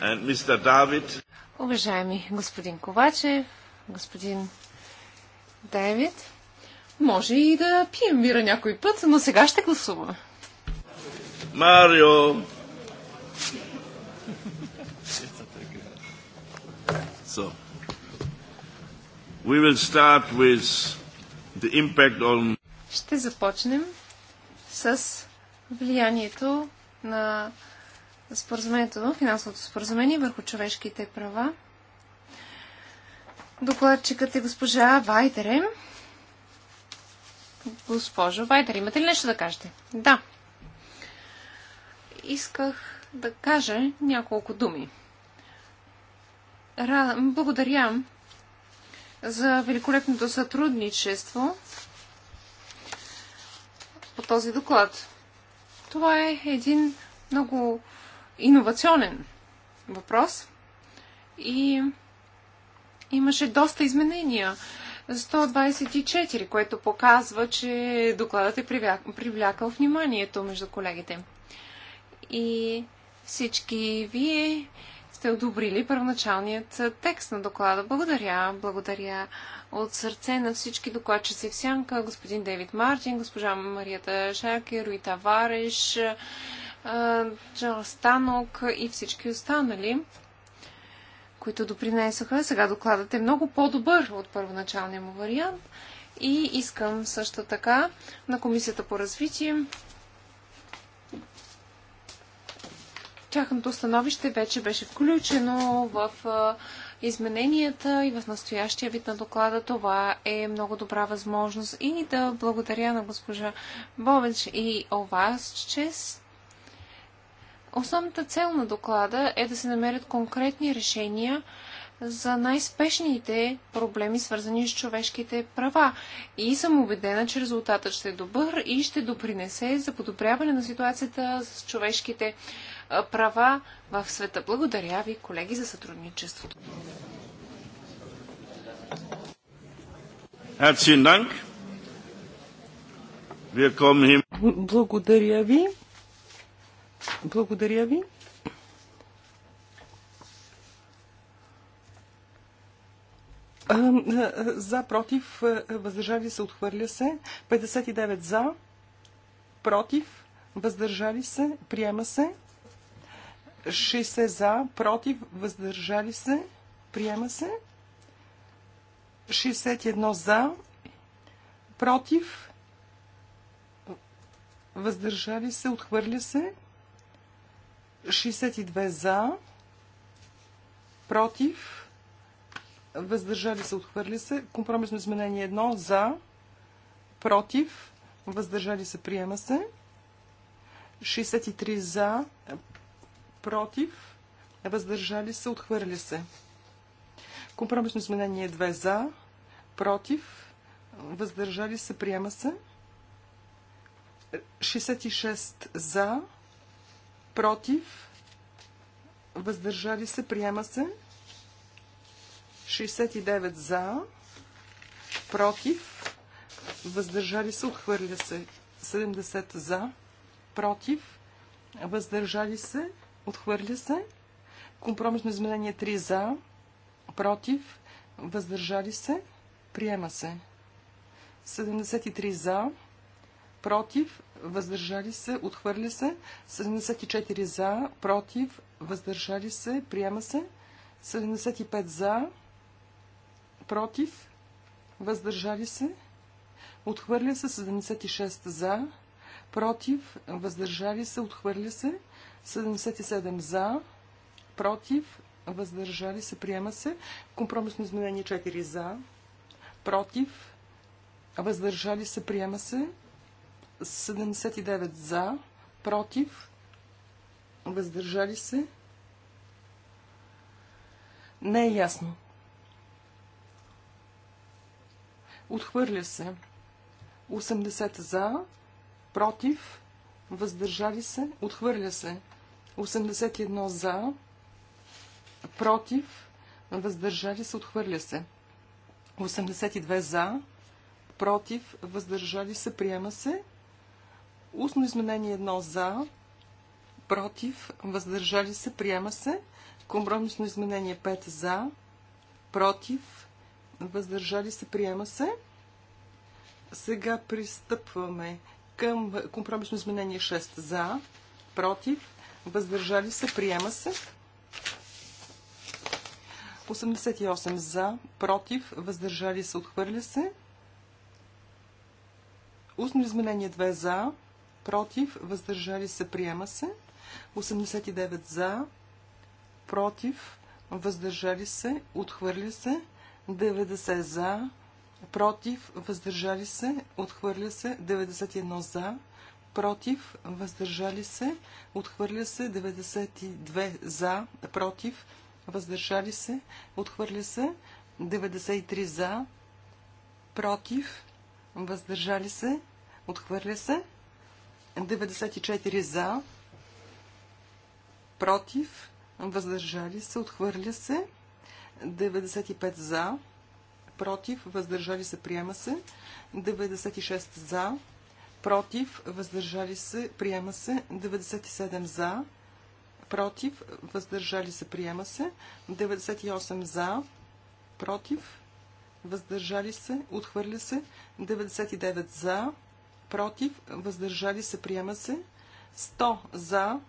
and Mr. David. Уважаеми господин Ковачев, господин Давид, може и да пием бира някой път, но сега ще гласуваме. Марио! So, we will start with the impact on... Ще започнем с влиянието на споразумението, финансовото споразумение върху човешките права. Докладчикът е госпожа Вайдере. Госпожо Вайдере, имате ли нещо да кажете? Да. Исках да кажа няколко думи. Ра... Благодаря за великолепното сътрудничество по този доклад. Това е един много иновационен въпрос и имаше доста изменения. 124, което показва, че докладът е привлякал вниманието между колегите. И всички вие сте одобрили първоначалният текст на доклада. Благодаря, благодаря от сърце на всички докладчици в Сянка, господин Дейвид Мартин, госпожа Марията Шакер, Руита Вареш. Джал Станок и всички останали, които допринесоха. Сега докладът е много по-добър от първоначалния му вариант и искам също така на Комисията по развитие тяхното становище вече беше включено в измененията и в настоящия вид на доклада. Това е много добра възможност и да благодаря на госпожа Бовенч и о вас че Основната цел на доклада е да се намерят конкретни решения за най-спешните проблеми, свързани с човешките права. И съм убедена, че резултатът ще е добър и ще допринесе за подобряване на ситуацията с човешките права в света. Благодаря ви, колеги, за сътрудничеството. Благодаря ви. Благодаря ви. За, против, въздържали се, отхвърля се. 59 за, против, въздържали се, приема се. 60 за, против, въздържали се, приема се. 61 за, против, въздържали се, отхвърля се. 62 за, против, въздържали се, отхвърли се. Компромисно изменение 1 за, против, въздържали се, приема се. 63 за, против, въздържали се, отхвърли се. Компромисно изменение 2 за, против, въздържали се, приема се. 66 за, против, против, въздържали се, приема се. 69 за, против, въздържали се, отхвърля се. 70 за, против, въздържали се, отхвърля се. Компромисно изменение 3 за, против, въздържали се, приема се. 73 за, против, въздържали се, отхвърля се, 74 за, против, въздържали се, приема се, 75 за, против, въздържали се, отхвърля се, 76 за, против, въздържали се, отхвърля се, 77 за, против, въздържали се, приема се, компромисно изменение 4 за, против, въздържали се, приема се, 79 за, против, въздържали се. Не е ясно. Отхвърля се. 80 за, против, въздържали се, отхвърля се. 81 за, против, въздържали се, отхвърля се. 82 за, против, въздържали се, приема се. Устно изменение 1 за, против, въздържали се, приема се. Компромисно изменение 5 за, против, въздържали се, приема се. Сега пристъпваме към компромисно изменение 6 за, против, въздържали се, приема се. 88 за, против, въздържали се, отхвърля се. Устно изменение 2 за, против, въздържали се, приема се. 89 за, против, въздържали се, отхвърля се. 90 за, против, въздържали се, отхвърля се. 91 за, против, въздържали се, отхвърля се. 92 за, против, въздържали се, отхвърля се. 93 за, против, въздържали се, отхвърля се. 94 за, против, въздържали се, отхвърля се. 95 за, против, въздържали се, приема се. 96 за, против, въздържали се, приема се. 97 за, против, въздържали се, приема се. 98 за, против, въздържали се, отхвърля се. 99 за, против, против, въздържали се, приема се. 100 за,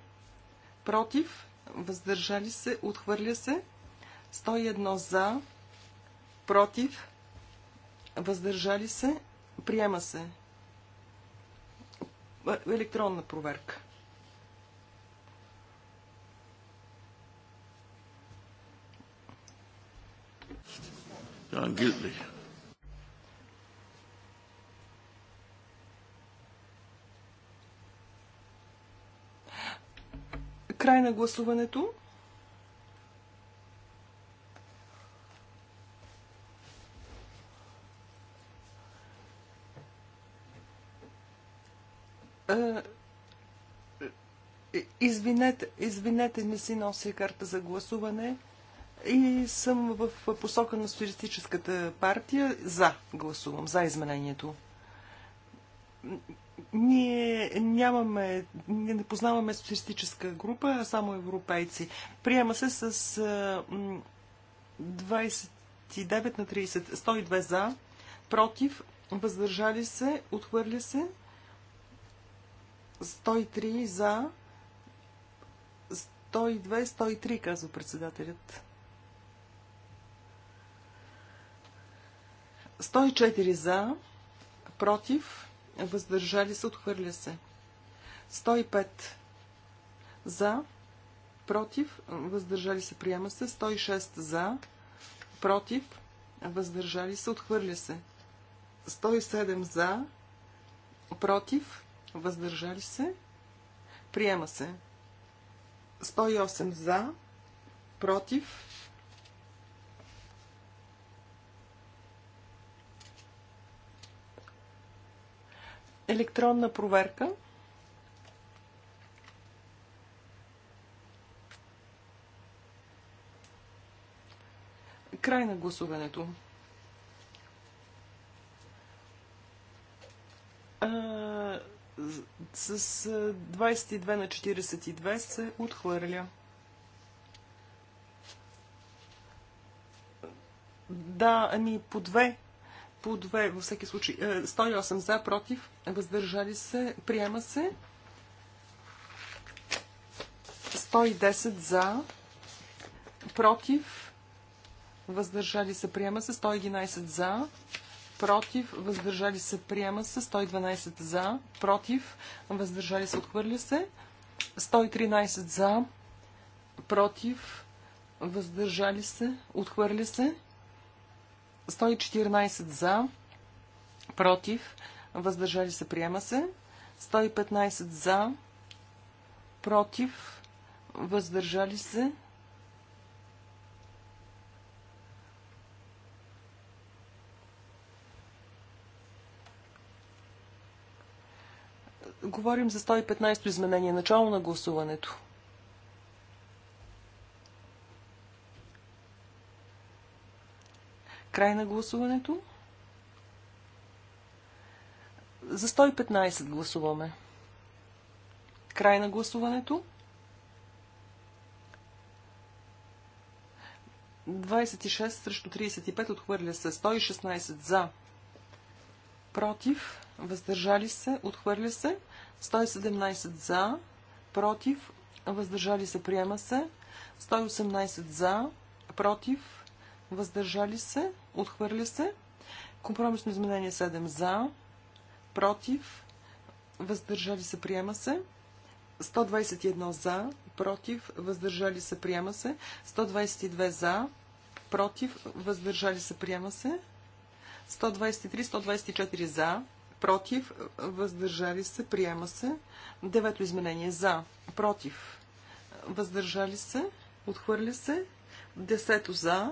против, въздържали се, отхвърля се. 101 за, против, въздържали се, приема се. Е, електронна проверка. Don't get me. Край на гласуването. Е, извинете, извинете, не си нося карта за гласуване и съм в посока на социалистическата партия. За гласувам, за изменението. Ние нямаме, ние не познаваме социалистическа група, а само европейци. Приема се с 29 на 30, 102 за, против, въздържали се, отхвърля се, 103 за, 102, 103, казва председателят. 104 за, против, въздържали се, отхвърля се. 105 за, против, въздържали се, приема се. 106 за, против, въздържали се, отхвърля се. 107 за, против, въздържали се, приема се. 108 за, против, електронна проверка. Край на гласуването. А, с 22 на 42 се отхвърля. Да, ами по две по във всеки случай. 108 е, за, против, въздържали се, приема се. 110 за, против, въздържали се, приема се. 111 за, против, въздържали се, приема се. 112 за, против, въздържали се, отхвърля се. 113 за, против, въздържали се, отхвърля се. 114 за, против, въздържали се, приема се. 115 за, против, въздържали се. Говорим за 115 изменение, начало на гласуването. Край на гласуването. За 115 гласуваме. Край на гласуването. 26 срещу 35 отхвърля се. 116 за. Против. Въздържали се. Отхвърля се. 117 за. Против. Въздържали се. Приема се. 118 за. Против въздържали се, отхвърля се. Компромисно изменение 7 за, против, въздържали се, приема се. 121 за, против, въздържали се, приема се. 122 за, против, въздържали се, приема се. 123, 124 за, против, въздържали се, приема се. Девето изменение за, против, въздържали се, отхвърля се. Десето за,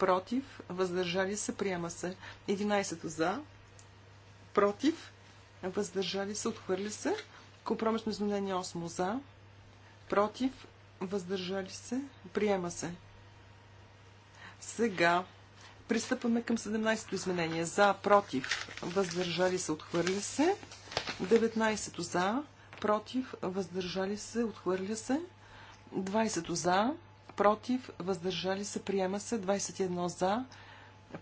против, въздържали се, приема се. 11 за, против, въздържали се, отхвърли се. Компромисно изменение 8 за, против, въздържали се, приема се. Сега пристъпваме към 17-то изменение. За, против, въздържали се, отхвърли се. 19 за, против, въздържали се, отхвърля се. 20 за, против, въздържали се, приема се 21 за,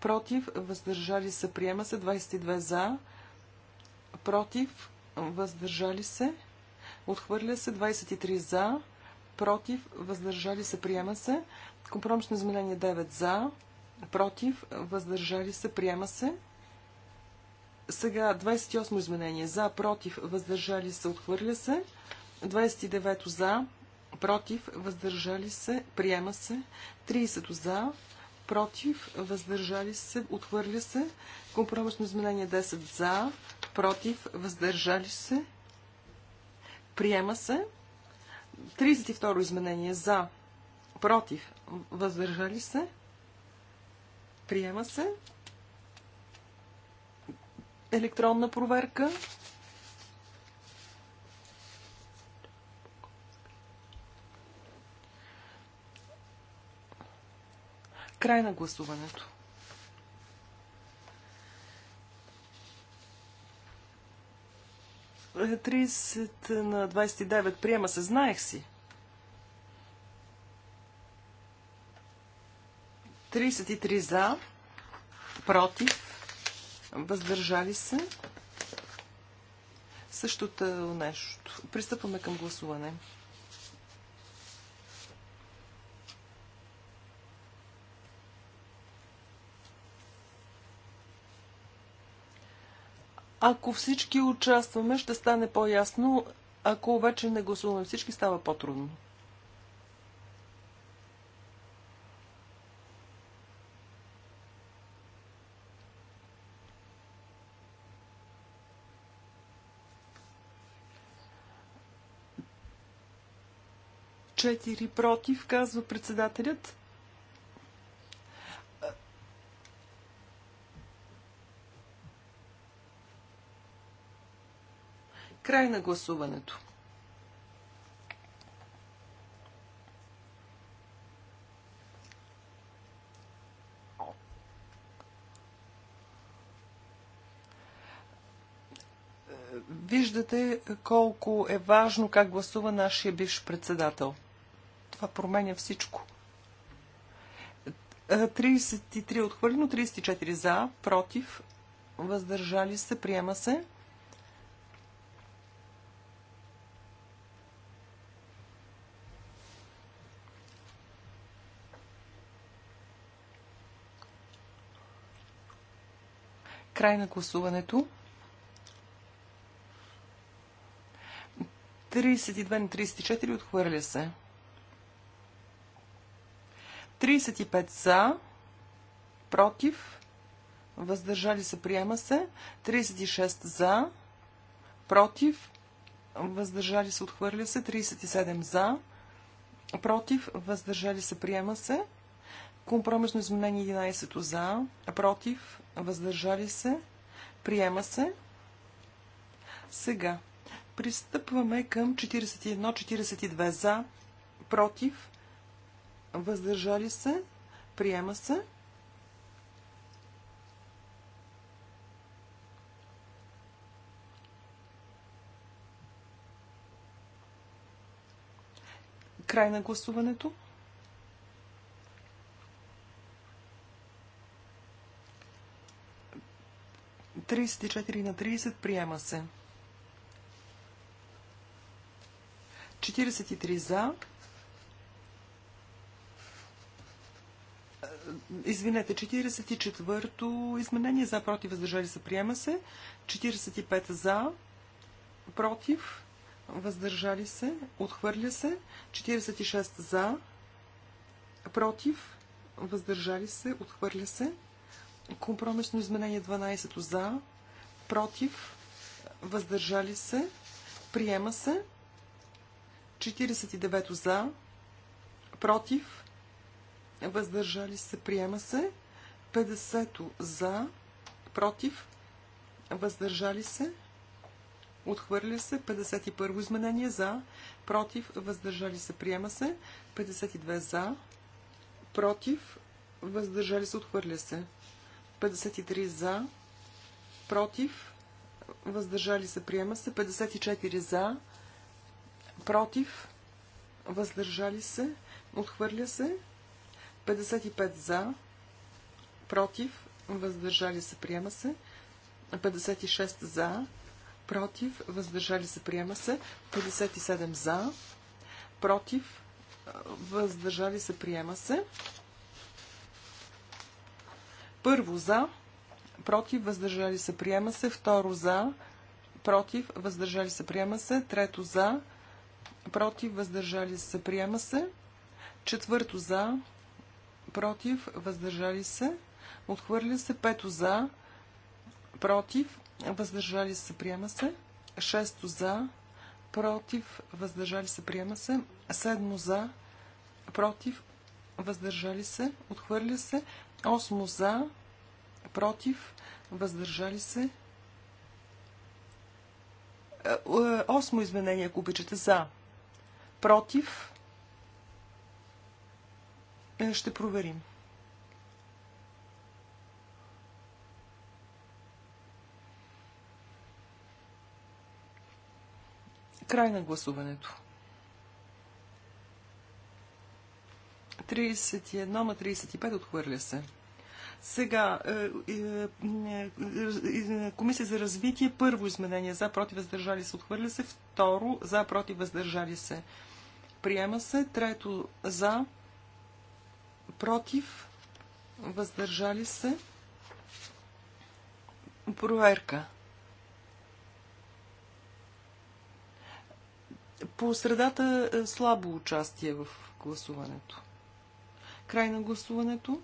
против, въздържали се, приема се 22 за, против, въздържали се, отхвърля се 23 за, против, въздържали се, приема се, компромисно изменение 9 за, против, въздържали се, приема се. Сега 28 изменение за, против, въздържали се, отхвърля се. 29 за, против, въздържали се, приема се. 30 за, против, въздържали се, отхвърля се. Компромисно изменение 10 за, против, въздържали се, приема се. 32 изменение за, против, въздържали се, приема се. Електронна проверка. Край на гласуването. Тридесет на 29 приема се, знаех си. 33 за, против, въздържали се. Същото нещо. Пристъпваме към гласуване. Ако всички участваме, ще стане по-ясно. Ако вече не гласуваме всички, става по-трудно. Четири против, казва председателят. Край на гласуването. Виждате колко е важно как гласува нашия бивш председател. Това променя всичко. 33 е, отхвърлено, 34 за, против, въздържали се, приема се. Край на гласуването. 32 на 34 отхвърля се. 35 за, против, въздържали се, приема се. 36 за, против, въздържали се, отхвърля се. 37 за, против, въздържали се, приема се. Компромисно изменение 11 за, против, въздържали се, приема се. Сега пристъпваме към 41-42 за, против, въздържали се, приема се. Край на гласуването. 34 на 30 приема се. 43 за. Извинете, 44-то изменение за против въздържали се приема се. 45 за против въздържали се отхвърля се. 46 за против въздържали се отхвърля се. Компромисно изменение 12 за, против, въздържали се, приема се. 49 за, против, въздържали се, приема се. 50 за, против, въздържали се, Отхвърля се 51 изменение за, против, въздържали се, приема се, 52 за, против, въздържали се, отхвърля се. 53 за, против, въздържали се, приема се. 54 за, против, въздържали се, отхвърля се. 55 за, против, въздържали се, приема се. 56 за, против, въздържали се, приема се. 57 за, против, въздържали се, приема се. Първо за, против, въздържали се, приема се. Второ за, против, въздържали се, приема се. Трето за, против, въздържали се, приема се. Четвърто за, против, въздържали се, отхвърля се. Пето за, против, въздържали се, приема се. Шесто за, против, въздържали се, приема се. Седмо за, против, въздържали се, отхвърля се. Осмо за, против, въздържали се. Е, е, осмо изменение, ако обичате, за, против. Е, ще проверим. Край на гласуването. 31 на 35 отхвърля се. Сега, е, е, е, Комисия за развитие, първо изменение, за, против, въздържали се, отхвърля се, второ, за, против, въздържали се, приема се, трето, за, против, въздържали се, проверка. По средата слабо участие в гласуването. Край на гласуването.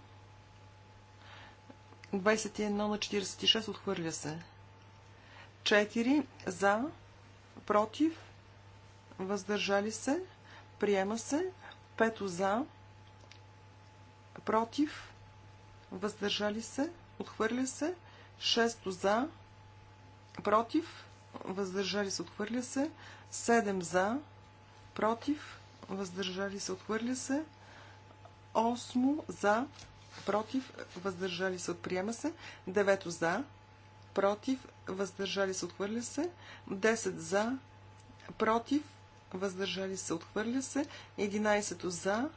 21 на 46 отхвърля се. 4 за, против, въздържали се, приема се. 5 за, против, въздържали се, отхвърля се. 6 за, против, въздържали се, отхвърля се. 7 за, против, въздържали се, отхвърля се. 8 за, против, въздържали се, отприема се. 9 за, против, въздържали се, отхвърля се. 10 за, против, въздържали се, отхвърля се. 11 за,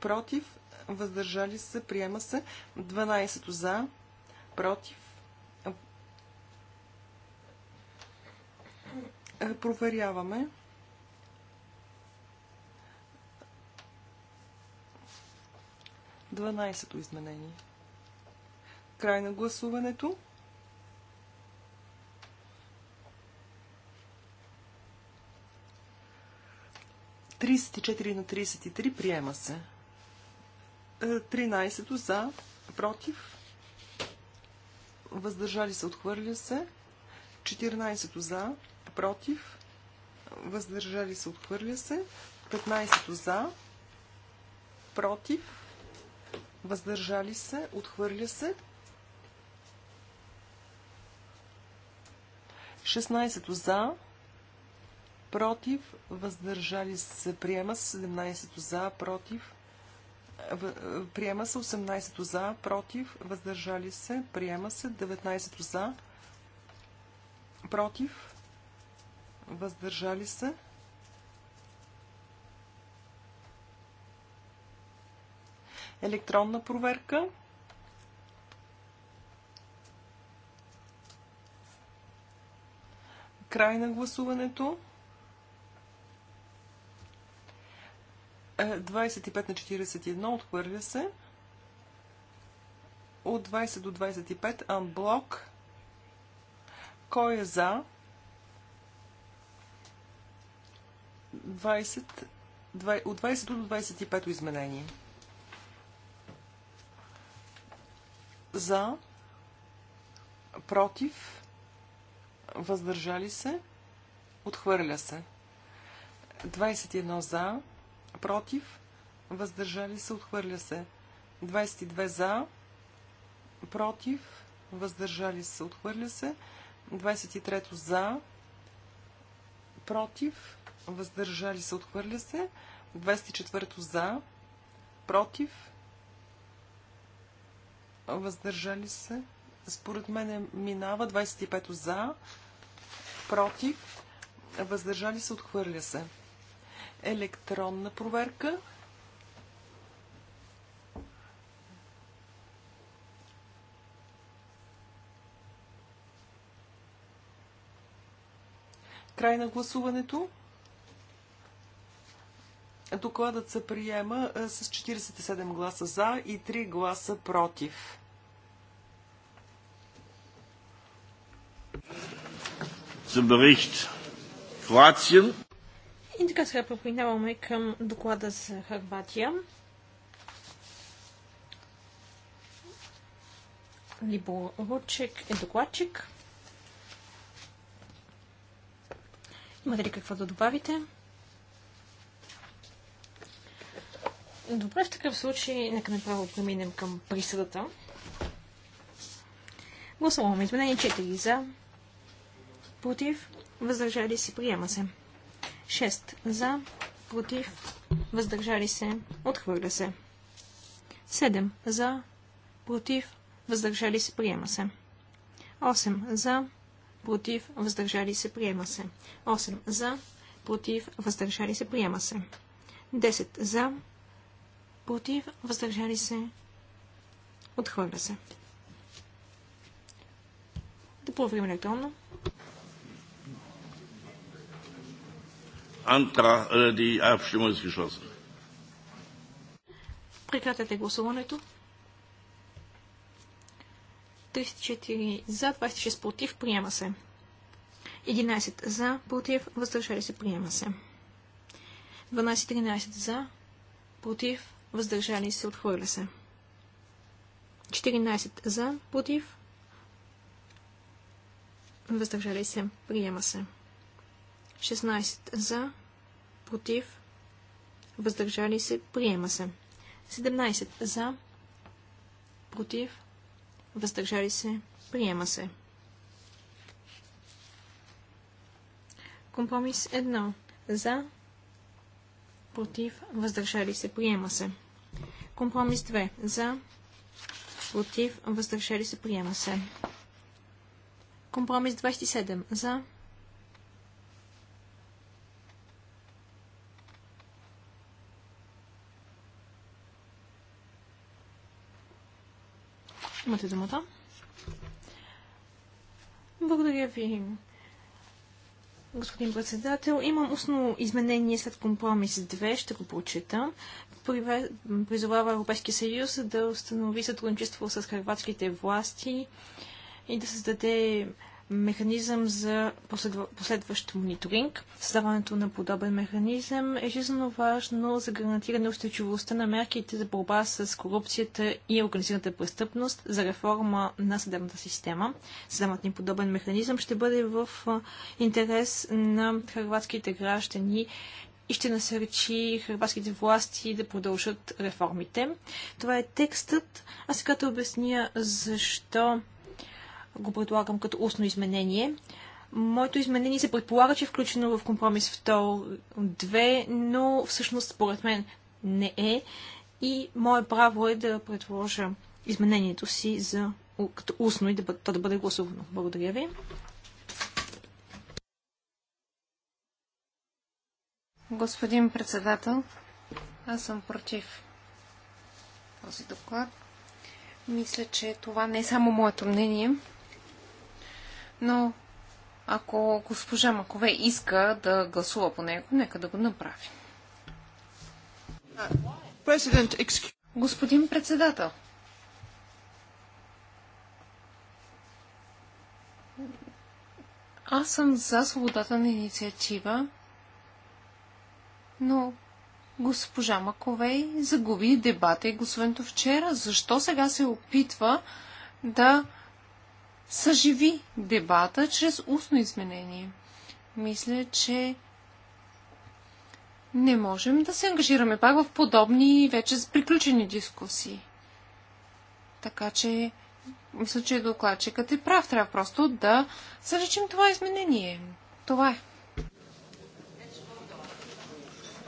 против, въздържали се, приема се. 12 за, против. Е, проверяваме. 12-то изменение. Край на гласуването. Тридесет на 33 приема се. 13 е, за, против, въздържали се, отхвърля се. 14 за, против, въздържали се, отхвърля се. 15 за, против, въздържали се, отхвърля се. 16 за, против, въздържали се, приема се 17 за, против, приема се 18 за, против, въздържали се, приема се 19 за, против, въздържали се. електронна проверка. Край на гласуването. 25 е, на 41 отхвърля се. От 20 до 25 анблок. Кой е за? 20, 20, от 20 до 25 изменение. за, против, въздържали се, отхвърля се. 21 за, против, въздържали се, отхвърля се. 22 за, против, въздържали се, отхвърля се. 23 за, против, въздържали се, отхвърля се. 24 за, против, въздържали се. Според мен е, минава 25 за, против, въздържали се, отхвърля се. Електронна проверка. Край на гласуването. Докладът се приема с 47 гласа за и 3 гласа против. zum Bericht Kroatien. И така сега преминаваме към доклада за Харватия. Либо Ручек е докладчик. Имате ли какво да добавите? Добре, в такъв случай нека направо преминем към присъдата. Гласуваме изменение 4 за, против, въздържали се, приема се. 6 за, против, въздържали се, отхвърля се. 7 за, против, въздържали се, приема се. 8 за, против, въздържали се, приема се. 8 за, против, въздържали се, приема се. 10 за, против, въздържали се, отхвърля се. Да проверим електронно. Антрах, äh, die Abstimmung ist geschlossen. Прекратете гласуването. 34 за, 26 против, приема се. 11 за, против, въздържали се, приема се. 12-13 за, против, въздържали се, отхвърля се. 14 за, против, въздържали се, приема се. 16 за, против, въздържали се, приема се. 17 за, против, въздържали се, приема се. Компромис 1 за, против, въздържали се, приема се. Компромис 2 за, против, въздържали се, приема се. Компромис 27 за, против, Имате думата. Благодаря ви, господин председател. Имам устно изменение след компромис 2, ще го прочитам. Призовава Европейския съюз да установи сътрудничество с хрватските власти и да създаде механизъм за последващ мониторинг. Създаването на подобен механизъм е жизненно важно за гарантиране устойчивостта на мерките за борба с корупцията и организираната престъпност за реформа на съдебната система. Създаването ни подобен механизъм ще бъде в интерес на хрватските граждани и ще насърчи хрватските власти да продължат реформите. Това е текстът. Аз сега да обясня защо го предлагам като устно изменение. Моето изменение се предполага, че е включено в компромис 2, но всъщност според мен не е. И мое право е да предложа изменението си за, като устно и да, то да бъде гласувано. Благодаря ви. Господин председател, аз съм против този доклад. Мисля, че това не е само моето мнение но ако госпожа Макове иска да гласува по него, нека да го направи. Господин председател, аз съм за свободата на инициатива, но госпожа Маковей загуби дебата и гласуването вчера. Защо сега се опитва да съживи дебата чрез устно изменение. Мисля, че не можем да се ангажираме пак в подобни вече с приключени дискусии. Така че, мисля, че докладчикът е прав. Трябва просто да заречим това изменение. Това е.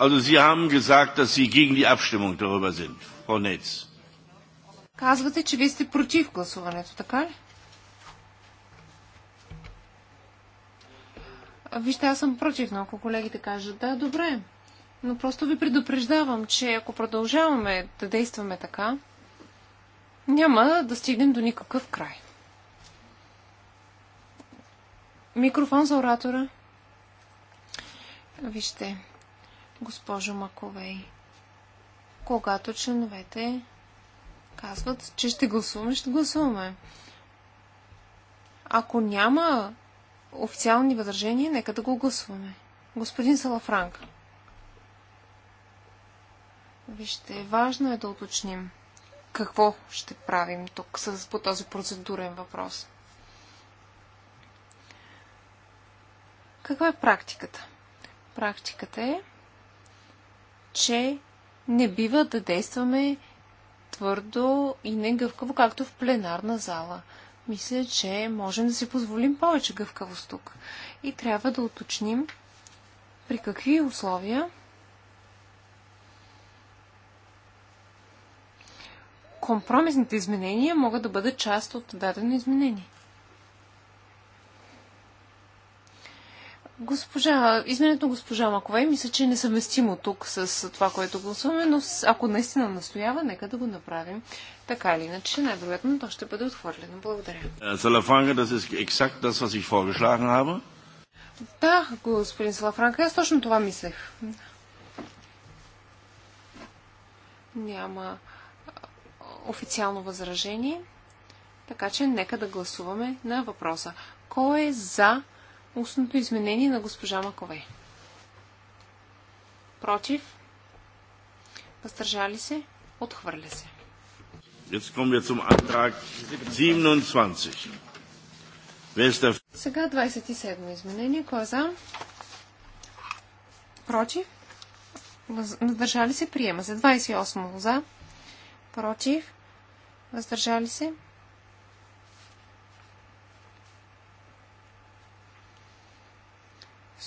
Also Sie haben gesagt, dass Sie gegen die Abstimmung darüber sind, Frau Netz. Казвате, че вие сте против гласуването, така ли? Вижте, аз съм против, но ако колегите кажат, да, добре, но просто ви предупреждавам, че ако продължаваме да действаме така, няма да стигнем до никакъв край. Микрофон за оратора. Вижте, госпожо Маковей, когато членовете казват, че ще гласуваме, ще гласуваме. Ако няма официални възражения, нека да го гласуваме. Господин Салафранк. Вижте, важно е да уточним какво ще правим тук с, по този процедурен въпрос. Каква е практиката? Практиката е, че не бива да действаме твърдо и негъвкаво, както в пленарна зала – мисля, че можем да си позволим повече гъвкавост тук. И трябва да уточним при какви условия компромисните изменения могат да бъдат част от дадено изменение. Госпожа, изменението госпожа Макове, мисля, че е несъвместимо тук с това, което гласуваме, но ако наистина настоява, нека да го направим. Така или иначе, най-вероятно то ще бъде отхвърлено. Благодаря. Е, да, господин Салафранка, аз точно това мислех. Няма официално възражение, така че нека да гласуваме на въпроса. Кой е за устното изменение на госпожа Макове. Против? Въздържали се? Отхвърля се. Сега 27 изменение. Кой е за? Против? Въздържали се? Приема се. 28 за. Против? Въздържали се?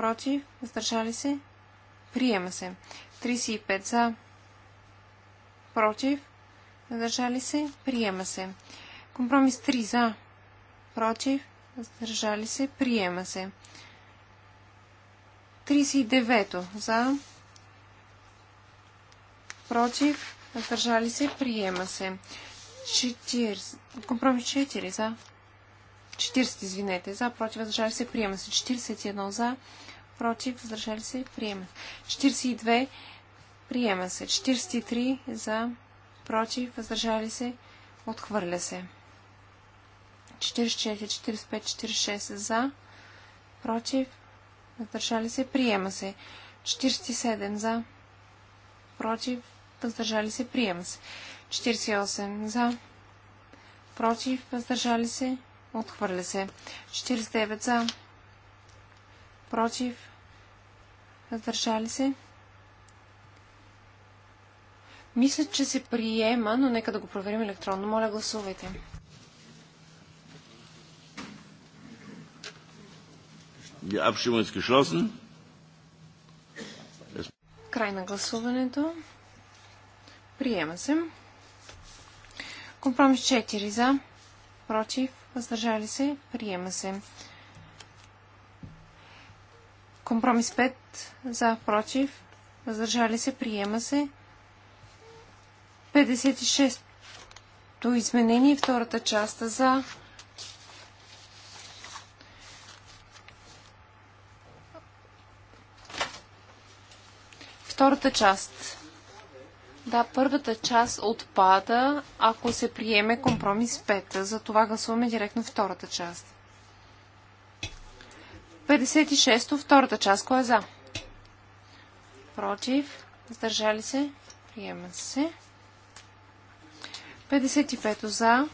против, въздържали се, приема се. 35 за, против, въздържали се, приема се. Компромис 3 за, против, въздържали се, приема се. 39 за, против, въздържали се, приема се. компромис 4 за, 40, извинете, за, против, въздържали се, приема се. 41 за, против, въздържали се, приема се. 42, приема се. 43 за, против, въздържали се, отхвърля се. 44, 45, 46 за, против, въздържали се, приема се. 47 за, против, въздържали се, приема се. 48 за, против, въздържали се, отхвърля се. 49 за, против, Въздържали се. Мисля, че се приема, но нека да го проверим електронно. Моля, гласувайте. Край на гласуването. Приема се. Компромис 4 за. Против. Въздържали се. Приема се. Компромис 5 за, против, въздържали се, приема се. 56-то изменение, втората част за. Втората част. Да, първата част отпада, ако се приеме компромис 5. Затова гласуваме директно втората част. 56-то, втората част, кой е за? Против. Въздържали се. Приема се. 55-то за.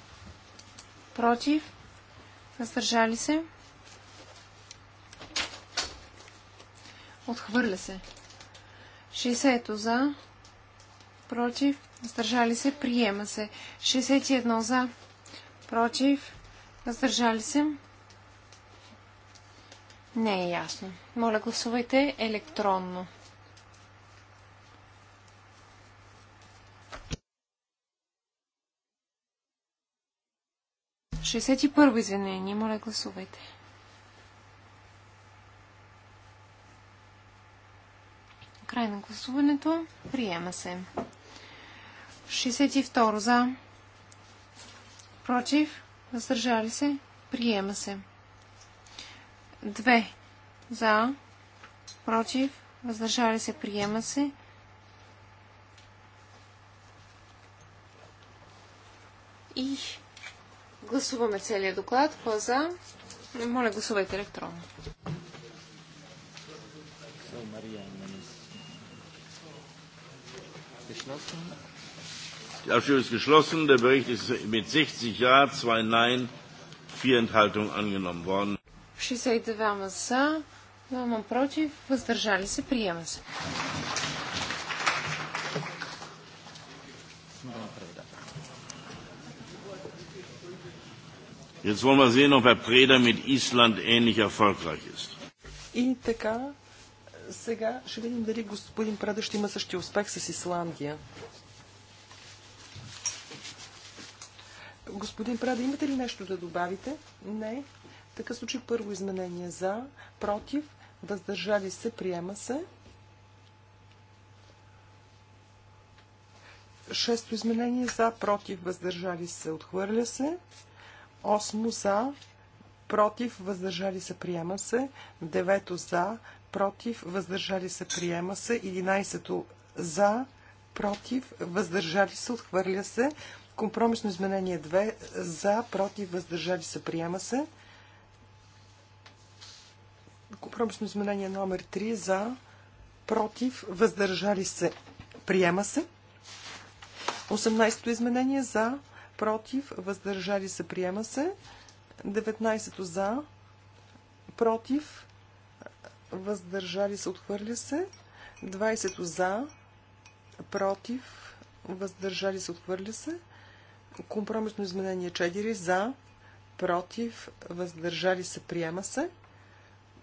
Против. Въздържали се. Отхвърля се. 60-то за. Против. Въздържали се. Приема се. 61 за. Против. Въздържали се. Не е ясно. Моля, гласувайте електронно. Шестдесет и първо извинение. Моля, гласувайте. Край на гласуването. Приема се. 62 за. Против. Въздържали се. Приема се. 2 за, против, въздържали се, приема се. И гласуваме целият доклад. Кой е за? Моля, гласувайте електронно. Die Abstimmung ist geschlossen. Der Bericht ist mit 60 Ja, 2 Nein, 4 Enthaltungen angenommen worden. 62 за, 2 против, въздържали се, приема се. Jetzt wollen wir sehen, ob Herr Preda mit Island ähnlich erfolgreich ist. И така, сега ще видим дали господин Преда ще има същия успех с Исландия. Господин Преда, имате ли нещо да добавите? Не. Така случай първо изменение за, против, въздържали се, приема се. Шесто изменение за, против, въздържали се, отхвърля се. Осмо за, против, въздържали се, приема се. Девето за, против, въздържали се, приема се. Единайсето за, против, въздържали се, отхвърля се. Компромисно изменение 2 за, против, въздържали се, приема се. Компромисно изменение номер 3 за, против, въздържали се, приема се. 18-то изменение за, против, въздържали се, приема се. 19-то за, против, въздържали се, отхвърля се. 20-то за, против, въздържали се, отхвърля се. Компромисно изменение 4 за, против, въздържали се, приема се.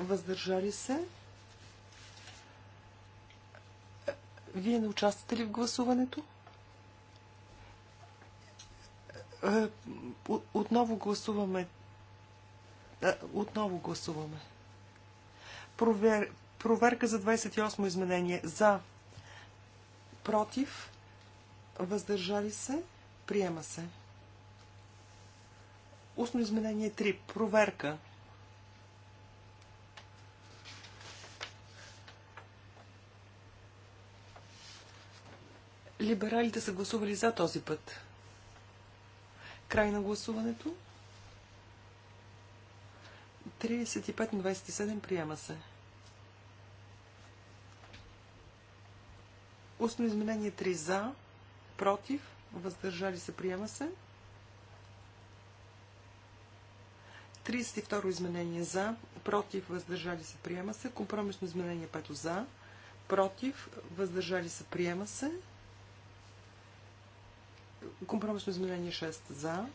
Въздържали се? Вие не участвате ли в гласуването? Е, отново гласуваме. Е, отново гласуваме. Провер... Проверка за 28 изменение. За. Против. Въздържали се. Приема се. Устно изменение 3. Проверка. Либералите са гласували за този път. Край на гласуването. 35 на 27 приема се. Устно изменение 3 за, против, въздържали се, приема се. 32 изменение за, против, въздържали се, приема се. Компромисно изменение 5 за, против, въздържали се, приема се. Компромисно измерение 6 за.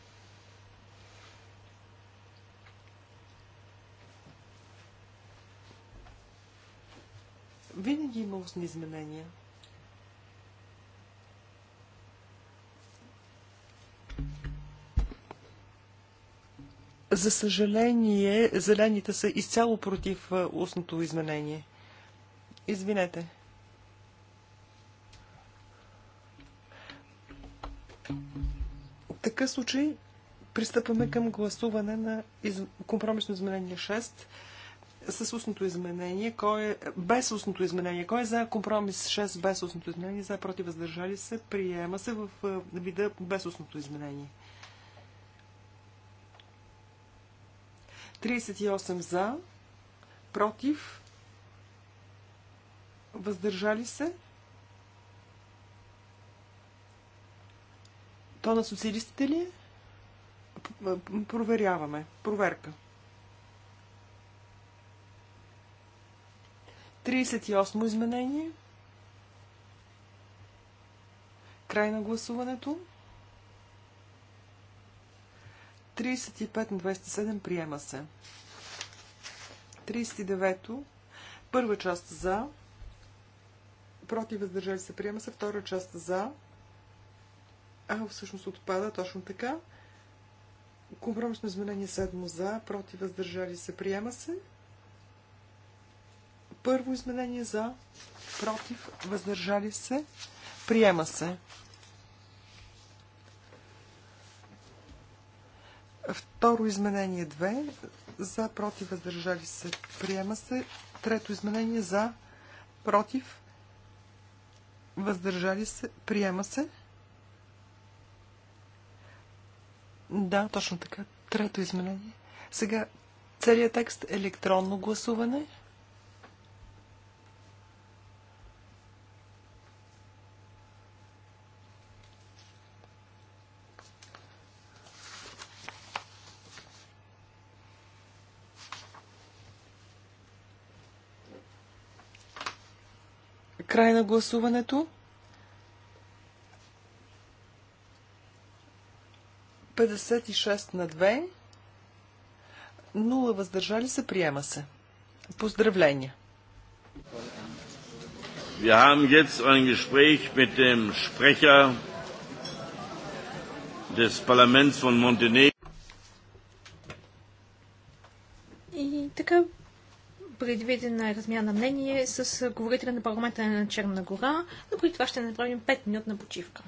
Винаги има устни изменения. За съжаление, зелените са изцяло против устното изменение. Извинете. такъв случай пристъпваме към гласуване на из... компромисно изменение 6 с устното изменение, кой е, без устното изменение. Кой е за компромис 6 без устното изменение, за против въздържали се, приема се в вида без устното изменение. 38 за, против, въздържали се, То на социалистите ли? Проверяваме. Проверка. 38 изменение. Край на гласуването. 35 на 27 приема се. 39-то. Първа част за. Против въздържали се приема се. Втора част за. А, всъщност отпада, точно така. Компромисно изменение 7 за, против, въздържали се, приема се. Първо изменение за, против, въздържали се, приема се. Второ изменение 2. За, против, въздържали се. Приема се. Трето изменение за, против, въздържали се. Приема се. Да, точно така. Трето изменение. Сега целият текст е електронно гласуване. Край на гласуването. 56 на 2. 0 въздържали се, приема се. Поздравления! Wir haben jetzt ein Gespräch mit dem Sprecher des Parlaments von Montenegro. И така предвидена е размяна мнение с говорителя на парламента на Черна гора, но при това ще направим 5 минутна почивка.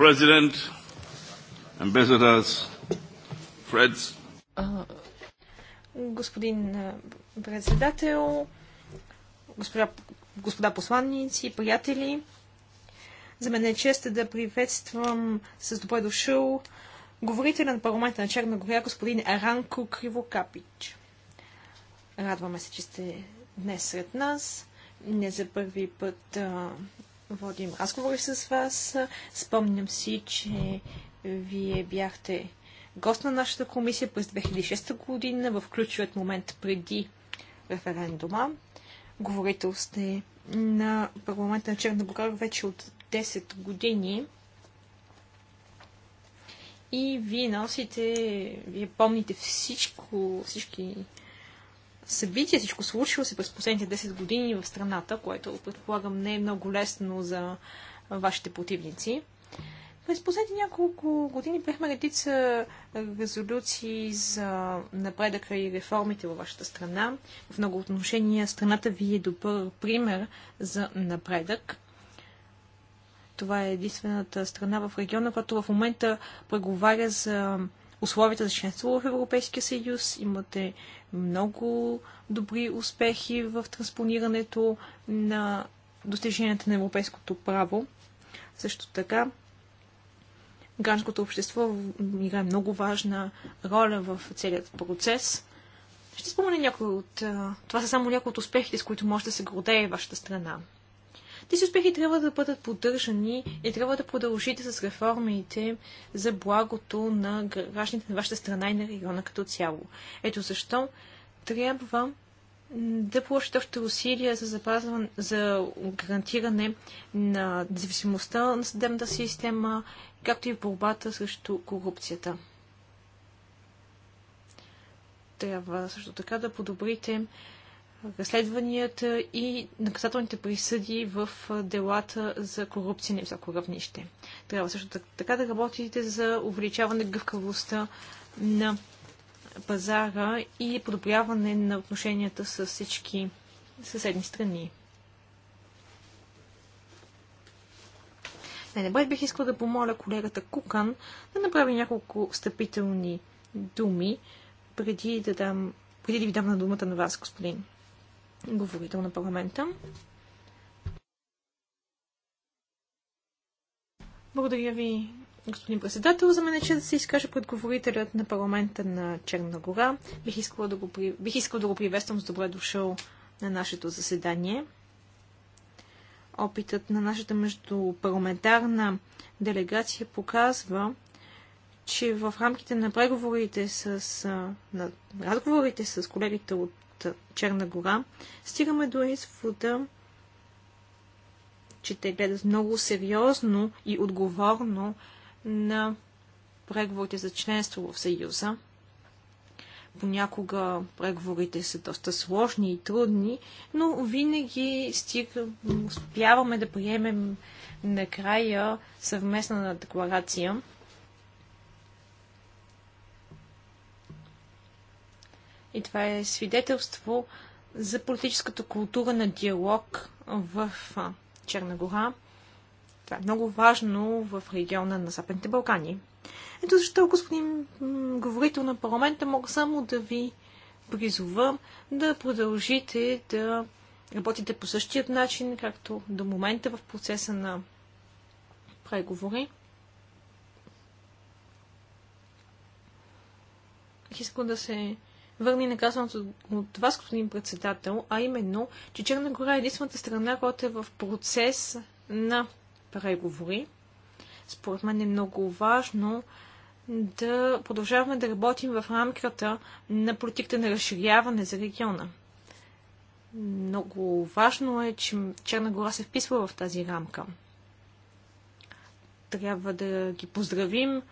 President, Ambassadors, Friends. Господин председател, господа, господа посланници, приятели, за мен е чест да приветствам с добре дошъл говорителя на парламента на Черна горя, господин Аранко Кривокапич. Радваме се, че сте днес сред нас. Не за първи път а, водим разговори с вас. Спомням си, че вие бяхте гост на нашата комисия през 2006 година в ключовият момент преди референдума. Говорител сте на парламента на Черна Гора вече от 10 години. И вие носите, вие помните всичко, всички събитие, всичко случило се през последните 10 години в страната, което предполагам не е много лесно за вашите противници. През последните няколко години приехме редица резолюции за напредъка и реформите във вашата страна. В много отношения страната ви е добър пример за напредък. Това е единствената страна в региона, която в момента преговаря за условията за членство в Европейския съюз. Имате много добри успехи в транспонирането на достиженията на европейското право. Също така, гражданското общество играе много важна роля в целият процес. Ще спомена някои от... Това са само някои от успехите, с които може да се гордее вашата страна. Тези успехи трябва да бъдат поддържани и трябва да продължите с реформите за благото на гражданите на вашата страна и на региона като цяло. Ето защо трябва да положите още усилия за, запазване, за гарантиране на независимостта на съдебната система, както и борбата срещу корупцията. Трябва също така да подобрите разследванията и наказателните присъди в делата за корупция на високо равнище. Трябва също така да работите за увеличаване гъвкавостта на пазара и подобряване на отношенията с всички съседни страни. Най-добре бих искал да помоля колегата Кукан да направи няколко стъпителни думи, преди да, дам, преди да ви дам на думата на вас, господин говорител на парламента. Благодаря ви, господин председател. За мен е че да се изкаже предговорителят на парламента на Черна гора. Бих искала да го, при... Бих да го приветствам с добре дошъл на нашето заседание. Опитът на нашата междупарламентарна делегация показва, че в рамките на преговорите с, на разговорите с колегите от Черна гора, стигаме до извода, че те гледат много сериозно и отговорно на преговорите за членство в Съюза. Понякога преговорите са доста сложни и трудни, но винаги стига, успяваме да приемем накрая съвместна декларация, И това е свидетелство за политическата култура на диалог в Черна гора. Това е много важно в региона на Западните Балкани. Ето защо, господин говорител на парламента, мога само да ви призова да продължите да работите по същия начин, както до момента в процеса на преговори. Искам да се Върни наказаното от вас, господин председател, а именно, че Черна гора е единствената страна, която е в процес на преговори. Според мен е много важно да продължаваме да работим в рамката на политиката на разширяване за региона. Много важно е, че Черна гора се вписва в тази рамка. Трябва да ги поздравим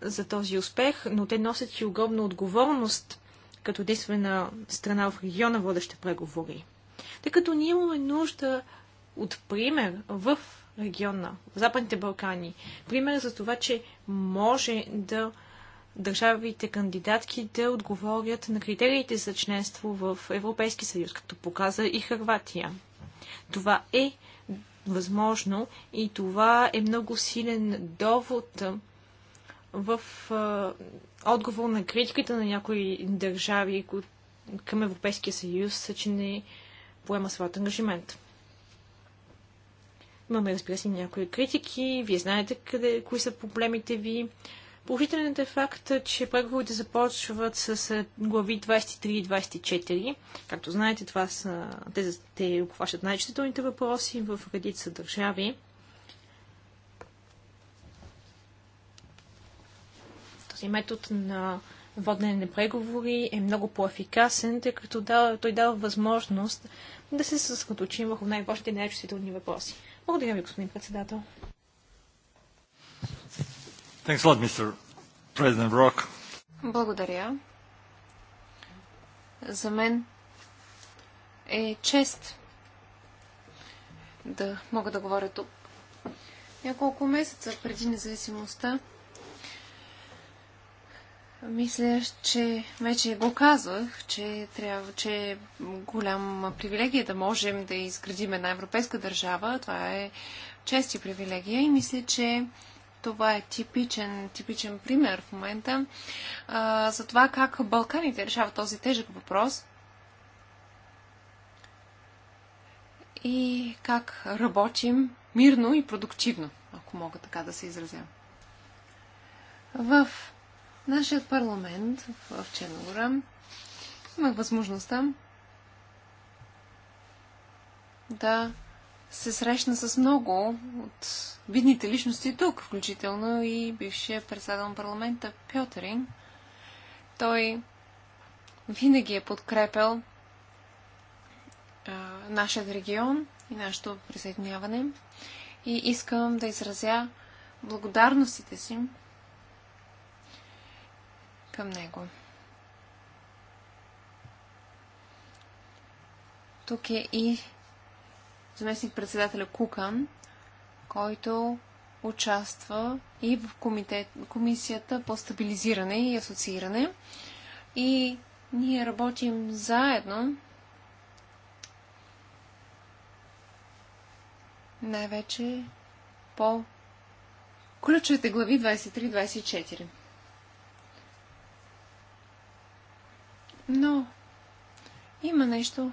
за този успех, но те носят и огромна отговорност като действена страна в региона, водеща преговори. Тъй като ние имаме нужда от пример в региона, в Западните Балкани. Пример за това, че може да държавите кандидатки да отговорят на критериите за членство в Европейски съюз, като показа и Харватия. Това е възможно и това е много силен довод в а, отговор на критиката на някои държави към Европейския съюз, че не поема своят ангажимент. Имаме, разбира се, някои критики. Вие знаете къде, кои са проблемите ви. Положителният е факт, че преговорите започват с глави 23 и 24. Както знаете, това са, те, те обхващат най-чувствителните въпроси в редица държави. Този метод на водене на преговори е много по-ефикасен, тъй като той дава възможност да се съсредоточим върху най-важните и най-чувствителни въпроси. Благодаря ви, господин председател. Lot, Благодаря. За мен е чест да мога да говоря тук. Няколко месеца преди независимостта мисля, че вече го казах, че трябва, че е голяма привилегия да можем да изградим една европейска държава. Това е чест и привилегия и мисля, че това е типичен, типичен пример в момента а, за това как Балканите решават този тежък въпрос и как работим мирно и продуктивно, ако мога така да се изразя. В Нашият парламент в Черногора имах възможността да се срещна с много от видните личности тук, включително и бившия председател на парламента Пьотерин. Той винаги е подкрепял а, нашия регион и нашето присъединяване. И искам да изразя благодарностите си към него. Тук е и заместник-председателя Кукан, който участва и в комитет, комисията по стабилизиране и асоцииране. И ние работим заедно най-вече по ключовите глави 23-24. Но има нещо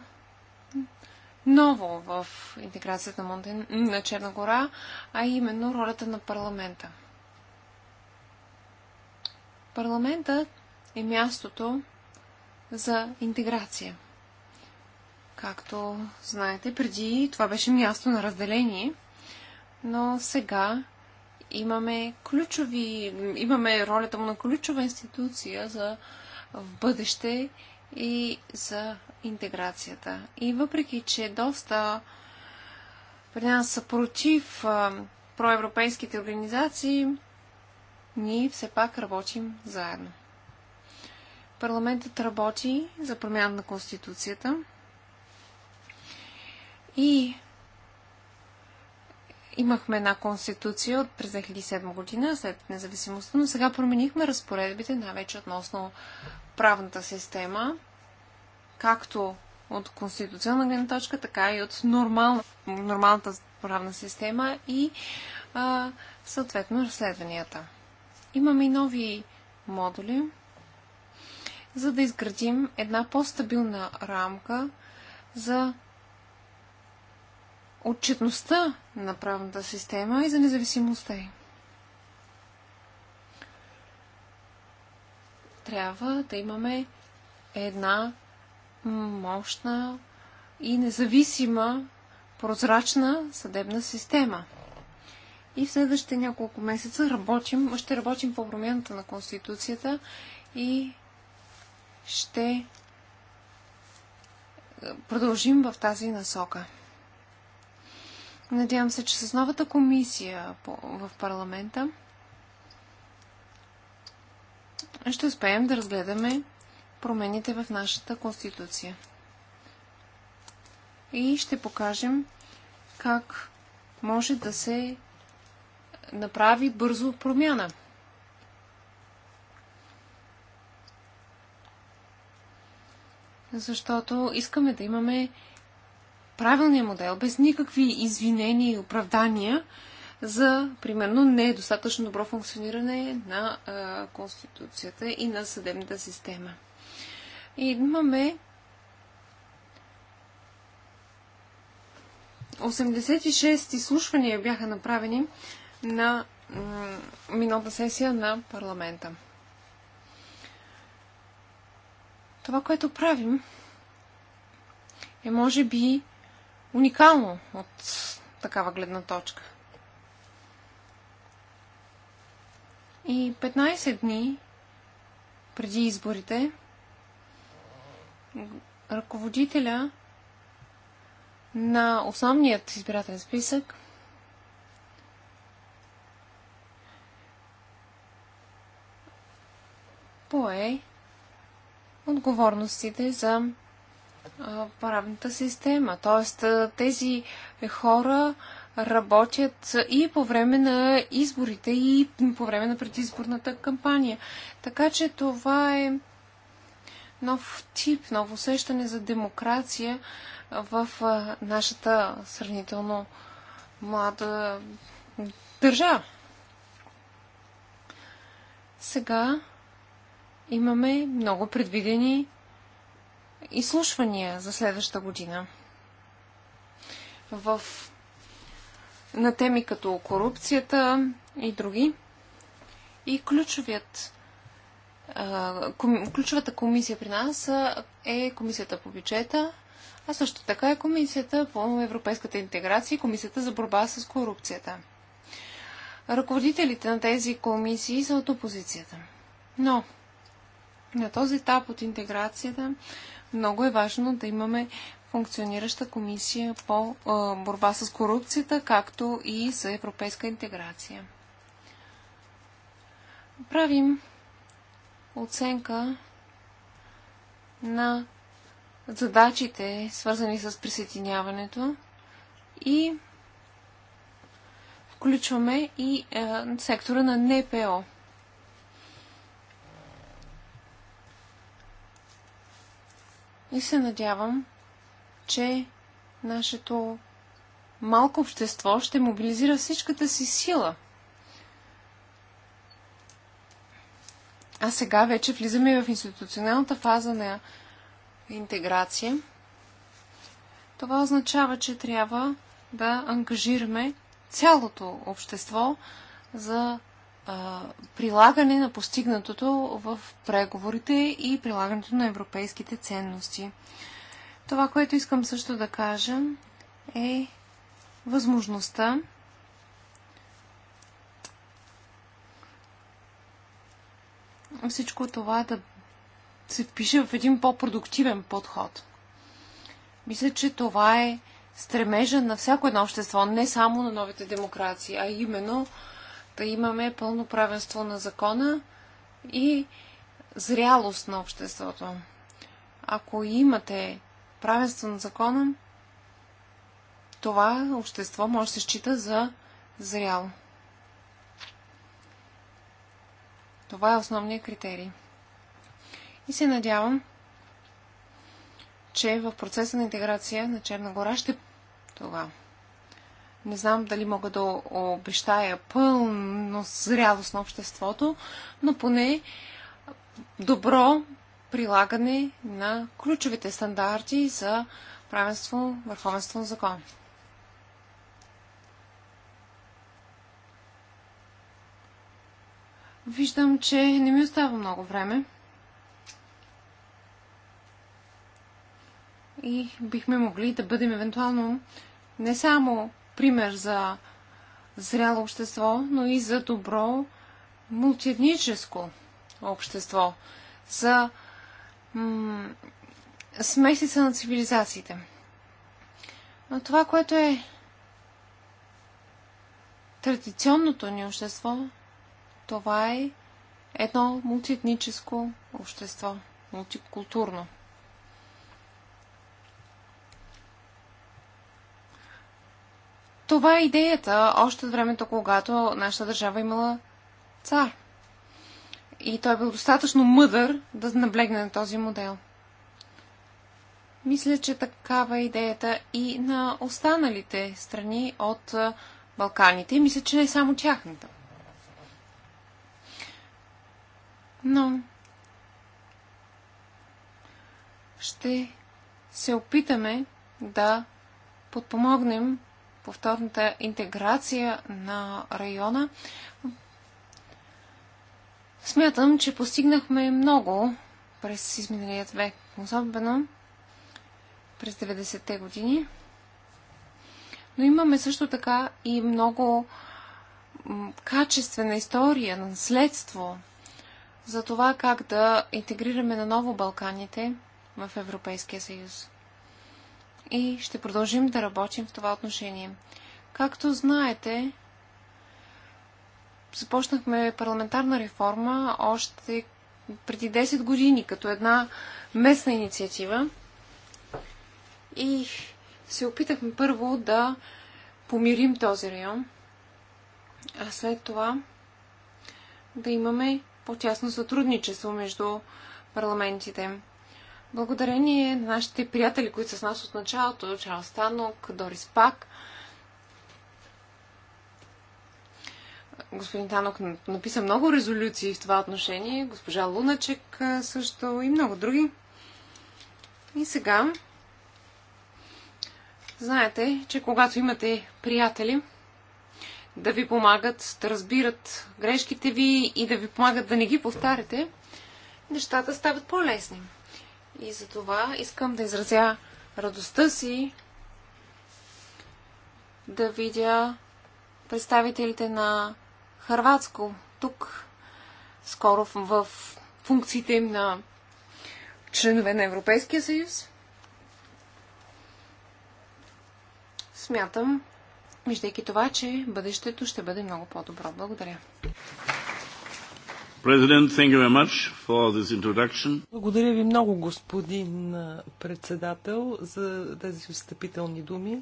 ново в интеграцията на, Монтен... на Черна гора, а именно ролята на парламента. Парламентът е мястото за интеграция. Както знаете, преди това беше място на разделение, но сега имаме ключови, имаме ролята му на ключова институция за в бъдеще и за интеграцията. И въпреки, че доста при нас са против проевропейските организации, ние все пак работим заедно. Парламентът работи за промяна на Конституцията и имахме една конституция от през 2007 година след независимостта, но сега променихме разпоредбите най-вече относно правната система, както от конституционна гледна точка, така и от нормална, нормалната правна система и а, съответно разследванията. Имаме и нови модули, за да изградим една по-стабилна рамка за отчетността на правната система и за независимостта й. трябва да имаме една мощна и независима прозрачна съдебна система. И в следващите няколко месеца работим, ще работим по промяната на Конституцията и ще е, продължим в тази насока. Надявам се, че с новата комисия в парламента ще успеем да разгледаме промените в нашата конституция. И ще покажем как може да се направи бързо промяна. Защото искаме да имаме правилния модел, без никакви извинения и оправдания, за, примерно, недостатъчно добро функциониране на а, Конституцията и на съдебната система. И имаме 86 изслушвания бяха направени на миналата сесия на парламента. Това, което правим, е може би уникално от такава гледна точка. И 15 дни преди изборите ръководителя на основният избирателен списък пое отговорностите за правната система. Тоест, тези хора работят и по време на изборите, и по време на предизборната кампания. Така че това е нов тип, ново усещане за демокрация в нашата сравнително млада държава. Сега имаме много предвидени изслушвания за следващата година. В на теми като корупцията и други. И ключовият, ключовата комисия при нас е комисията по бюджета, а също така е комисията по европейската интеграция и комисията за борба с корупцията. Ръководителите на тези комисии са от опозицията. Но на този етап от интеграцията много е важно да имаме функционираща комисия по а, борба с корупцията, както и за европейска интеграция. Правим оценка на задачите, свързани с присъединяването и включваме и а, сектора на НПО. И се надявам, че нашето малко общество ще мобилизира всичката си сила. А сега вече влизаме в институционалната фаза на интеграция. Това означава, че трябва да ангажираме цялото общество за а, прилагане на постигнатото в преговорите и прилагането на европейските ценности. Това, което искам също да кажа е възможността всичко това да се впише в един по-продуктивен подход. Мисля, че това е стремежа на всяко едно общество, не само на новите демокрации, а именно да имаме пълно правенство на закона и зрялост на обществото. Ако имате правенство на закона, това общество може да се счита за зряло. Това е основният критерий. И се надявам, че в процеса на интеграция на Черна гора ще това. Не знам дали мога да обещая пълно зрялост на обществото, но поне добро прилагане на ключовите стандарти за правенство, върховенство на закон. Виждам, че не ми остава много време. И бихме могли да бъдем евентуално не само пример за зряло общество, но и за добро мултиетническо общество, за смесица на цивилизациите. Но това, което е традиционното ни общество, това е едно мултиетническо общество, мултикултурно. Това е идеята още от времето, когато нашата държава имала цар – и той е бил достатъчно мъдър да наблегне на този модел. Мисля, че такава е идеята и на останалите страни от Балканите. И мисля, че не е само тяхната. Но ще се опитаме да подпомогнем повторната интеграция на района Смятам, че постигнахме много през изминалият век, особено през 90-те години. Но имаме също така и много качествена история, наследство за това как да интегрираме наново Балканите в Европейския съюз. И ще продължим да работим в това отношение. Както знаете, започнахме парламентарна реформа още преди 10 години, като една местна инициатива. И се опитахме първо да помирим този район, а след това да имаме по-тясно сътрудничество между парламентите. Благодарение на нашите приятели, които са с нас от началото, Чарлз Станок, Дорис Пак – Господин Танок написа много резолюции в това отношение, госпожа Луначек също и много други. И сега, знаете, че когато имате приятели, да ви помагат да разбират грешките ви и да ви помагат да не ги повтаряте, нещата стават по-лесни. И за това искам да изразя радостта си да видя представителите на Харватско. Тук скоро в функциите им на членове на Европейския съюз. Смятам, виждайки това, че бъдещето ще бъде много по-добро. Благодаря. Благодаря ви много, господин председател, за тези встъпителни думи.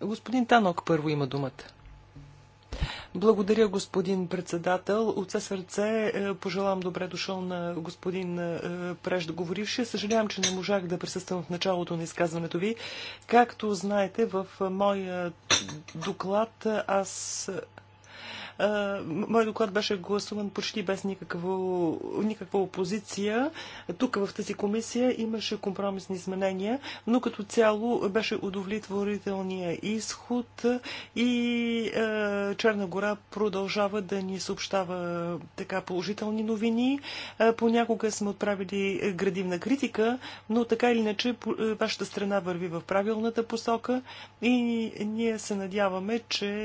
Господин Танок първо има думата. Благодаря, господин председател. От все сърце е, пожелавам добре дошъл на господин е, преждоговорившия. Съжалявам, че не можах да присъствам в началото на изказването ви. Както знаете, в моя доклад аз Мой доклад беше гласуван почти без никакво, никаква опозиция. Тук в тази комисия имаше компромисни изменения, но като цяло беше удовлетворителния изход и Черна гора продължава да ни съобщава така положителни новини. Понякога сме отправили градивна критика, но така или иначе вашата страна върви в правилната посока и ние се надяваме, че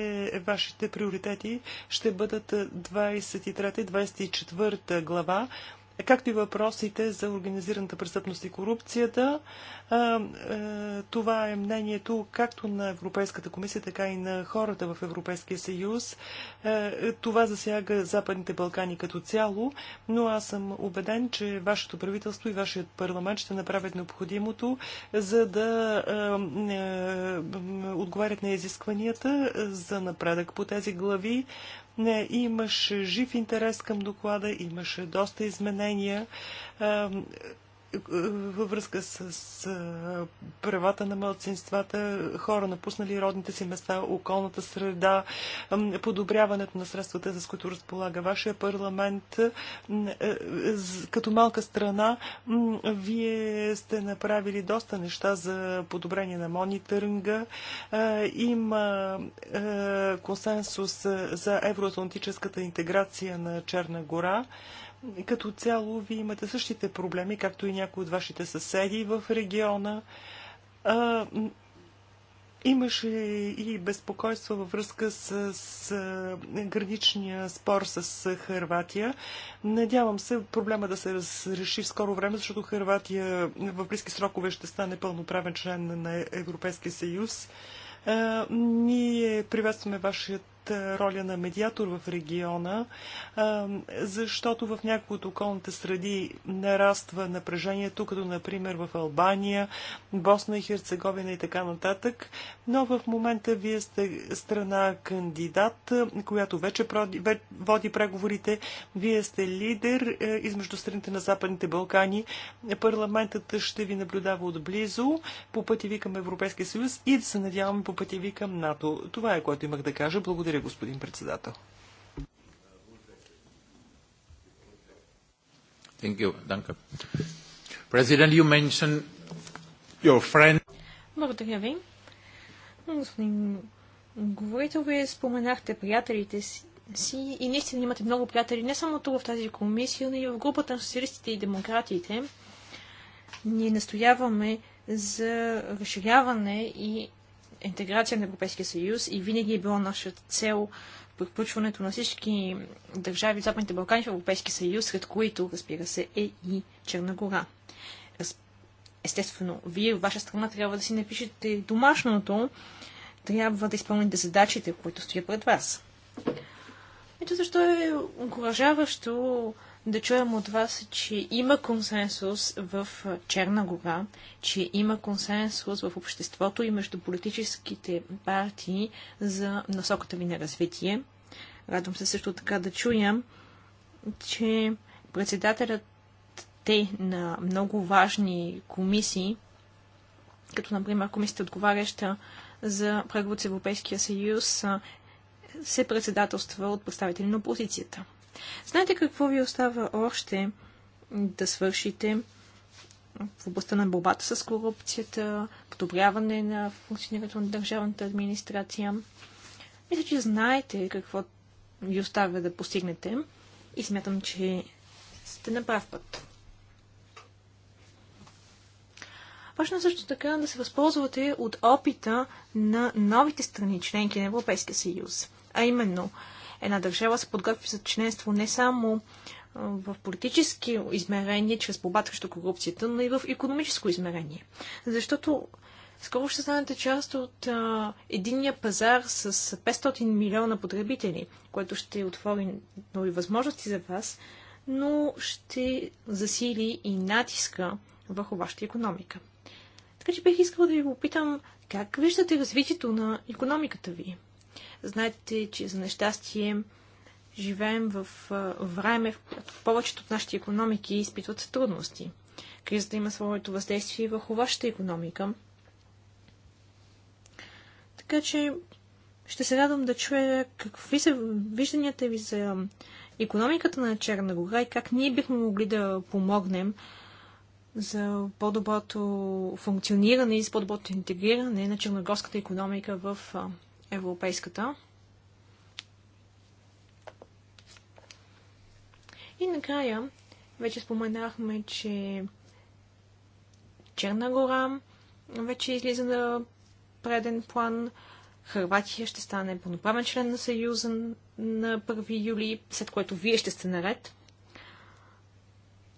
вашите приоритети ще бъдат 23-24 глава, както и въпросите за организираната престъпност и корупцията, е, това е мнението както на Европейската комисия, така и на хората в Европейския съюз. Е, това засяга Западните Балкани като цяло, но аз съм убеден, че вашето правителство и вашият парламент ще направят необходимото, за да е, отговарят на изискванията за напредък по тези глави. Не, имаш жив интерес към доклада, имаше доста изменения във връзка с, с правата на младсинствата, хора напуснали родните си места, околната среда, подобряването на средствата, с които разполага вашия парламент. Е, като малка страна, вие сте направили доста неща за подобрение на мониторинга. Има консенсус за евроатлантическата интеграция на Черна гора. Като цяло, вие имате същите проблеми, както и някои от вашите съседи в региона. А, Имаше и безпокойство във връзка с, с граничния спор с Харватия. Надявам се проблема да се разреши в скоро време, защото Харватия в близки срокове ще стане пълноправен член на Европейския съюз. А, ние приветстваме вашият роля на медиатор в региона, защото в някои от околните среди нараства напрежението, като например в Албания, Босна и Херцеговина и така нататък. Но в момента вие сте страна кандидат, която вече води преговорите. Вие сте лидер измежду страните на Западните Балкани. Парламентът ще ви наблюдава отблизо по пъти ви към Европейския съюз и да се надяваме по пъти ви към НАТО. Това е което имах да кажа. Благодаря господин председател. Благодаря ви. Господин говорител, вие споменахте приятелите си, си и наистина имате много приятели, не само тук в тази комисия, но и в групата на социалистите и демократите. Ние настояваме за разширяване и интеграция на Европейския съюз и винаги е било нашата цел приключването на всички държави в Западните Балкани в Европейския съюз, сред които, разбира се, е и Черна гора. Естествено, вие в ваша страна трябва да си напишете домашното, трябва да изпълните задачите, които стоят пред вас. Ето защо е окоръжаващо да чуем от вас, че има консенсус в Черна гора, че има консенсус в обществото и между политическите партии за насоката ви на развитие. Радвам се също така да чуя, че председателят те на много важни комисии, като например комисията отговаряща за преговори с Европейския съюз, се председателства от представители на опозицията. Знаете какво ви остава още да свършите в областта на борбата с корупцията, подобряване на функционирането на държавната администрация. Мисля, че знаете какво ви оставя да постигнете и смятам, че сте на прав път. Важно е също така да се възползвате от опита на новите страни, членки на Европейския съюз. А именно, една държава се подготви за членство не само в политически измерение, чрез борбата срещу корупцията, но и в економическо измерение. Защото скоро ще станете част от а, единния пазар с 500 милиона потребители, което ще отвори нови възможности за вас, но ще засили и натиска върху вашата економика. Така че бих искала да ви попитам как виждате развитието на економиката ви? Знаете, че за нещастие живеем в време, в което повечето от нашите економики изпитват трудности. Кризата има своето въздействие върху вашата економика. Така че ще се радвам да чуя какви са вижданията ви за економиката на Черна гора и как ние бихме могли да помогнем за по-доброто функциониране и за по-доброто интегриране на черногорската економика в европейската. И накрая, вече споменахме, че Черна гора вече излиза на преден план. Хрватия ще стане пълноправен член на Съюза на 1 юли, след което вие ще сте наред.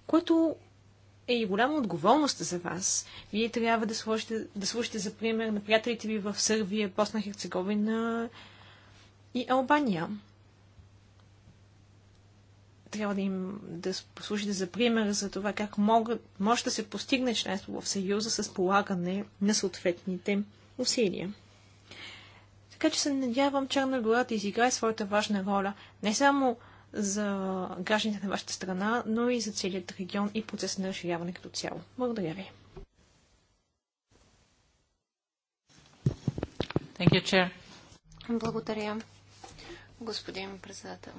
Което е и голяма отговорност за вас. Вие трябва да слушате, да слушате за пример на приятелите ви в Сърбия, Босна, Херцеговина и Албания. Трябва да им да послушате за пример за това как могат, може да се постигне членство в Съюза с полагане на съответните усилия. Така че се надявам Черна гора да изиграе своята важна роля не само за гражданите на вашата страна, но и за целият регион и процес на разширяване като цяло. Благодаря ви. You, Благодаря, господин председател.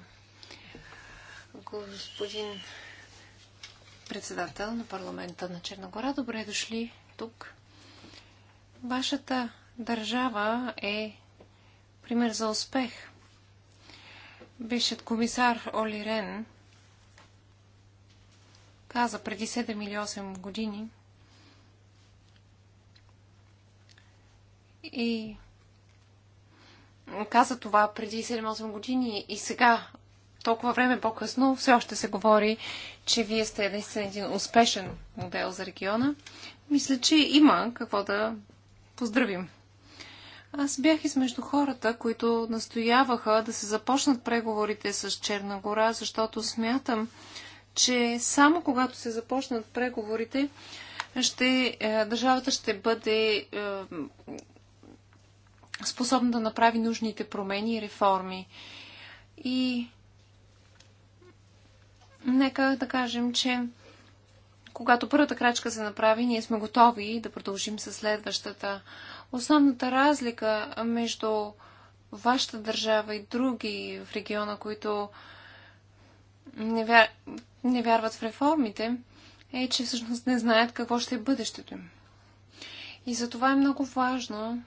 Господин председател на парламента на Черногора, добре дошли тук. Вашата държава е пример за успех – Бившият комисар Оли Рен каза преди 7 или 8 години и каза това преди 7-8 години и сега, толкова време по-късно, все още се говори, че вие сте наистина един успешен модел за региона. Мисля, че има какво да поздравим. Аз бях измежду хората, които настояваха да се започнат преговорите с Черна гора, защото смятам, че само когато се започнат преговорите, ще, е, държавата ще бъде е, способна да направи нужните промени и реформи. И нека да кажем, че когато първата крачка се направи, ние сме готови да продължим със следващата. Основната разлика между вашата държава и други в региона, които не, вяр... не вярват в реформите, е, че всъщност не знаят какво ще е бъдещето им. И за това е много важно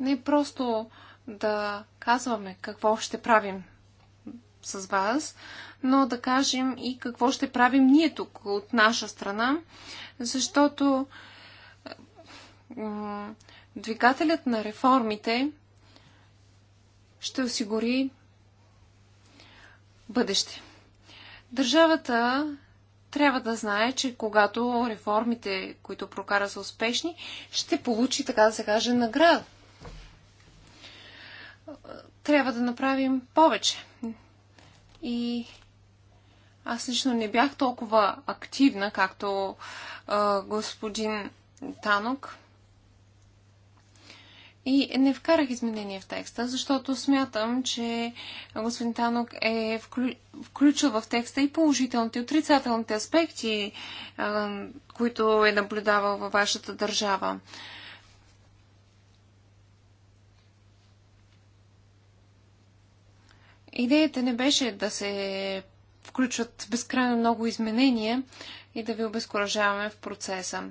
не просто да казваме какво ще правим с вас, но да кажем и какво ще правим ние тук от наша страна, защото двигателят на реформите ще осигури бъдеще. Държавата трябва да знае, че когато реформите, които прокара са успешни, ще получи, така да се каже, награда. Трябва да направим повече. И аз лично не бях толкова активна, както а, господин Танок. И не вкарах изменения в текста, защото смятам, че господин Танок е вклю... включил в текста и положителните и отрицателните аспекти, които е наблюдавал във вашата държава. Идеята не беше да се включват безкрайно много изменения и да ви обезкуражаваме в процеса.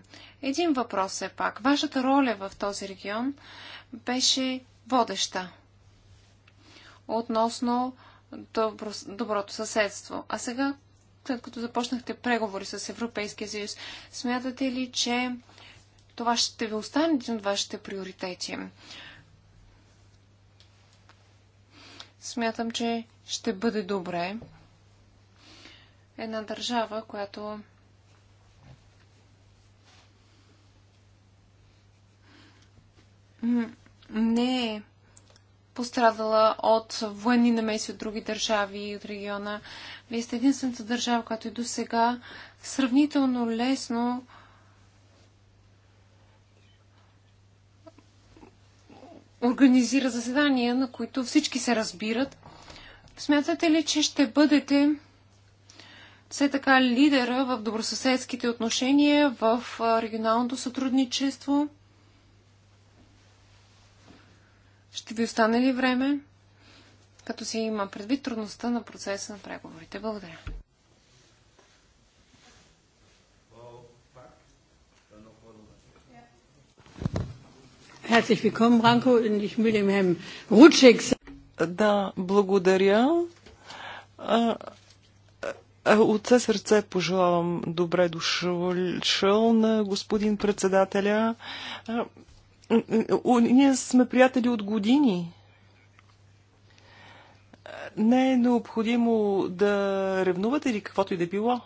Един въпрос е пак. Вашата роля в този регион беше водеща относно добро, доброто съседство. А сега, след като започнахте преговори с Европейския съюз, смятате ли, че това ще ви остане един от вашите приоритети? Смятам, че ще бъде добре една държава, която не е пострадала от военни намеси от други държави и от региона. Вие сте единствената държава, която и до сега сравнително лесно организира заседания, на които всички се разбират. Смятате ли, че ще бъдете все така лидера в добросъседските отношения, в регионалното сътрудничество? Ще ви остане ли време, като се има предвид трудността на процеса на преговорите? Благодаря. Да, благодаря. От все сърце пожелавам добре дошъл на господин председателя. Ние сме приятели от години. Не е необходимо да ревнувате или каквото и да било.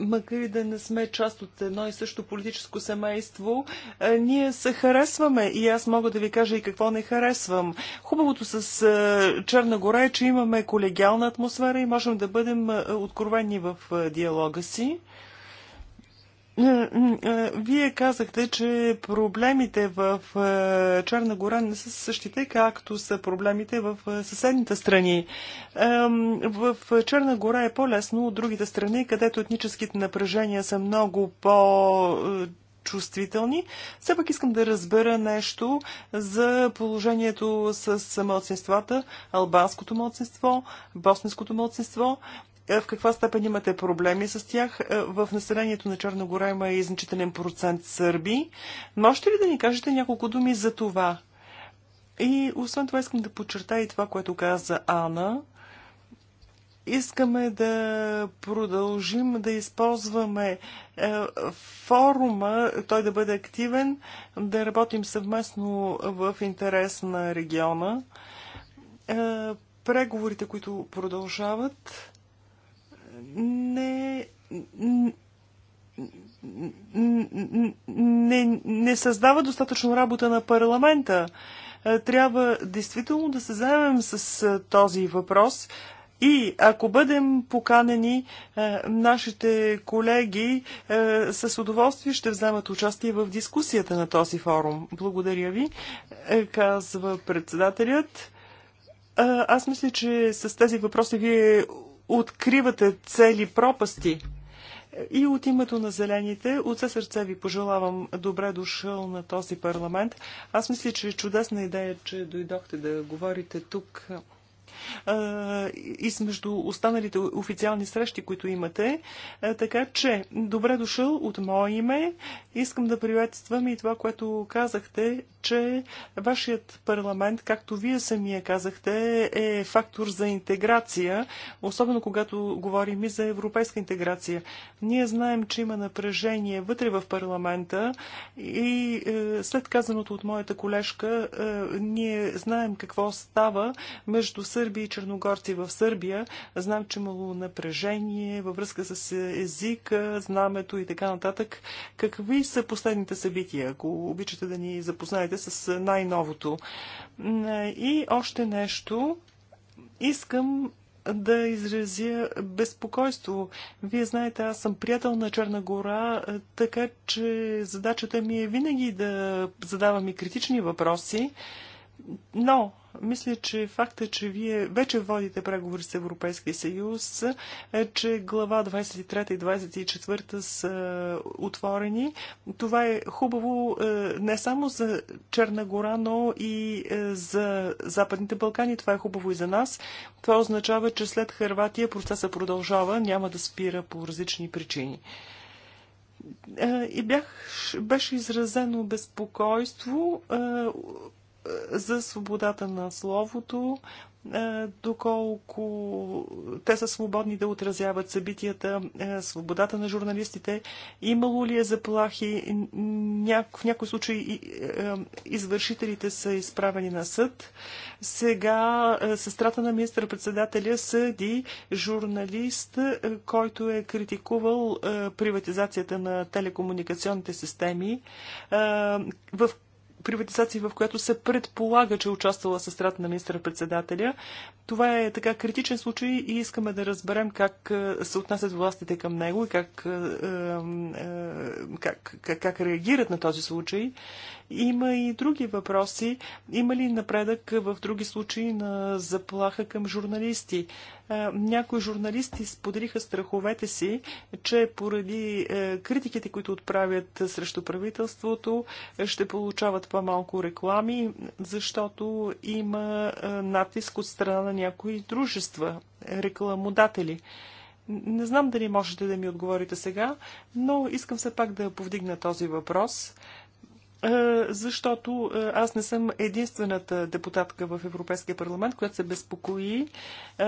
Макар и да не сме част от едно и също политическо семейство, е, ние се харесваме и аз мога да ви кажа и какво не харесвам. Хубавото с е, Черна гора е, че имаме колегиална атмосфера и можем да бъдем е, откровени в диалога си. Вие казахте, че проблемите в Черна гора не са същите, както са проблемите в съседните страни. В Черна гора е по-лесно от другите страни, където етническите напрежения са много по- чувствителни. Все пак искам да разбера нещо за положението с младсинствата, албанското младсинство, босненското младсинство. Е, в каква степен имате проблеми с тях? Е, в населението на Черна гора има и значителен процент сърби. Можете ли да ни кажете няколко думи за това? И освен това искам да подчертая и това, което каза Ана. Искаме да продължим да използваме е, форума, той да бъде активен, да работим съвместно в интерес на региона. преговорите, които продължават, не не, не създава достатъчно работа на парламента. Е, трябва действително да се заемем с е, този въпрос. И ако бъдем поканени, е, нашите колеги с удоволствие ще вземат участие в дискусията на този форум. Благодаря ви, казва председателят. Аз мисля, че с тези въпроси вие откривате цели пропасти. И от името на зелените, от все сърце ви пожелавам добре дошъл на този парламент. Аз мисля, че е чудесна идея, че дойдохте да говорите тук и между останалите официални срещи, които имате. Така че, добре дошъл от мое име. Искам да приветствам и това, което казахте, че вашият парламент, както вие самия казахте, е фактор за интеграция, особено когато говорим и за европейска интеграция. Ние знаем, че има напрежение вътре в парламента и е, след казаното от моята колежка, е, ние знаем какво става между сърби и черногорци в Сърбия. Знам, че имало напрежение във връзка с езика, знамето и така нататък. Какви са последните събития, ако обичате да ни запознаете излизате с най-новото. И още нещо. Искам да изразя безпокойство. Вие знаете, аз съм приятел на Черна гора, така че задачата ми е винаги да задавам и критични въпроси. Но, мисля, че факта, че вие вече водите преговори с Европейския съюз, е, че глава 23 и 24 са е, отворени. Това е хубаво е, не само за Черна гора, но и е, за Западните Балкани. Това е хубаво и за нас. Това означава, че след Харватия процесът продължава, няма да спира по различни причини и бях, беше изразено безпокойство за свободата на словото, е, доколко те са свободни да отразяват събитията, е, свободата на журналистите, имало ли е заплахи, в някои случаи е, извършителите са изправени на съд. Сега сестрата на министър-председателя съди журналист, който е критикувал приватизацията на телекомуникационните системи в приватизация, в която се предполага, че е участвала сестрата на министър-председателя. Това е така критичен случай и искаме да разберем как е, се отнасят властите към него и как, е, е, как, как, как реагират на този случай. Има и други въпроси. Има ли напредък в други случаи на заплаха към журналисти? Някои журналисти споделиха страховете си, че поради е, критиките, които отправят срещу правителството, ще получават по-малко реклами, защото има е, натиск от страна на някои дружества, рекламодатели. Не знам дали можете да ми отговорите сега, но искам все пак да повдигна този въпрос. Е, защото е, аз не съм единствената депутатка в Европейския парламент, която се безпокои е,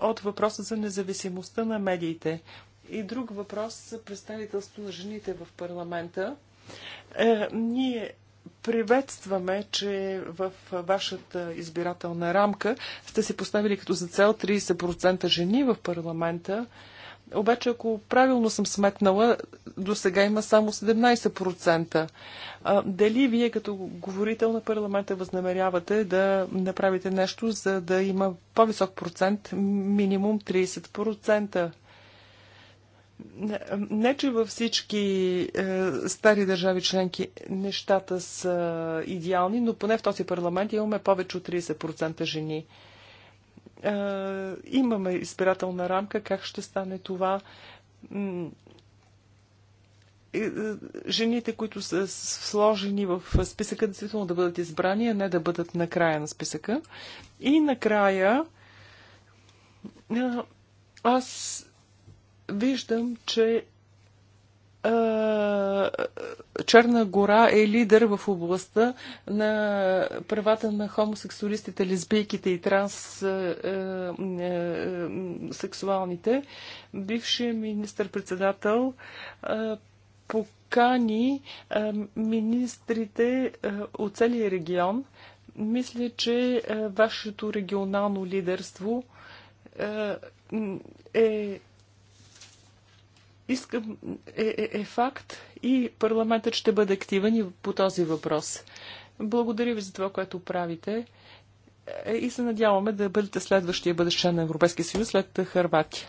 от въпроса за независимостта на медиите. И друг въпрос за представителство на жените в парламента. Ние приветстваме, че в вашата избирателна рамка сте си поставили като за цел 30% жени в парламента. Обаче, ако правилно съм сметнала, до сега има само 17%. А, дали вие като говорител на парламента възнамерявате да направите нещо, за да има по-висок процент, минимум 30%? Не, че във всички е, стари държави членки нещата са идеални, но поне в този парламент имаме повече от 30% жени. Е, е, имаме избирателна рамка, как ще стане това. Е, е, жените, които са сложени в списъка, действително да бъдат избрани, а не да бъдат на края на списъка. И накрая аз виждам, че Черна гора е лидер в областта на правата на хомосексуалистите, лесбийките и транссексуалните. Бившия министр-председател покани министрите от целия регион. Мисля, че вашето регионално лидерство е искам, е, е, е факт и парламентът ще бъде активен и по този въпрос. Благодаря ви за това, което правите е, и се надяваме да бъдете следващия бъдещ член на Европейския съюз след Харватия.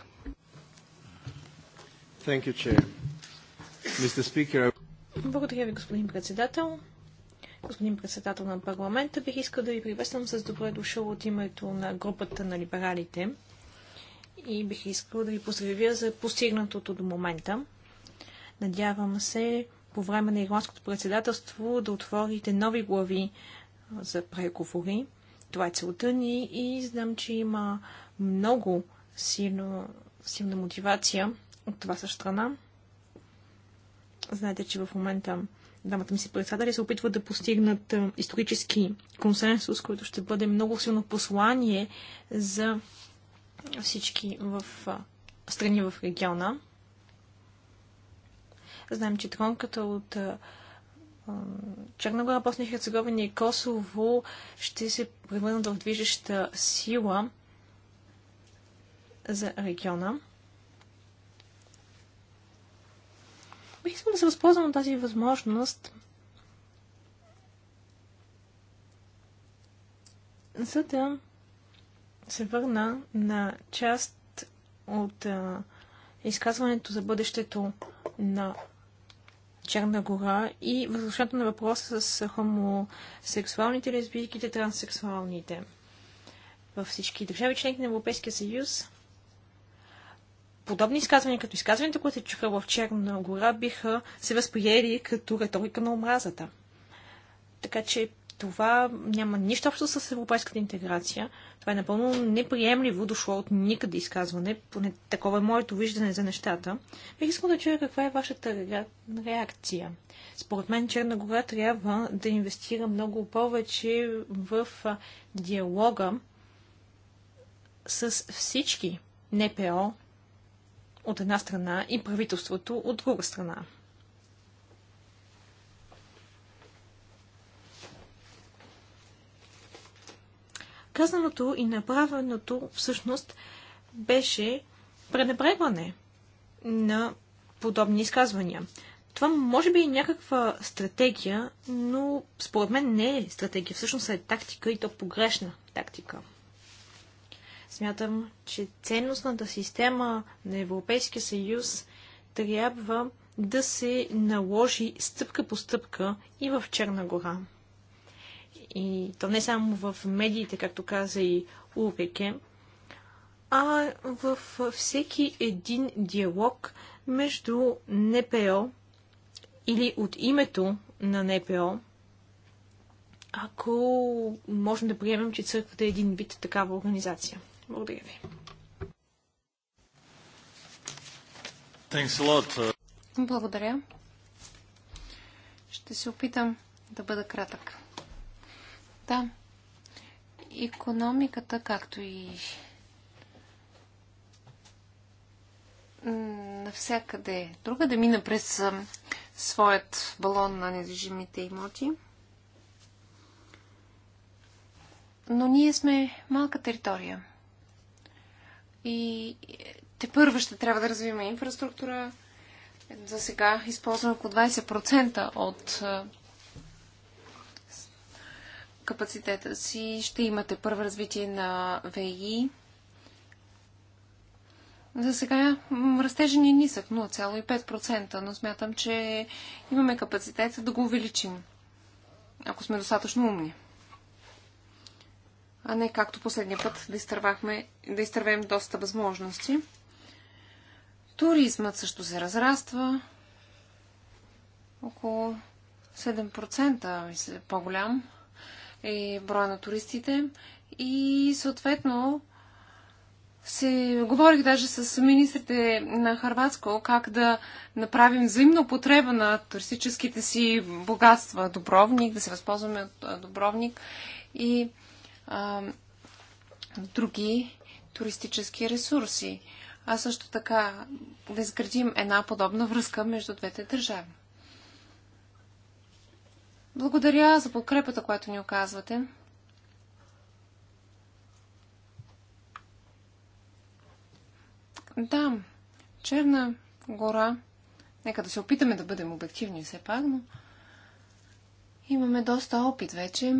You, Speaker... Благодаря ви, господин председател. Господин председател на парламента, бих искал да ви приветствам с добре дошъл от името на групата на либералите и бих искала да ви поздравя за постигнатото до момента. Надявам се по време на ирландското председателство да отворите нови глави за преговори. Това е целта ни и знам, че има много силно, силна мотивация от това са страна. Знаете, че в момента двамата ми се председатели се опитват да постигнат исторически консенсус, който ще бъде много силно послание за всички в страни в региона. Знаем, че тронката от Черна гора, Босна и Херцеговина и Косово ще се превърнат в движеща сила за региона. Бих искал да се възползвам от тази възможност, за да се върна на част от а, изказването за бъдещето на Черна гора и възможността на въпроса с хомосексуалните, лесбийките, транссексуалните. Във всички държави, членки на Европейския съюз, подобни изказвания, като изказванията, които се чуха в Черна гора, биха се възприели като риторика на омразата. Така че това няма нищо общо с европейската интеграция. Това е напълно неприемливо, дошло от никъде изказване, поне такова е моето виждане за нещата. Бих искал да чуя каква е вашата реакция. Според мен Черна гора трябва да инвестира много повече в диалога с всички НПО от една страна и правителството от друга страна. Казаното и направеното всъщност беше пренебрегване на подобни изказвания. Това може би е някаква стратегия, но според мен не е стратегия, всъщност е тактика и то погрешна тактика. Смятам, че ценностната система на Европейския съюз трябва да се наложи стъпка по стъпка и в Черна гора и то не само в медиите, както каза и Улвеке, а в всеки един диалог между НПО или от името на НПО, ако можем да приемем, че църквата е един вид такава организация. Благодаря ви. Uh, Благодаря. Ще се опитам да бъда кратък. Да. економиката, както и навсякъде друга да мина през своят балон на недвижимите имоти. Но ние сме малка територия. И е, те първо ще трябва да развиваме инфраструктура. За сега използваме около 20% от капацитета си, ще имате първо развитие на ВИ. За сега растежа ни е нисък, 0,5%, но смятам, че имаме капацитет да го увеличим, ако сме достатъчно умни. А не както последния път да, изтървахме, да изтървем доста възможности. Туризмът също се разраства. Около 7% по-голям и е броя на туристите. И съответно се говорих даже с министрите на Харватско как да направим взаимна употреба на туристическите си богатства Добровник, да се възползваме от Добровник и а, други туристически ресурси. А също така да изградим една подобна връзка между двете държави. Благодаря за подкрепата, която ни оказвате. Да, Черна гора. Нека да се опитаме да бъдем обективни все пак, но имаме доста опит вече.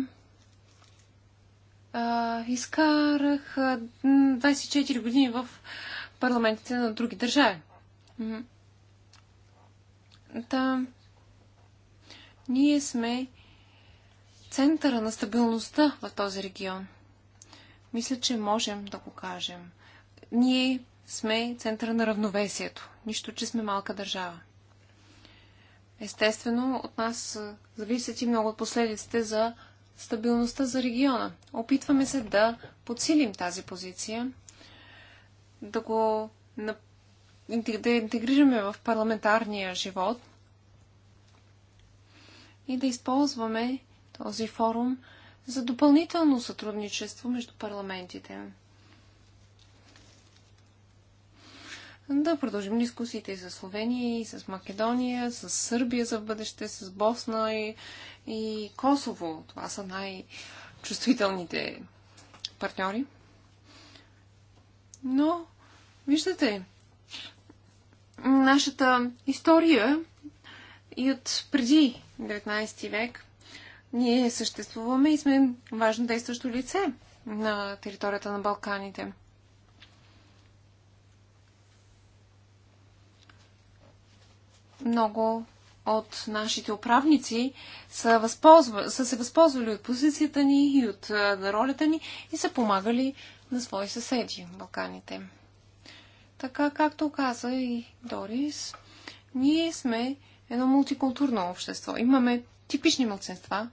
А, изкарах 24 години в парламентите на други държави. да. Ние сме центъра на стабилността в този регион. Мисля, че можем да го кажем. Ние сме центъра на равновесието. Нищо, че сме малка държава. Естествено, от нас зависят и много от последиците за стабилността за региона. Опитваме се да подсилим тази позиция, да го да интегрираме в парламентарния живот – и да използваме този форум за допълнително сътрудничество между парламентите. Да продължим дискусиите и с Словения, и с Македония, с Сърбия за бъдеще, с Босна и, и Косово. Това са най-чувствителните партньори. Но, виждате, нашата история и от преди 19 век ние съществуваме и сме важно действащо лице на територията на Балканите. Много от нашите управници са, възползва, са се възползвали от позицията ни и от на ролята ни и са помагали на свои съседи в Балканите. Така, както каза и Дорис, ние сме едно мултикултурно общество. Имаме типични младсенства,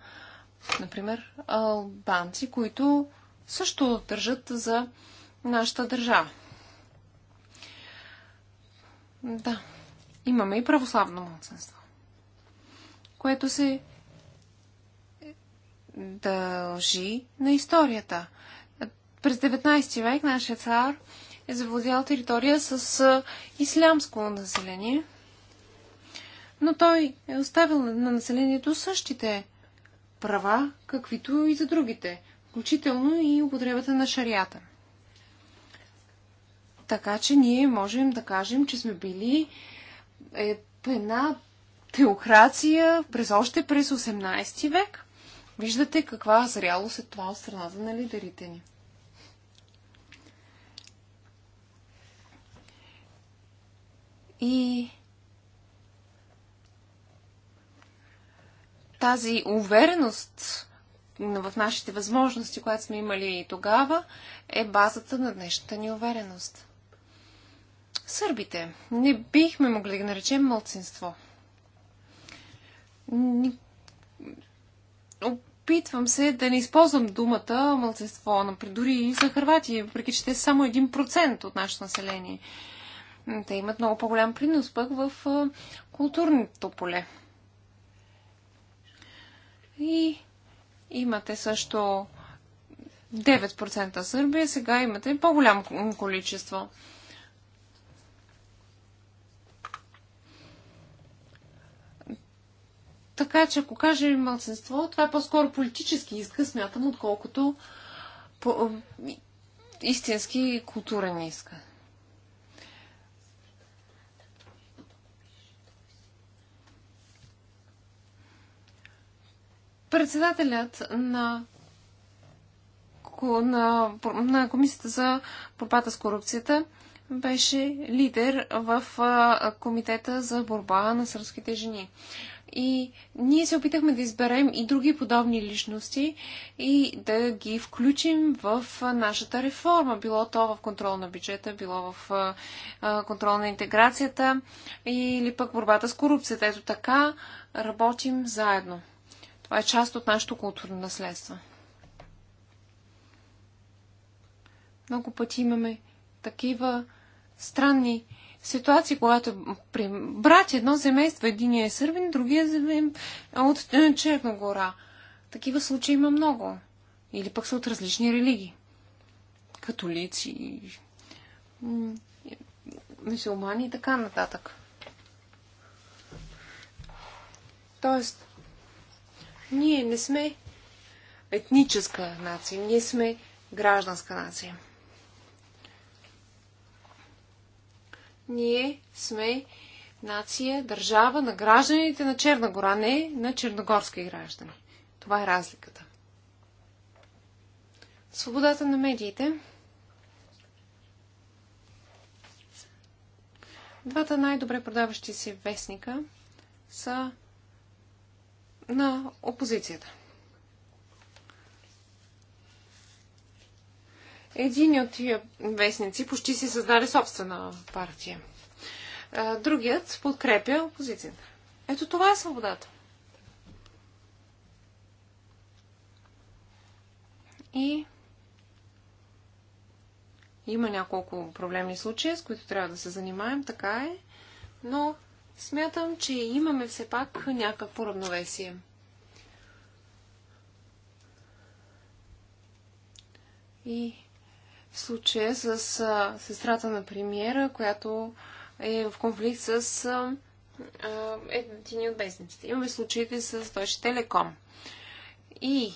например албанци, които също държат за нашата държава. Да, имаме и православно младсенство, което се дължи на историята. През 19 век нашия цар е завладял територия с ислямско население – но той е оставил на населението същите права, каквито и за другите, включително и употребата на шарията. Така че ние можем да кажем, че сме били е, една теокрация през още през 18 век. Виждате каква зрялост е това от страната на лидерите ни. И тази увереност в нашите възможности, която сме имали и тогава, е базата на днешната ни увереност. Сърбите не бихме могли да ги наречем мълцинство. Опитвам се да не използвам думата мълцинство, например, дори и за Харватия, въпреки че те са само 1% от нашето население. Те имат много по-голям принос пък в културното поле. И имате също 9% Сърбия, сега имате по-голямо количество. Така че, ако кажем мълцинство, това е по-скоро политически иска, смятам, отколкото по- истински културен иска. Председателят на, на, на Комисията за борбата с корупцията беше лидер в Комитета за борба на сръбските жени. И ние се опитахме да изберем и други подобни личности и да ги включим в нашата реформа. Било то в контрол на бюджета, било в контрол на интеграцията или пък борбата с корупцията. Ето така работим заедно. Това е част от нашето културно наследство. Много пъти имаме такива странни ситуации, когато при брат едно семейство, единия е сърбин, другия е от е, Черна гора. Такива случаи има много. Или пък са от различни религии. Католици, мусулмани и така нататък. Тоест, ние не сме етническа нация, ние сме гражданска нация. Ние сме нация, държава на гражданите на Черна гора, не на черногорски граждани. Това е разликата. Свободата на медиите. Двата най-добре продаващи се вестника са на опозицията. Един от тия вестници почти си създаде собствена партия. Другият подкрепя опозицията. Ето това е свободата. И има няколко проблемни случаи, с които трябва да се занимаем, така е. Но смятам, че имаме все пак някакво равновесие. И в случая с сестрата на премиера, която е в конфликт с а, един от безниците. Имаме случаите с Deutsche Telekom. И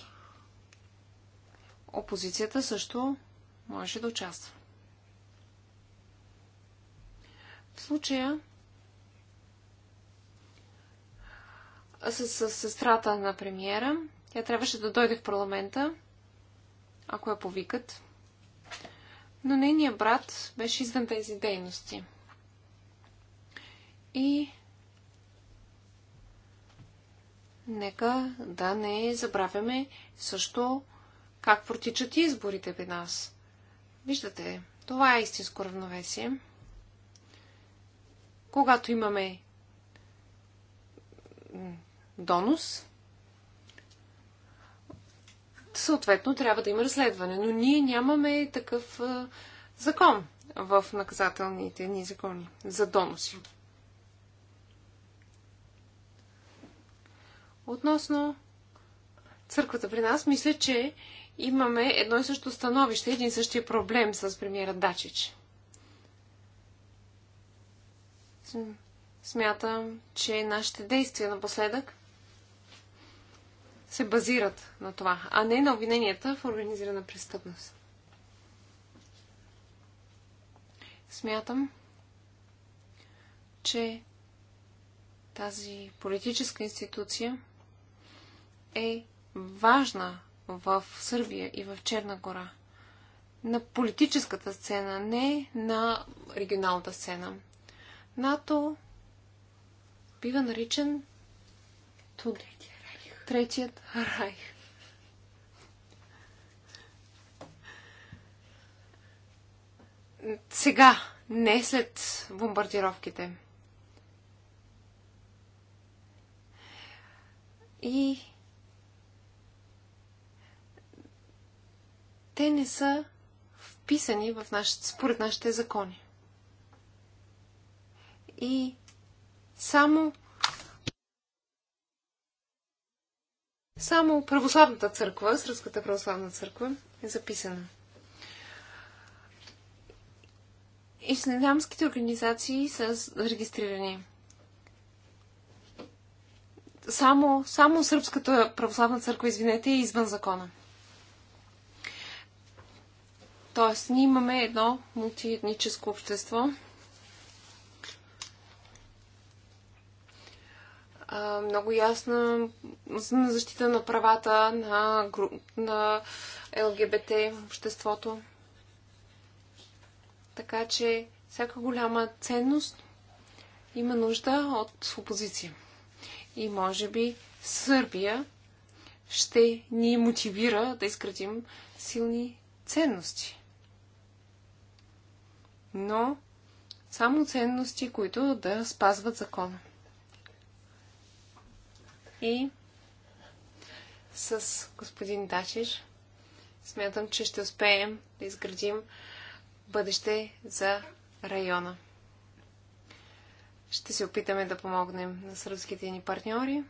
опозицията също може да участва. В случая с, с сестрата на премиера. Тя трябваше да дойде в парламента, ако я повикат. Но нейният брат беше извън тези дейности. И нека да не забравяме също как протичат изборите при нас. Виждате, това е истинско равновесие. Когато имаме донос, съответно трябва да има разследване. Но ние нямаме такъв закон в наказателните ни закони за доноси. Относно църквата при нас, мисля, че имаме едно и също становище, един и същия проблем с премиера Дачич. Смятам, че нашите действия напоследък се базират на това, а не на обвиненията в организирана престъпност. Смятам, че тази политическа институция е важна в Сърбия и в Черна гора. На политическата сцена, не на регионалната сцена. НАТО бива наричан Тундрети Третият рай. Сега, не след бомбардировките. И те не са вписани в наш... според нашите закони. И само Само православната църква, Сръбската православна църква, е записана. Ислямските организации са регистрирани. Само, само Сръбската православна църква, извинете, е извън закона. Тоест, ние имаме едно мултиетническо общество – много ясна защита на правата на, на ЛГБТ обществото. Така че всяка голяма ценност има нужда от опозиция. И може би Сърбия ще ни мотивира да изградим силни ценности. Но само ценности, които да спазват закона и с господин Дачиш смятам, че ще успеем да изградим бъдеще за района. Ще се опитаме да помогнем на сръбските ни партньори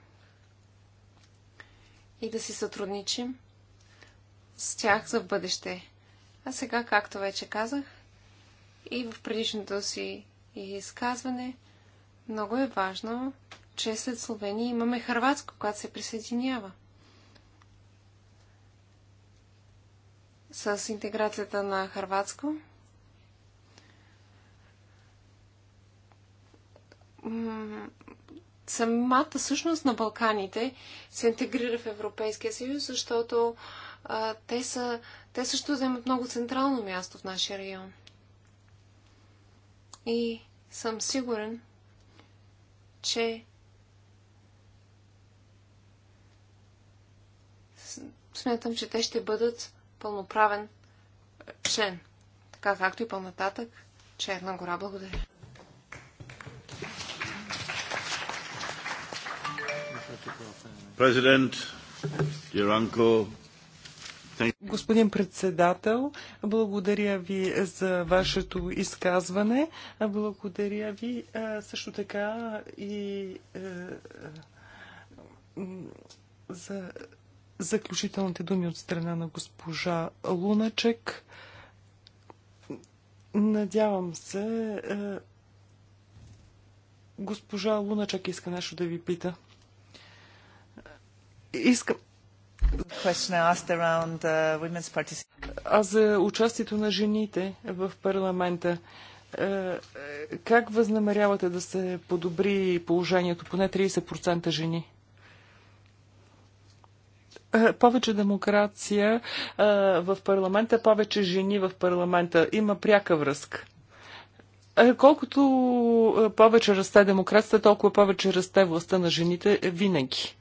и да си сътрудничим с тях за бъдеще. А сега, както вече казах, и в предишното си изказване, много е важно че след Словения имаме Харватска, която се присъединява. С интеграцията на Харватска. Самата същност на Балканите се интегрира в Европейския съюз, защото а, те, са, те също вземат много централно място в нашия район. И съм сигурен, че смятам, че те ще бъдат пълноправен член. Така както и по-нататък Черна гора. Благодаря. Президент Диранко, Господин председател, благодаря ви за вашето изказване. Благодаря ви също така и за заключителните думи от страна на госпожа Луначек. Надявам се. Е, госпожа Луначек иска нещо да ви пита. Искам. Uh, а за участието на жените в парламента, е, е, как възнамерявате да се подобри положението поне 30% жени? повече демокрация в парламента, повече жени в парламента. Има пряка връзка. Колкото повече расте демокрацията, толкова повече расте властта на жените винаги.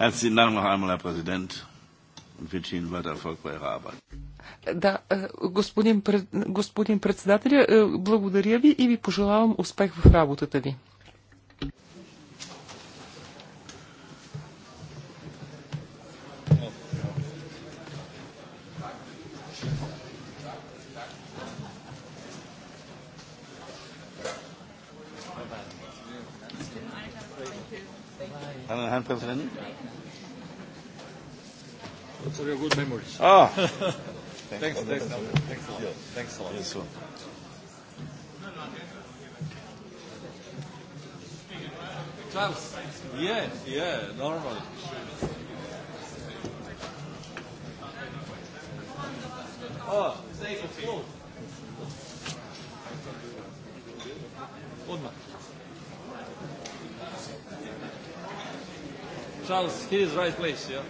Herzlichen Dank noch einmal, Herr Präsident, und wünsche Ihnen weiter Erfolg bei Ihrer Arbeit. Да, е, господин, господин председателя, е, благодаря ви и ви пожелавам успех в работата ви. Herr Präsident? Those Ah. Thanks. Thanks. Thanks. a lot. Thanks a lot. Yes, sir. Klaus. Yeah. Yeah. Normal. Oh, Charles, he is right place, yeah?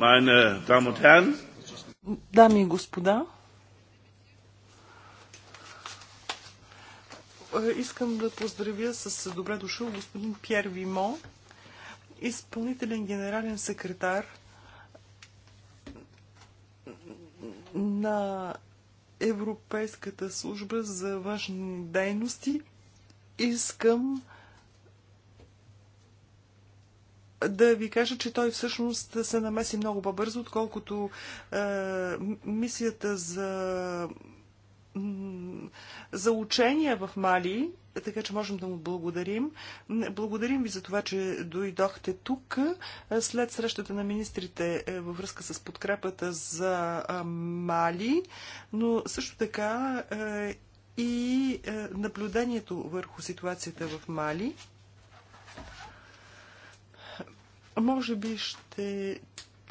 meine Damen und Herren. Дами и господа, е, искам да поздравя с добре дошъл господин Пьер Вимо, изпълнителен генерален секретар на Европейската служба за външни дейности. Искам да ви кажа, че той всъщност се намеси много по-бързо, отколкото е, мисията за, за учения в Мали, така че можем да му благодарим. Благодарим ви за това, че дойдохте тук е, след срещата на министрите е, във връзка с подкрепата за е, Мали, но също така е, и наблюдението върху ситуацията в Мали. Може би ще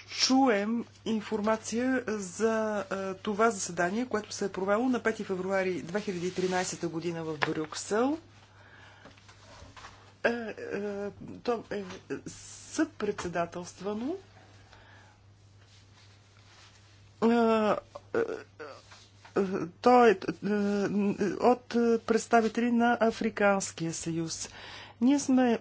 чуем информация за това заседание, което се е провело на 5 февруари 2013 година в Брюксел. Е, е, то е съпредседателствано е, той е от представители на Африканския съюз. Ние сме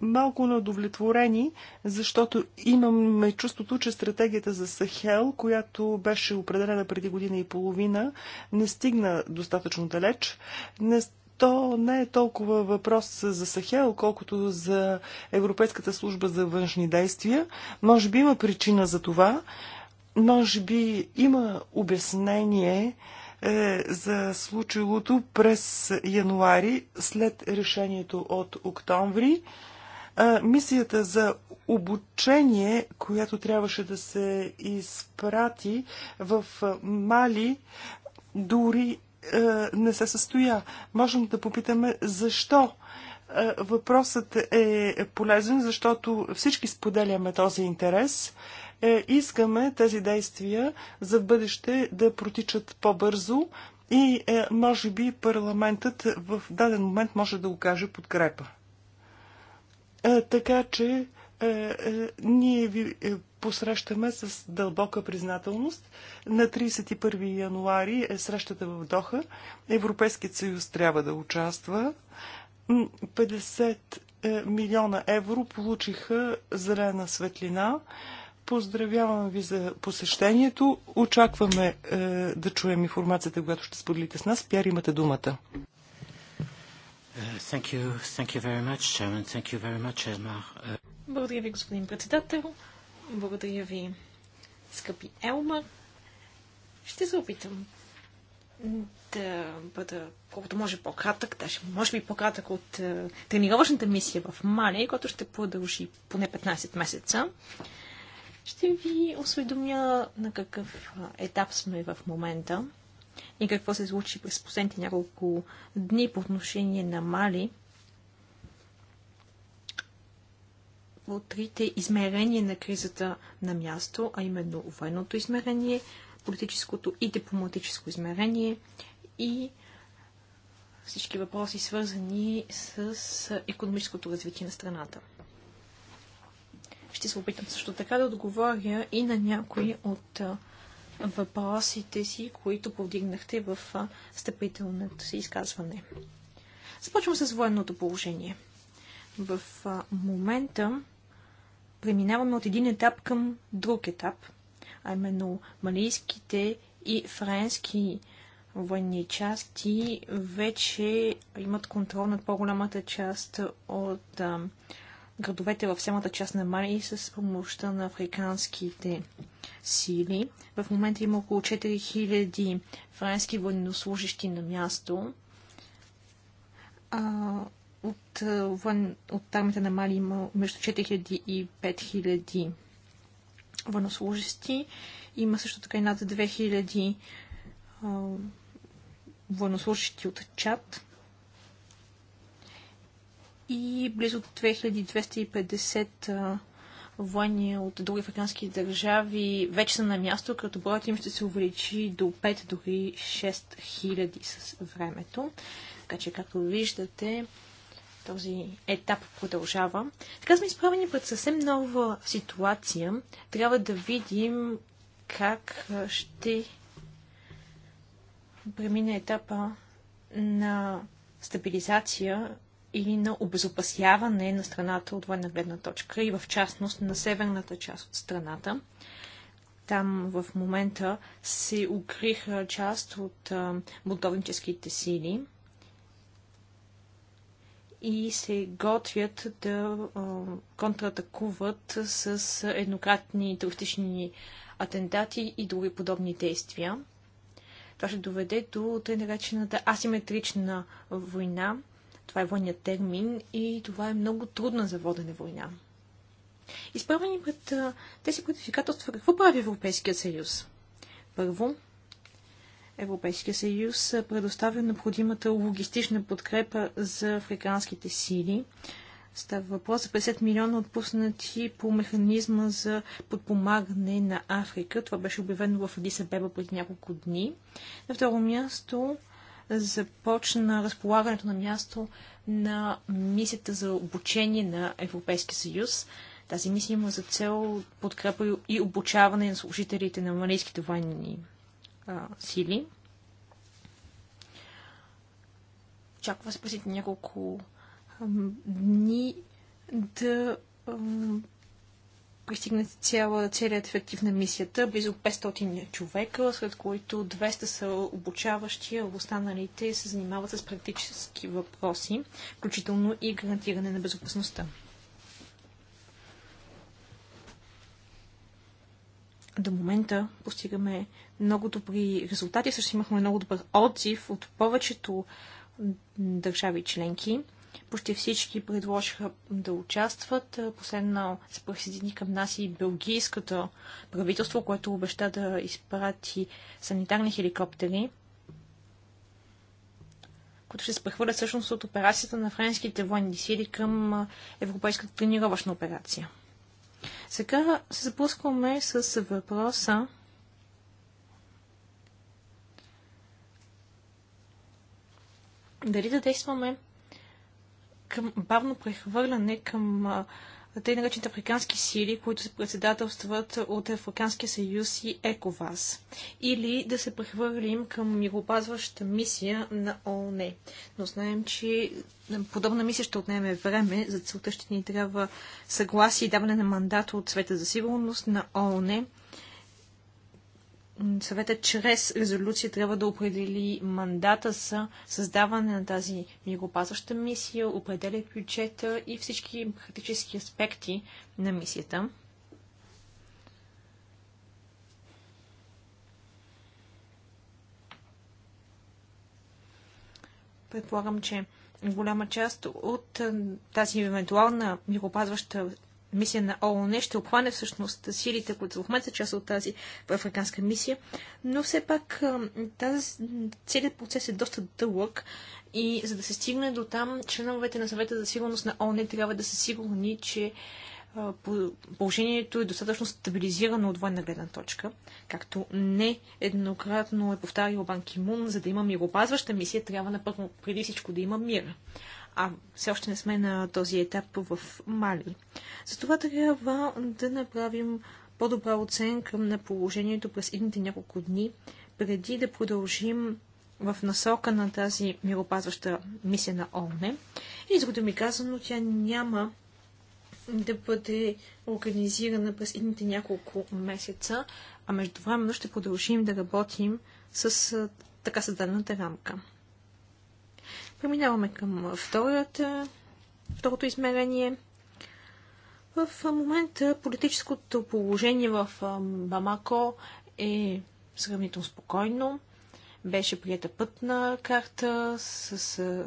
малко неудовлетворени, защото имаме чувството, че стратегията за Сахел, която беше определена преди година и половина, не стигна достатъчно далеч. Не то не е толкова въпрос за Сахел, колкото за Европейската служба за външни действия. Може би има причина за това. Може би има обяснение е, за случилото през януари след решението от октомври. Е, мисията за обучение, която трябваше да се изпрати в Мали, дори е, не се състоя. Можем да попитаме защо. Е, въпросът е полезен, защото всички споделяме този интерес е, искаме тези действия за бъдеще да протичат по-бързо и е, може би парламентът в даден момент може да окаже подкрепа. Е, така че е, е, ние ви е, посрещаме с дълбока признателност. На 31 януари е срещата в Доха. Европейският съюз трябва да участва. 50 е, милиона евро получиха зелена светлина. Поздравявам ви за посещението. Очакваме е, да чуем информацията, която ще споделите с нас. Пяр, имате думата. Е, е, Благодаря ви, господин председател. Благодаря ви, скъпи Елмар. Ще се опитам да бъда колкото може по-кратък, даже може би по-кратък от е, тренировъчната мисия в Мали, която ще продължи поне 15 месеца. Ще ви осведомя на какъв етап сме в момента и какво се случи през последните няколко дни по отношение на Мали. По трите измерения на кризата на място, а именно военното измерение, политическото и дипломатическо измерение и всички въпроси, свързани с економическото развитие на страната. Ще се опитам също така да отговоря и на някои от въпросите си, които повдигнахте в стъпителното си изказване. Започвам с военното положение. В момента преминаваме от един етап към друг етап, а именно малийските и френски военни части вече имат контрол над по-голямата част от градовете в самата част на Мали с помощта на африканските сили. В момента има около 4000 френски военнослужащи на място. А, от, вън, от армията на Мали има между 4000 и 5000 военнослужащи. Има също така и над 2000 а, военнослужащи от Чад и близо 2250 войни от други африкански държави вече са на място, като броят им ще се увеличи до 5, дори 6 хиляди с времето. Така че, както виждате, този етап продължава. Така сме изправени пред съвсем нова ситуация. Трябва да видим как ще премине етапа на стабилизация и на обезопасяване на страната от военна гледна точка и в частност на северната част от страната. Там в момента се укриха част от бунтовническите сили и се готвят да контратакуват с еднократни терористични атентати и други подобни действия. Това ще доведе до тъй наречената асиметрична война, това е военният термин и това е много трудна за водене война. Изправени пред тези предизвикателства, какво прави Европейският съюз? Първо, Европейския съюз предоставя необходимата логистична подкрепа за африканските сили. Става въпрос за 50 милиона отпуснати по механизма за подпомагане на Африка. Това беше обявено в Адисабеба преди няколко дни. На второ място започна разполагането на място на мисията за обучение на Европейския съюз. Тази мисия има за цел подкрепа и обучаване на служителите на малийските военни а, сили. Очаква се през няколко дни да Пристигнати цяла, целият ефектив на мисията, близо 500 човека, след които 200 са обучаващи, а останалите се занимават с практически въпроси, включително и гарантиране на безопасността. до момента постигаме много добри резултати. Също имахме много добър отзив от повечето държави членки. Почти всички предложиха да участват. Последно се присъедини към нас и белгийското правителство, което обеща да изпрати санитарни хеликоптери, които ще се прехвърлят всъщност от операцията на френските военни сили към европейската тренировъчна операция. Сега се запускваме с въпроса дали да действаме към бавно прехвърляне към тъй наречените африкански сили, които се председателстват от Африканския съюз и ЕКОВАС, или да се прехвърлим към миропазваща мисия на ООН. Но знаем, че подобна мисия ще отнеме време, за целта ще ни трябва съгласие и даване на мандат от Света за сигурност на ООН съвета чрез резолюция трябва да определи мандата за създаване на тази миропазваща мисия, определя бюджета и всички практически аспекти на мисията. Предполагам, че голяма част от тази евентуална миропазваща мисия на ООН ще обхване всъщност силите, които в момента са част от тази африканска мисия, но все пак тази, целият процес е доста дълъг и за да се стигне до там, членовете на съвета за сигурност на ООН трябва да са сигурни, че положението е достатъчно стабилизирано от военна гледна точка, както не еднократно е повтарил Банки Мун, за да има миропазваща мисия, трябва напърно преди всичко да има мир а все още не сме на този етап в Мали. Затова трябва да направим по-добра оценка на положението през едните няколко дни, преди да продължим в насока на тази миропазваща мисия на ОНЕ. И с ми казано, тя няма да бъде организирана през едните няколко месеца, а междувременно ще продължим да работим с така създадената рамка. Преминаваме към втората, второто измерение. В момента политическото положение в Бамако е сравнително спокойно. Беше прията пътна карта с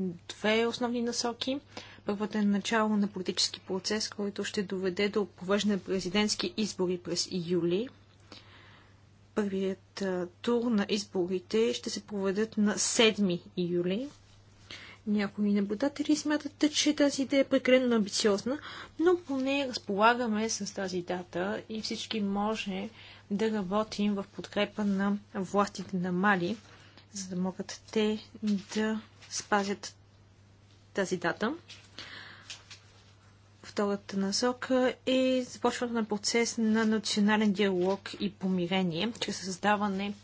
две основни насоки. Първата е начало на политически процес, който ще доведе до провеждане президентски избори през июли Първият тур на изборите ще се проведат на 7 юли. Някои наблюдатели смятат, че тази идея е прекалено амбициозна, но поне разполагаме с тази дата и всички може да работим в подкрепа на властите на Мали, за да могат те да спазят тази дата втората насока е започването на процес на национален диалог и помирение, чрез създаване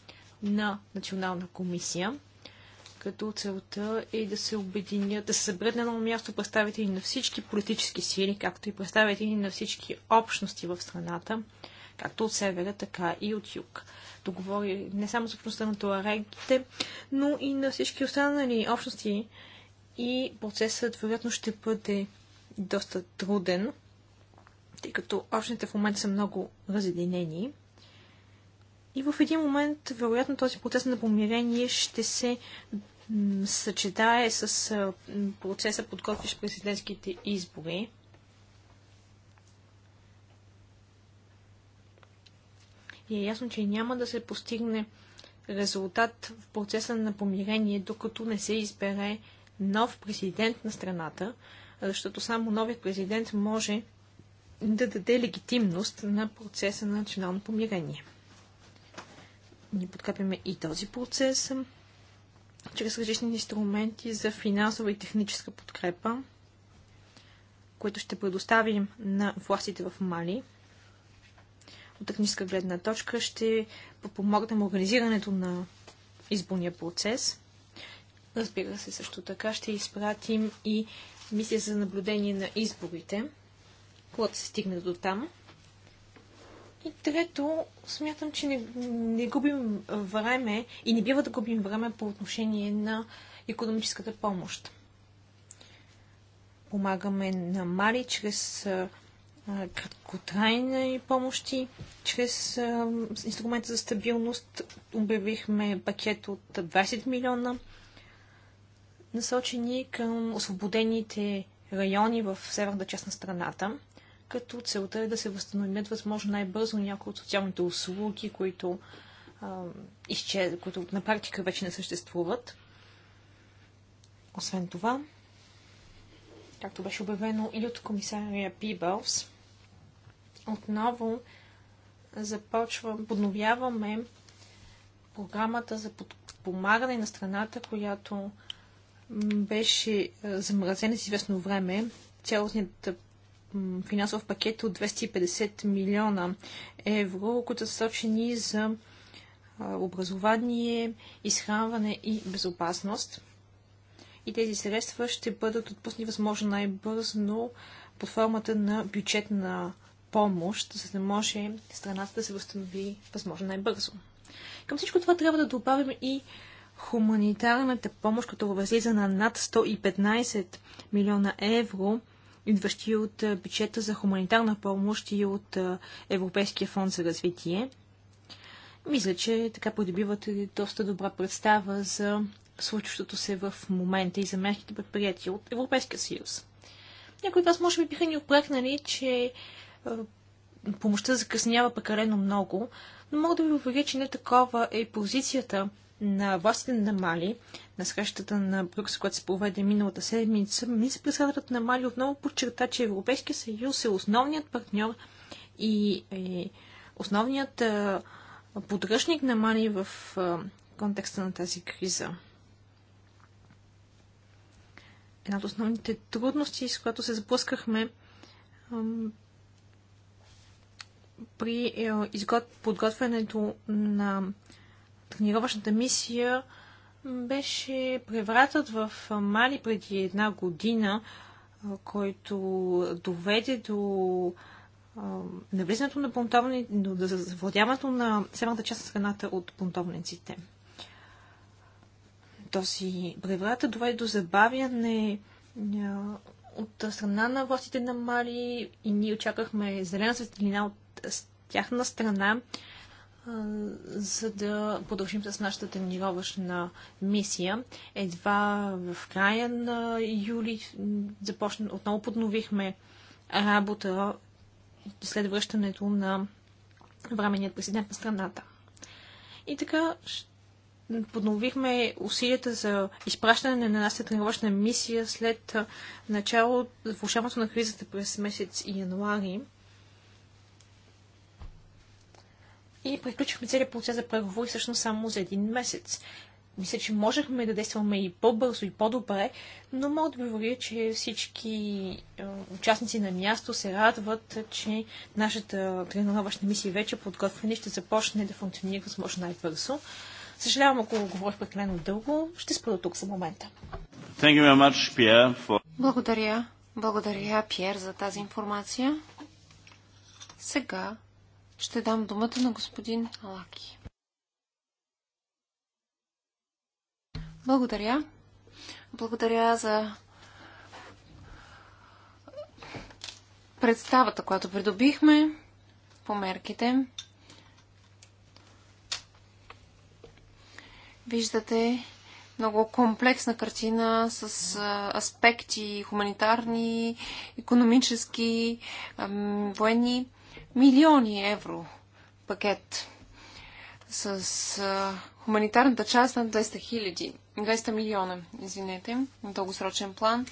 на национална комисия, като целта е да се обединят, да се събрат на едно място представители на всички политически сили, както и представители на всички общности в страната, както от севера, така и от юг. Договори не само за общността на туарегите, но и на всички останали общности и процесът вероятно ще бъде доста труден, тъй като общините в момента са много разединени. И в един момент, вероятно, този процес на помирение ще се съчетае с процеса подготвящ президентските избори. И е ясно, че няма да се постигне резултат в процеса на помирение, докато не се избере нов президент на страната, защото само новият президент може да даде легитимност на процеса на национално помирение. Ние подкрепяме и този процес чрез различни инструменти за финансова и техническа подкрепа, които ще предоставим на властите в Мали. От техническа гледна точка ще помогнем организирането на изборния процес. Разбира се, също така ще изпратим и мисия за наблюдение на изборите, когато се стигне до там. И трето, смятам, че не, не губим време и не бива да губим време по отношение на економическата помощ. Помагаме на Мали чрез краткотрайни помощи. Чрез инструмента за стабилност обявихме пакет от 20 милиона насочени към освободените райони в северната част на страната, като целта е да се възстановят възможно най-бързо някои от социалните услуги, които, а, изчез... които на практика вече не съществуват. Освен това, както беше обявено и от комисария Пибълс, отново започвам, подновяваме програмата за подпомагане на страната, която беше замразен с известно време. Цялостният финансов пакет от 250 милиона евро, които са сочени за образование, изхранване и безопасност. И тези средства ще бъдат отпусни възможно най бързно под формата на бюджетна помощ, за да може страната да се възстанови възможно най-бързо. Към всичко това трябва да добавим и хуманитарната помощ, като възлиза на над 115 милиона евро, идващи от бюджета за хуманитарна помощ и от Европейския фонд за развитие. Мисля, че така придобивате доста добра представа за случващото се в момента и за мерките предприятия от Европейския съюз. Някои от вас може би биха ни опрекнали, че помощта закъснява прекалено много, но мога да ви уверя, че не такова е позицията на властите на Мали, на срещата на брюкс, която се проведе миналата седмица, министр председателят на Мали отново подчерта, че Европейския съюз е основният партньор и е основният е, подръжник на Мали в е, контекста на тази криза. Една от основните трудности, с която се сблъскахме, е, при подготвянето на тренировъчната мисия беше превратът в Мали преди една година, който доведе до навлизането на бунтовниците, до завладяването на северната част на страната от бунтовниците. Този преврат доведе до забавяне от страна на властите на Мали и ние очаквахме зелена светлина от тяхна страна за да продължим с нашата тренировъчна мисия. Едва в края на юли започна, отново подновихме работа след връщането на временният президент на страната. И така подновихме усилията за изпращане на нашата тренировъчна мисия след начало влушаването на кризата през месец януари. и приключихме целият процес за преговори всъщност само за един месец. Мисля, че можехме да действаме и по-бързо и по-добре, но мога да говоря, че всички е, участници на място се радват, че нашата тренировъчна мисия вече подготвена и ще започне да функционира възможно най-бързо. Съжалявам, ако говорих прекалено дълго, ще спра тук за момента. Much, Pierre, for... Благодаря. Благодаря, Пьер, за тази информация. Сега ще дам думата на господин Алаки. Благодаря. Благодаря за представата, която придобихме по мерките. Виждате много комплексна картина с аспекти хуманитарни, економически, военни милиони евро пакет с а, хуманитарната част на 200 хиляди, 200 милиона, извинете, на дългосрочен план.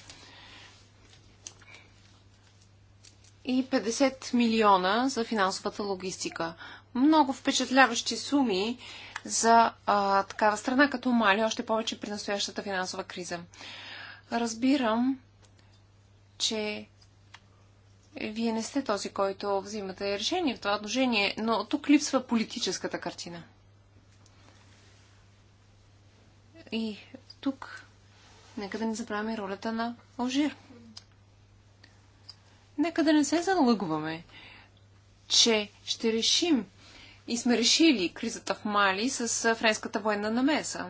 И 50 милиона за финансовата логистика. Много впечатляващи суми за а, такава страна като Мали, още повече при настоящата финансова криза. Разбирам, че вие не сте този, който взимате решение в това отношение, но тук липсва политическата картина. И тук нека да не забравяме ролята на Алжир. Нека да не се залъгваме, че ще решим и сме решили кризата в Мали с френската военна намеса.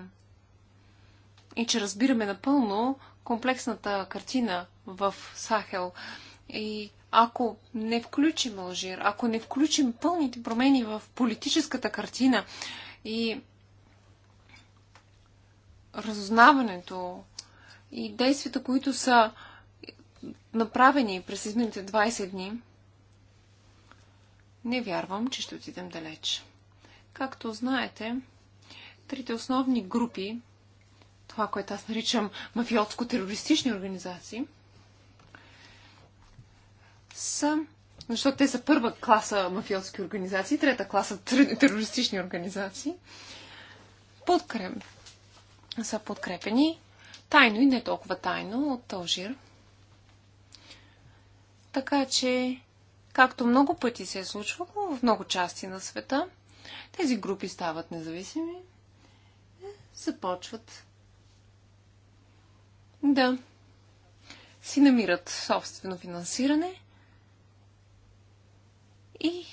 И че разбираме напълно комплексната картина в Сахел и ако не включим Алжир, ако не включим пълните промени в политическата картина и разузнаването и действията, които са направени през изминалите 20 дни, не вярвам, че ще отидем далеч. Както знаете, трите основни групи, това, което аз наричам мафиотско-терористични организации – са, защото те са първа класа мафиотски организации, трета класа терористични организации, подкреп, са подкрепени тайно и не толкова тайно от Алжир. Така че, както много пъти се е случвало в много части на света, тези групи стават независими, започват да си намират собствено финансиране и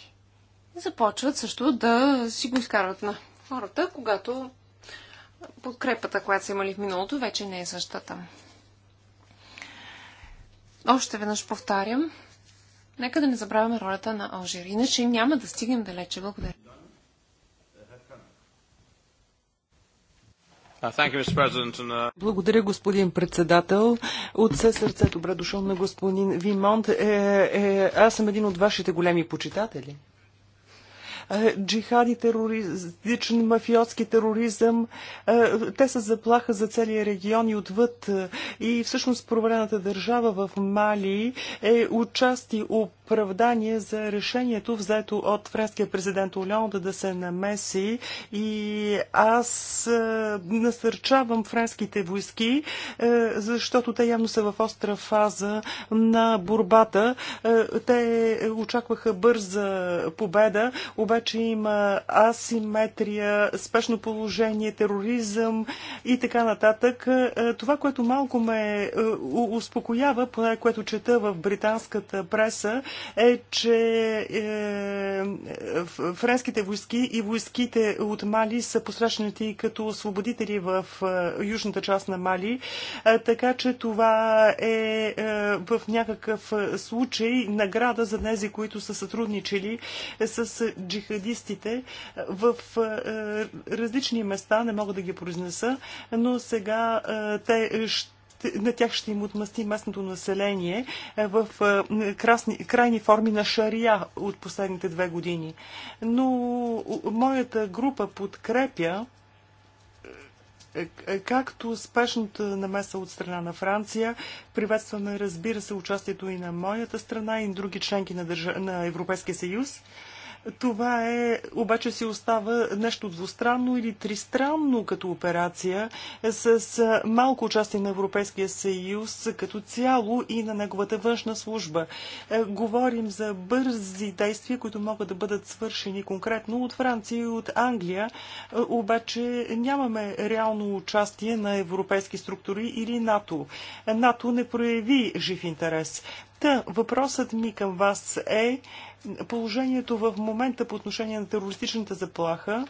започват също да си го изкарват на хората, когато подкрепата, която са имали в миналото, вече не е същата. Още веднъж повтарям, нека да не забравяме ролята на Алжир, иначе няма да стигнем далече. Благодаря. Uh, uh, Благодаря, господин председател. От все сърце добре дошъл на господин Вимонт. Е, е, аз съм един от вашите големи почитатели. Е, джихади, терористичен, мафиотски тероризъм, е, те са заплаха за целия регион и отвъд. Е, и всъщност провалената държава в Мали е отчасти оправдание за решението взето от френския президент Олянд да се намеси и аз е, насърчавам френските войски, е, защото те явно са в остра фаза на борбата. Е, те очакваха бърза победа, обаче има асиметрия, спешно положение, тероризъм и така нататък. Това, което малко ме успокоява, поне което чета в британската преса, е, че е, френските войски и войските от Мали са посрещнати като освободители в е, южната част на Мали, е, така че това е в някакъв случай награда за тези, които са сътрудничили с джихадистите в различни места, не мога да ги произнеса, но сега те ще на тях ще им отмъсти местното население е, в е, красни, крайни форми на шария от последните две години. Но моята група подкрепя е, както спешната намеса от страна на Франция, приветстваме, разбира се, участието и на моята страна и на други членки на, държа... на Европейския съюз. Това е, обаче си остава нещо двустранно или тристранно като операция с малко участие на Европейския съюз като цяло и на неговата външна служба. Е, говорим за бързи действия, които могат да бъдат свършени конкретно от Франция и от Англия, е, обаче нямаме реално участие на европейски структури или НАТО. Е, НАТО не прояви жив интерес. Та, въпросът ми към вас е положението в момента по отношение на терористичната заплаха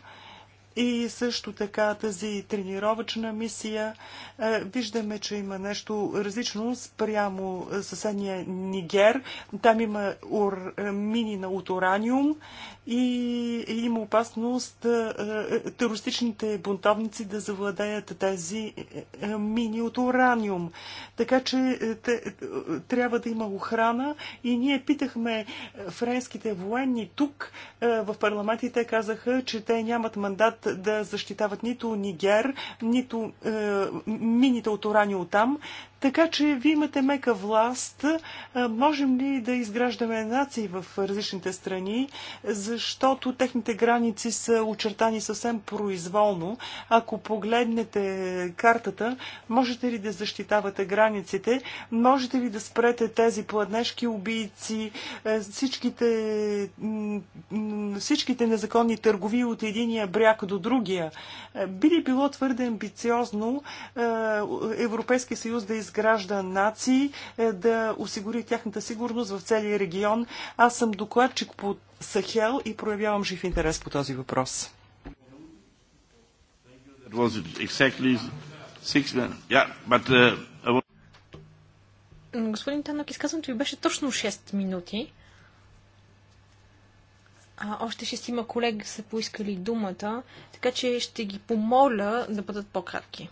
и също така тази тренировъчна мисия. Е, виждаме, че има нещо различно спрямо е, съседния Нигер. Там има ур, е, на от ураниум и има опасност терористичните бунтовници да завладеят тези мини от ураниум. Така че те, трябва да има охрана и ние питахме френските военни тук в парламентите казаха, че те нямат мандат да защитават нито Нигер, нито е, мините от Орани от там. Така че вие имате мека власт. Можем ли да изграждаме нации в различните страни, защото техните граници са очертани съвсем произволно. Ако погледнете картата, можете ли да защитавате границите? Можете ли да спрете тези пладнешки убийци, е, всичките, всичките незаконни търгови от единия бряг до другия? Е, би ли било твърде амбициозно е, Европейския съюз да изгражда изгражда нации, е, да осигури тяхната сигурност в целия регион. Аз съм докладчик по Сахел и проявявам жив интерес по този въпрос. Uh, Господин Танок, изказването ви беше точно 6 минути. А, още шестима колеги са поискали думата, така че ще ги помоля да бъдат по-кратки.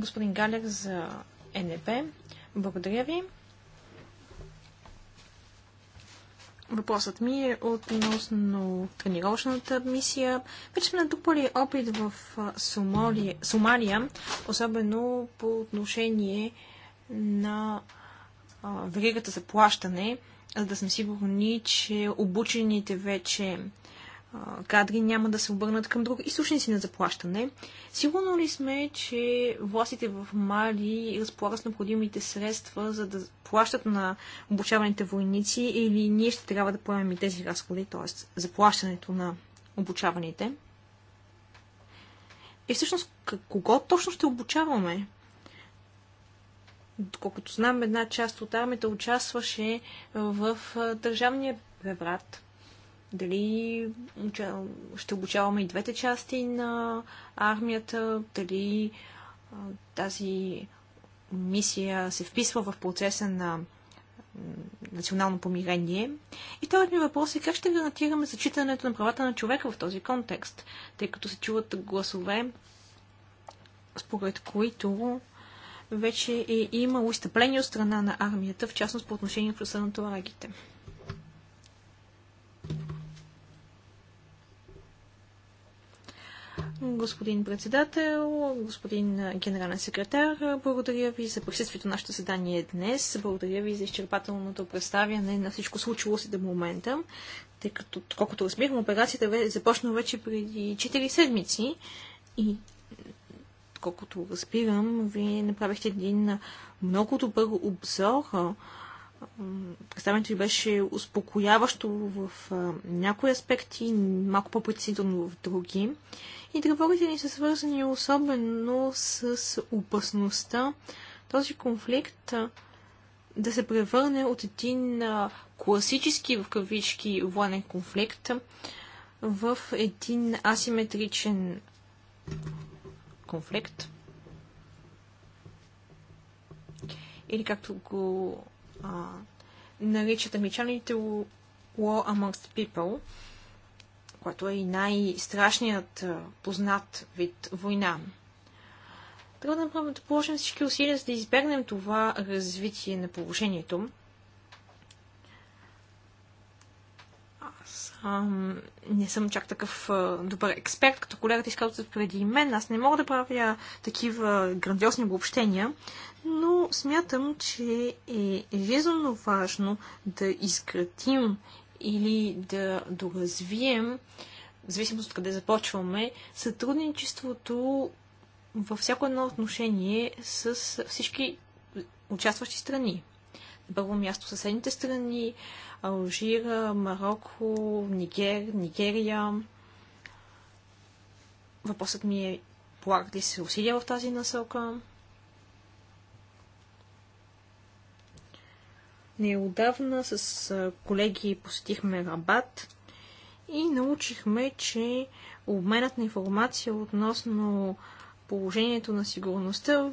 господин Галер за НЕП. Благодаря ви. Въпросът ми е относно тренировъчната мисия. Вече сме натрупали опит в Сомалия, Сомалия, особено по отношение на веригата за плащане, за да сме сигурни, че обучените вече кадри няма да се обърнат към друг източници на заплащане. Сигурно ли сме, че властите в Мали разполагат с необходимите средства, за да плащат на обучаваните войници или ние ще трябва да поемем и тези разходи, т.е. заплащането на обучаваните? И всъщност, кого точно ще обучаваме? Доколкото знам, една част от армията участваше в държавния преврат – дали ще обучаваме и двете части на армията, дали тази мисия се вписва в процеса на национално помирение. И това ми въпрос е как ще гарантираме зачитането на правата на човека в този контекст, тъй като се чуват гласове, според които вече е имало изтъпление от страна на армията, в частност по отношение на на лагите. Господин председател, господин генерален секретар, благодаря ви за присъствието на нашето съдание днес. Благодаря ви за изчерпателното представяне на всичко случило се до момента, тъй като, колкото разбирам, операцията е започна вече преди 4 седмици и колкото разбирам, вие направихте един много добър обзор представянето ви беше успокояващо в някои аспекти, малко по-притеснително в други и тревогите ни са свързани особено с опасността този конфликт да се превърне от един класически в кавички военен конфликт в един асиметричен конфликт. Или както го а, наричат амичаните War Amongst People, което е и най-страшният познат вид война. Трябва да направим да положим всички усилия, за да избегнем това развитие на положението. Аз ам, не съм чак такъв а, добър експерт, като колегата изказват преди мен. Аз не мога да правя такива грандиозни обобщения, но смятам, че е жизненно важно да изградим или да доразвием, в зависимост от къде започваме, сътрудничеството във всяко едно отношение с всички участващи страни. На първо място съседните страни, Алжира, Марокко, Нигер, Нигерия. Въпросът ми е, полагат ли се усилия в тази насока? Неодавна с колеги посетихме Рабат и научихме, че обменът на информация относно положението на сигурността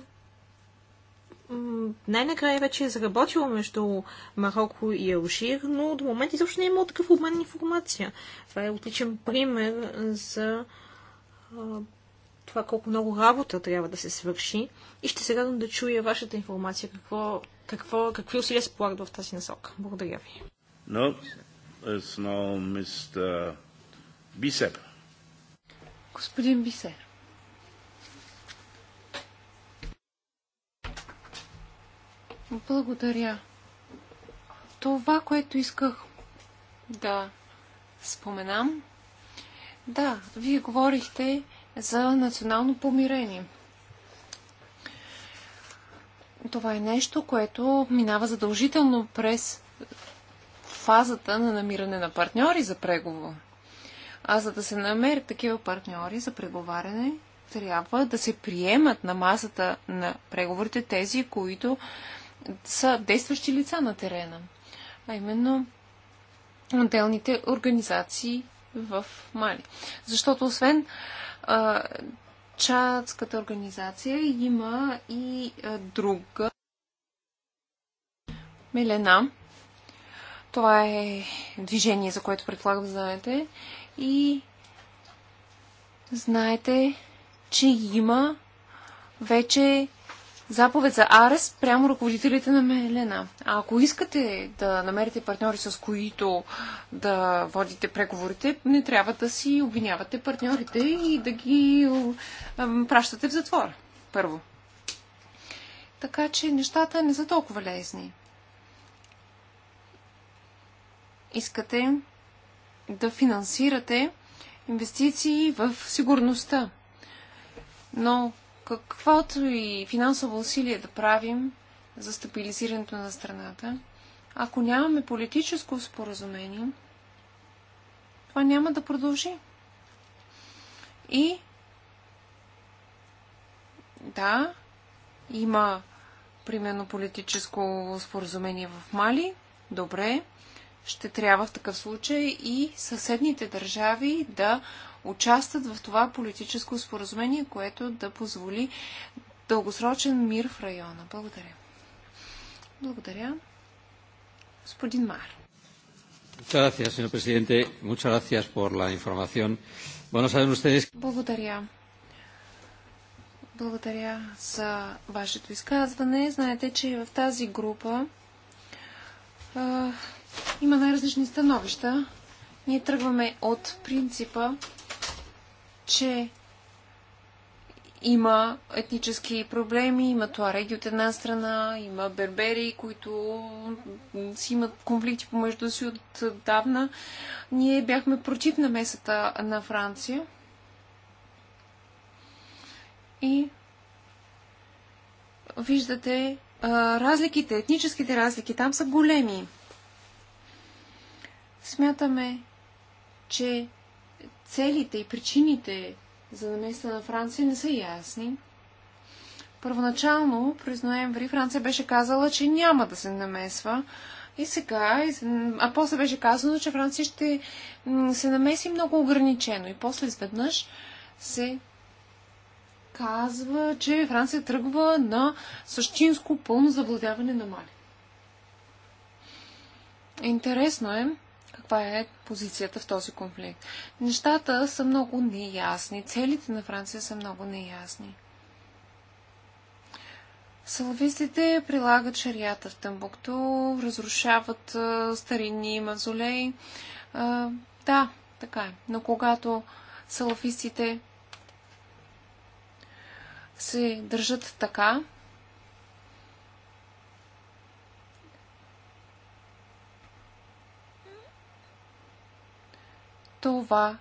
най-накрая вече е заработило между Марокко и Алжир, но до момента изобщо не е имало такъв обмен на информация. Това е отличен пример за това колко много работа трябва да се свърши и ще се радвам да чуя вашата информация, какво, какво, какви усилия се полагат в тази насока. Благодаря ви. No, it's Mr. Бисер. Господин Бисер. Благодаря. Това, което исках да споменам, да, вие говорихте за национално помирение. Това е нещо, което минава задължително през фазата на намиране на партньори за преговор. А за да се намерят такива партньори за преговаряне, трябва да се приемат на масата на преговорите тези, които са действащи лица на терена. А именно отделните организации в Мали. Защото освен Чатската организация има и друга Милена. Това е движение, за което предполагам да знаете. И знаете, че има вече заповед за арест прямо ръководителите на Мелена. А ако искате да намерите партньори, с които да водите преговорите, не трябва да си обвинявате партньорите и да ги пращате в затвора. Първо. Така че нещата не са толкова лесни. Искате да финансирате инвестиции в сигурността. Но каквото и финансово усилие да правим за стабилизирането на страната, ако нямаме политическо споразумение, това няма да продължи. И да, има примерно политическо споразумение в Мали. Добре, ще трябва в такъв случай и съседните държави да участват в това политическо споразумение, което да позволи дългосрочен мир в района. Благодаря. Благодаря. Господин Мар. Благодаря. Благодаря за вашето изказване. Знаете, че в тази група а, има най-различни становища. Ние тръгваме от принципа, че има етнически проблеми, има туареги от една страна, има бербери, които си имат конфликти помежду си отдавна. Ние бяхме против намесата на Франция. И виждате, разликите, етническите разлики там са големи. Смятаме, че целите и причините за намеса на Франция не са ясни. Първоначално през ноември Франция беше казала, че няма да се намесва. И сега, а после беше казано, че Франция ще се намеси много ограничено. И после изведнъж се казва, че Франция тръгва на същинско пълно завладяване на Мали. Интересно е, каква е позицията в този конфликт. Нещата са много неясни. Целите на Франция са много неясни. Салавистите прилагат шарията в Тъмбукто, разрушават старини старинни мавзолей. да, така е. Но когато салафистите се държат така, Това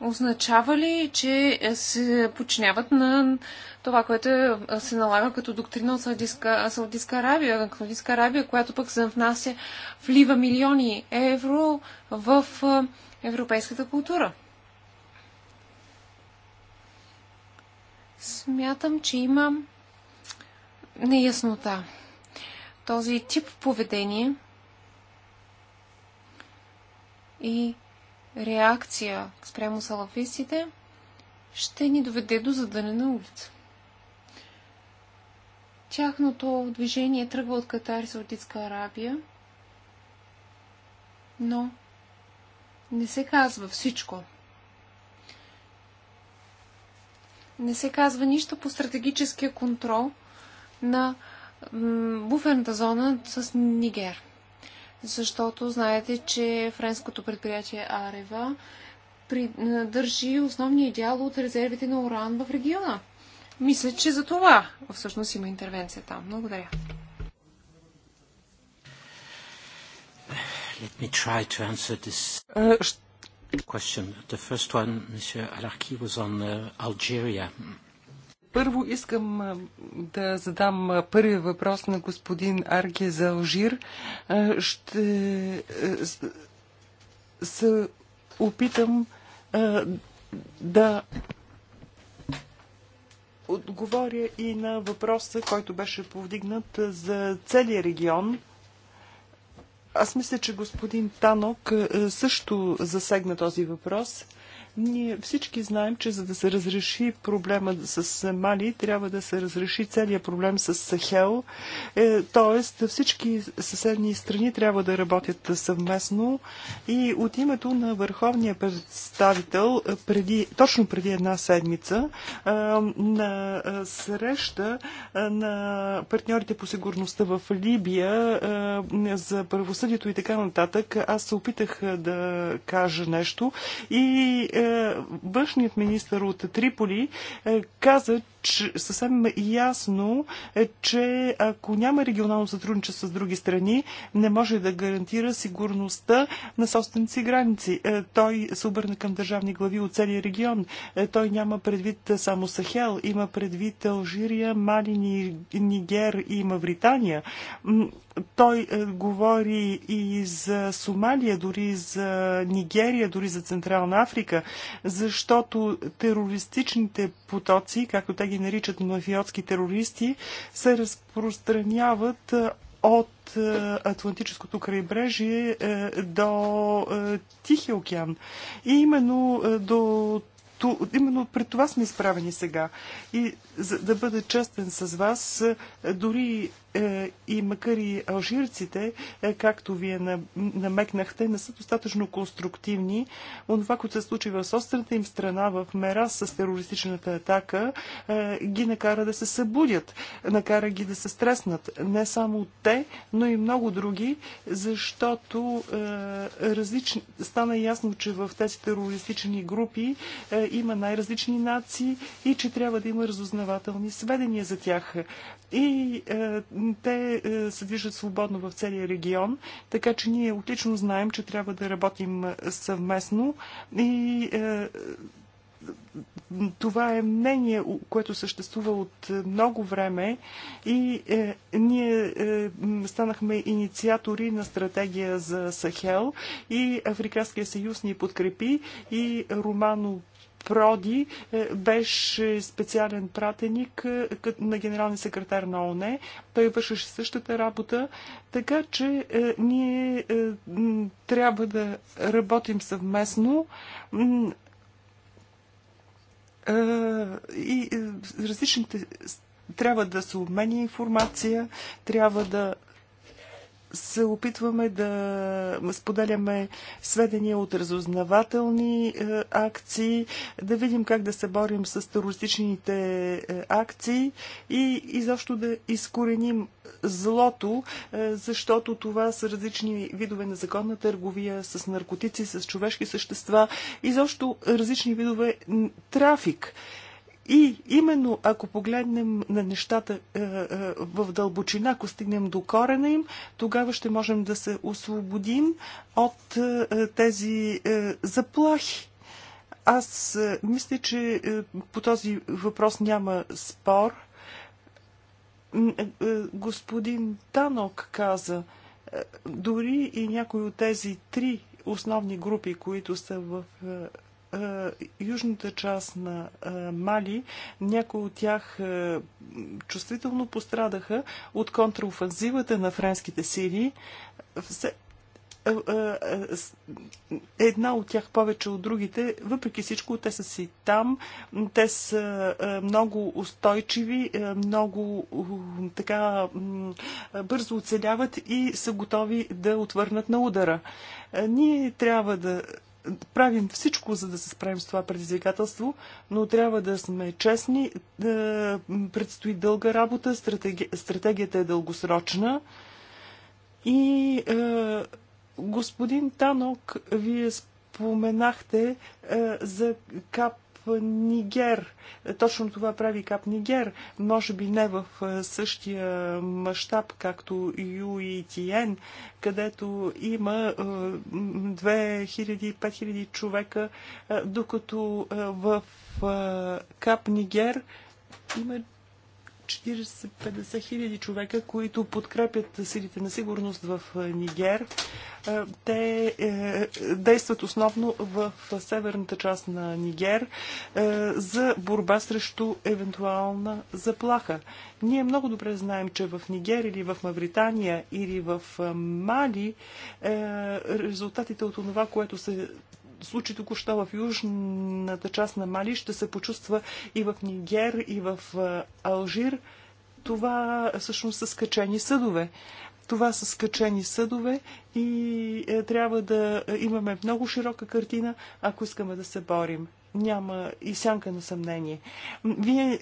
означава ли, че се подчиняват на това, което се налага като доктрина от Саудитска, Саудитска Арабия, Саудитска Арабия, която пък за внася влива милиони евро в европейската култура? Смятам, че има неяснота. Този тип поведение и реакция спрямо салафистите ще ни доведе до задънена улица. Тяхното движение тръгва от Катар и Саудитска Арабия, но не се казва всичко. Не се казва нищо по стратегическия контрол на буферната зона с Нигер защото знаете, че френското предприятие Арева държи основния дял от резервите на уран в региона. Мисля, че за това всъщност има интервенция там. Благодаря. Let me try to answer this question. The first one, was on uh, Algeria. Първо искам да задам първия въпрос на господин Арги за Алжир. Ще се опитам да отговоря и на въпроса, който беше повдигнат за целия регион. Аз мисля, че господин Танок също засегна този въпрос – ние всички знаем, че за да се разреши проблема с Мали, трябва да се разреши целият проблем с Сахел. Е, Тоест всички съседни страни трябва да работят съвместно и от името на върховния представител е, преди, точно преди една седмица е, на среща е, на партньорите по сигурността в Либия е, за правосъдието и така нататък, аз се опитах е, да кажа нещо и е, външният министр от Триполи е, каза че, съвсем ясно, е, че ако няма регионално сътрудничество с други страни, не може да гарантира сигурността на собствените си граници. Е, той се обърна към държавни глави от целия регион. Той няма предвид само Сахел, има предвид Алжирия, Мали, Нигер и Мавритания. Той говори и за Сомалия, дори за Нигерия, дори за Централна Африка защото терористичните потоци, както те ги наричат мафиотски терористи, се разпространяват е, от е, Атлантическото крайбрежие е, до Тихия океан. И именно до то, именно пред това сме изправени сега. И за да бъда честен с вас, дори е, и макар и алжирците, е, както вие намекнахте, не са достатъчно конструктивни. Онова, което се случи в собствената им страна, в Мера с терористичната атака, е, ги накара да се събудят, накара ги да се стреснат. Не само те, но и много други, защото различни... стана ясно, че в тези терористични групи има най-различни нации и че трябва да има разузнавателни сведения за тях. И те е, се движат свободно в целия регион, така че ние отлично знаем, че трябва да работим е, съвместно и е, това е мнение, което съществува от много време и е, ние е, станахме инициатори на стратегия за Сахел и Африканския съюз ни подкрепи и Романо Проди е, беше специален пратеник е, на генералния секретар на ОНЕ. Той вършеше същата работа, така че е, ние трябва да работим съвместно и различните трябва да се обменя информация, трябва да се опитваме да споделяме сведения от разузнавателни е, акции, да видим как да се борим с терористичните е, акции и изобщо да изкореним злото, е, защото това са различни видове на законна търговия с наркотици, с човешки същества, изобщо различни видове трафик. И именно ако погледнем на нещата е, е, в дълбочина, ако стигнем до корена им, тогава ще можем да се освободим от е, е тези е, заплахи. Аз е, мисля, че по този въпрос няма спор. Господин Танок каза, дори и някои от тези три основни групи, които са в южната част на Мали, някои от тях чувствително пострадаха от контраофанзивата на френските сили. Една от тях повече от другите, въпреки всичко, те са си там, те са много устойчиви, много така бързо оцеляват и са готови да отвърнат на удара. Ние трябва да правим всичко, за да се справим с това предизвикателство, но трябва да сме честни. Е, предстои дълга работа, стратеги... стратегията е дългосрочна и е, господин Танок, вие споменахте е, за кап Нигер. Точно това прави Кап Нигер. Може би не в същия мащаб, както UETN, където има 2000-5000 човека, докато в Кап Нигер има 40-50 хиляди човека, които подкрепят силите на сигурност в е, Нигер. Е, те е, действат основно в северната част на Нигер за борба срещу евентуална заплаха. Ние много добре знаем, че в Нигер или в Мавритания или в Мали резултатите от това, което се случи току-що в южната част на Мали, ще се почувства и в Нигер, и в Алжир. Това всъщност са скачени съдове. Това са скачени съдове и е, трябва да е, имаме много широка картина, ако искаме да се борим. Няма и сянка на съмнение. Вие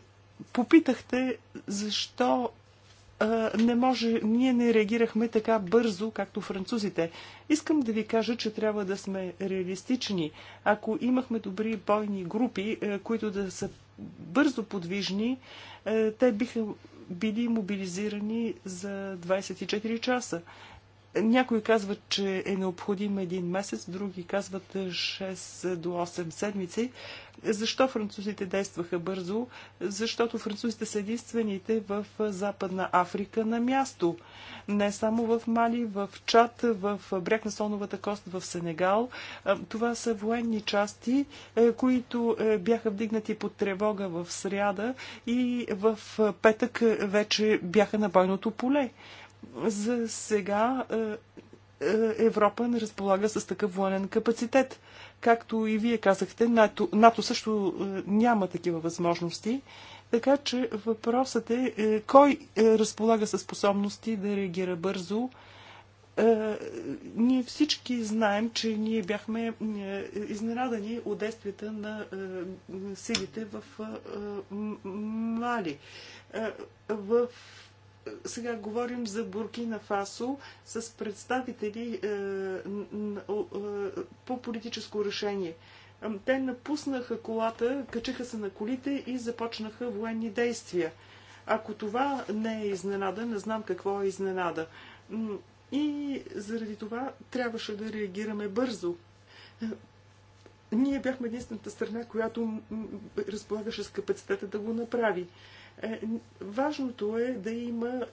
попитахте защо не може, ние не реагирахме така бързо, както французите. Искам да ви кажа, че трябва да сме реалистични. Ако имахме добри бойни групи, които да са бързо подвижни, те биха били мобилизирани за 24 часа. Някои казват, че е необходим един месец, други казват 6 до 8 седмици, защо французите действаха бързо? Защото французите са единствените в Западна Африка на място. Не само в Мали, в Чад, в бряг на Солновата кост, в Сенегал. Това са военни части, е, които е, бяха вдигнати под тревога в сряда и в петък вече бяха на бойното поле. За сега е, е, Европа не разполага с такъв военен капацитет. Както и вие казахте, НАТО, НАТО също е, няма такива възможности. Така че въпросът е, е кой разполага със способности да реагира бързо. Ние всички знаем, че ние бяхме изненадани от действията на силите в Мали. В сега говорим за Буркина Фасо с представители е, е, по политическо решение. Те напуснаха колата, качиха се на колите и започнаха военни действия. Ако това не е изненада, не знам какво е изненада. И заради това трябваше да реагираме бързо. Ние бяхме единствената страна, която разполагаше с капацитета да го направи. Е, важното е да има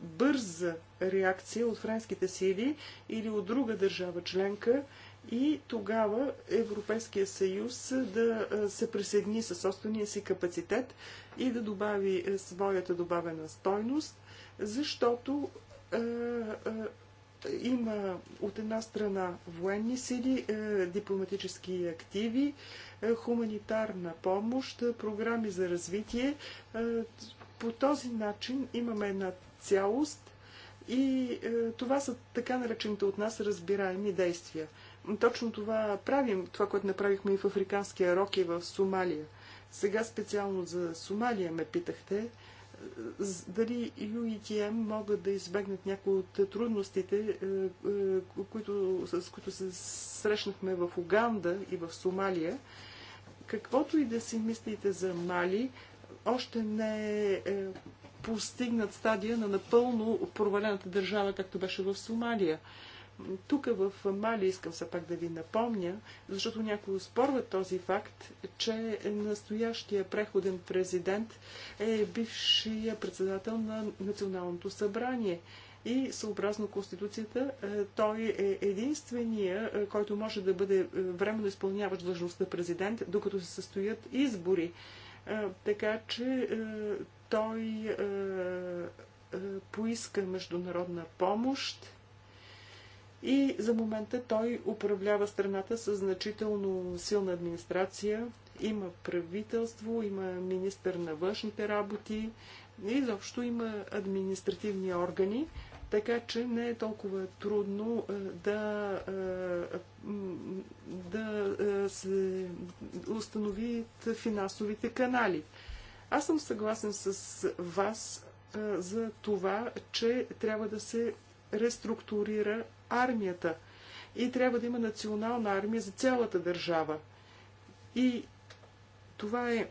бърза реакция от френските сили или от друга държава членка и тогава Европейския съюз да е, се присъедини със собствения си капацитет и да добави е, своята добавена стойност, защото има от една страна военни сили, е, дипломатически активи, е, хуманитарна помощ, е, програми за развитие. По този начин имаме една цялост и това са така наречените от нас разбираеми действия. Точно това правим, това, което направихме и в Африканския рок и в Сомалия. Сега специално за Сомалия ме питахте дали UETM могат да избегнат някои от трудностите, е, е, които, с които се срещнахме в Уганда и в Сомалия. Каквото и да си мислите за Мали, още не е постигнат стадия на напълно провалената държава, както беше в Сомалия. Тук е в Мали искам все пак да ви напомня, защото някои спорва този факт, че настоящия преходен президент е бившия председател на Националното събрание. И съобразно Конституцията, е, той е единствения, е, който може да бъде временно изпълняващ длъжността президент, докато се състоят избори. Така че той поиска международна помощ и за момента той управлява страната с значително силна администрация. Има правителство, има министър на външните работи, и изобщо има административни органи, така че не е толкова трудно да, да се установят финансовите канали. Аз съм съгласен с вас за това, че трябва да се реструктурира армията. И трябва да има национална армия за цялата държава. И това е, е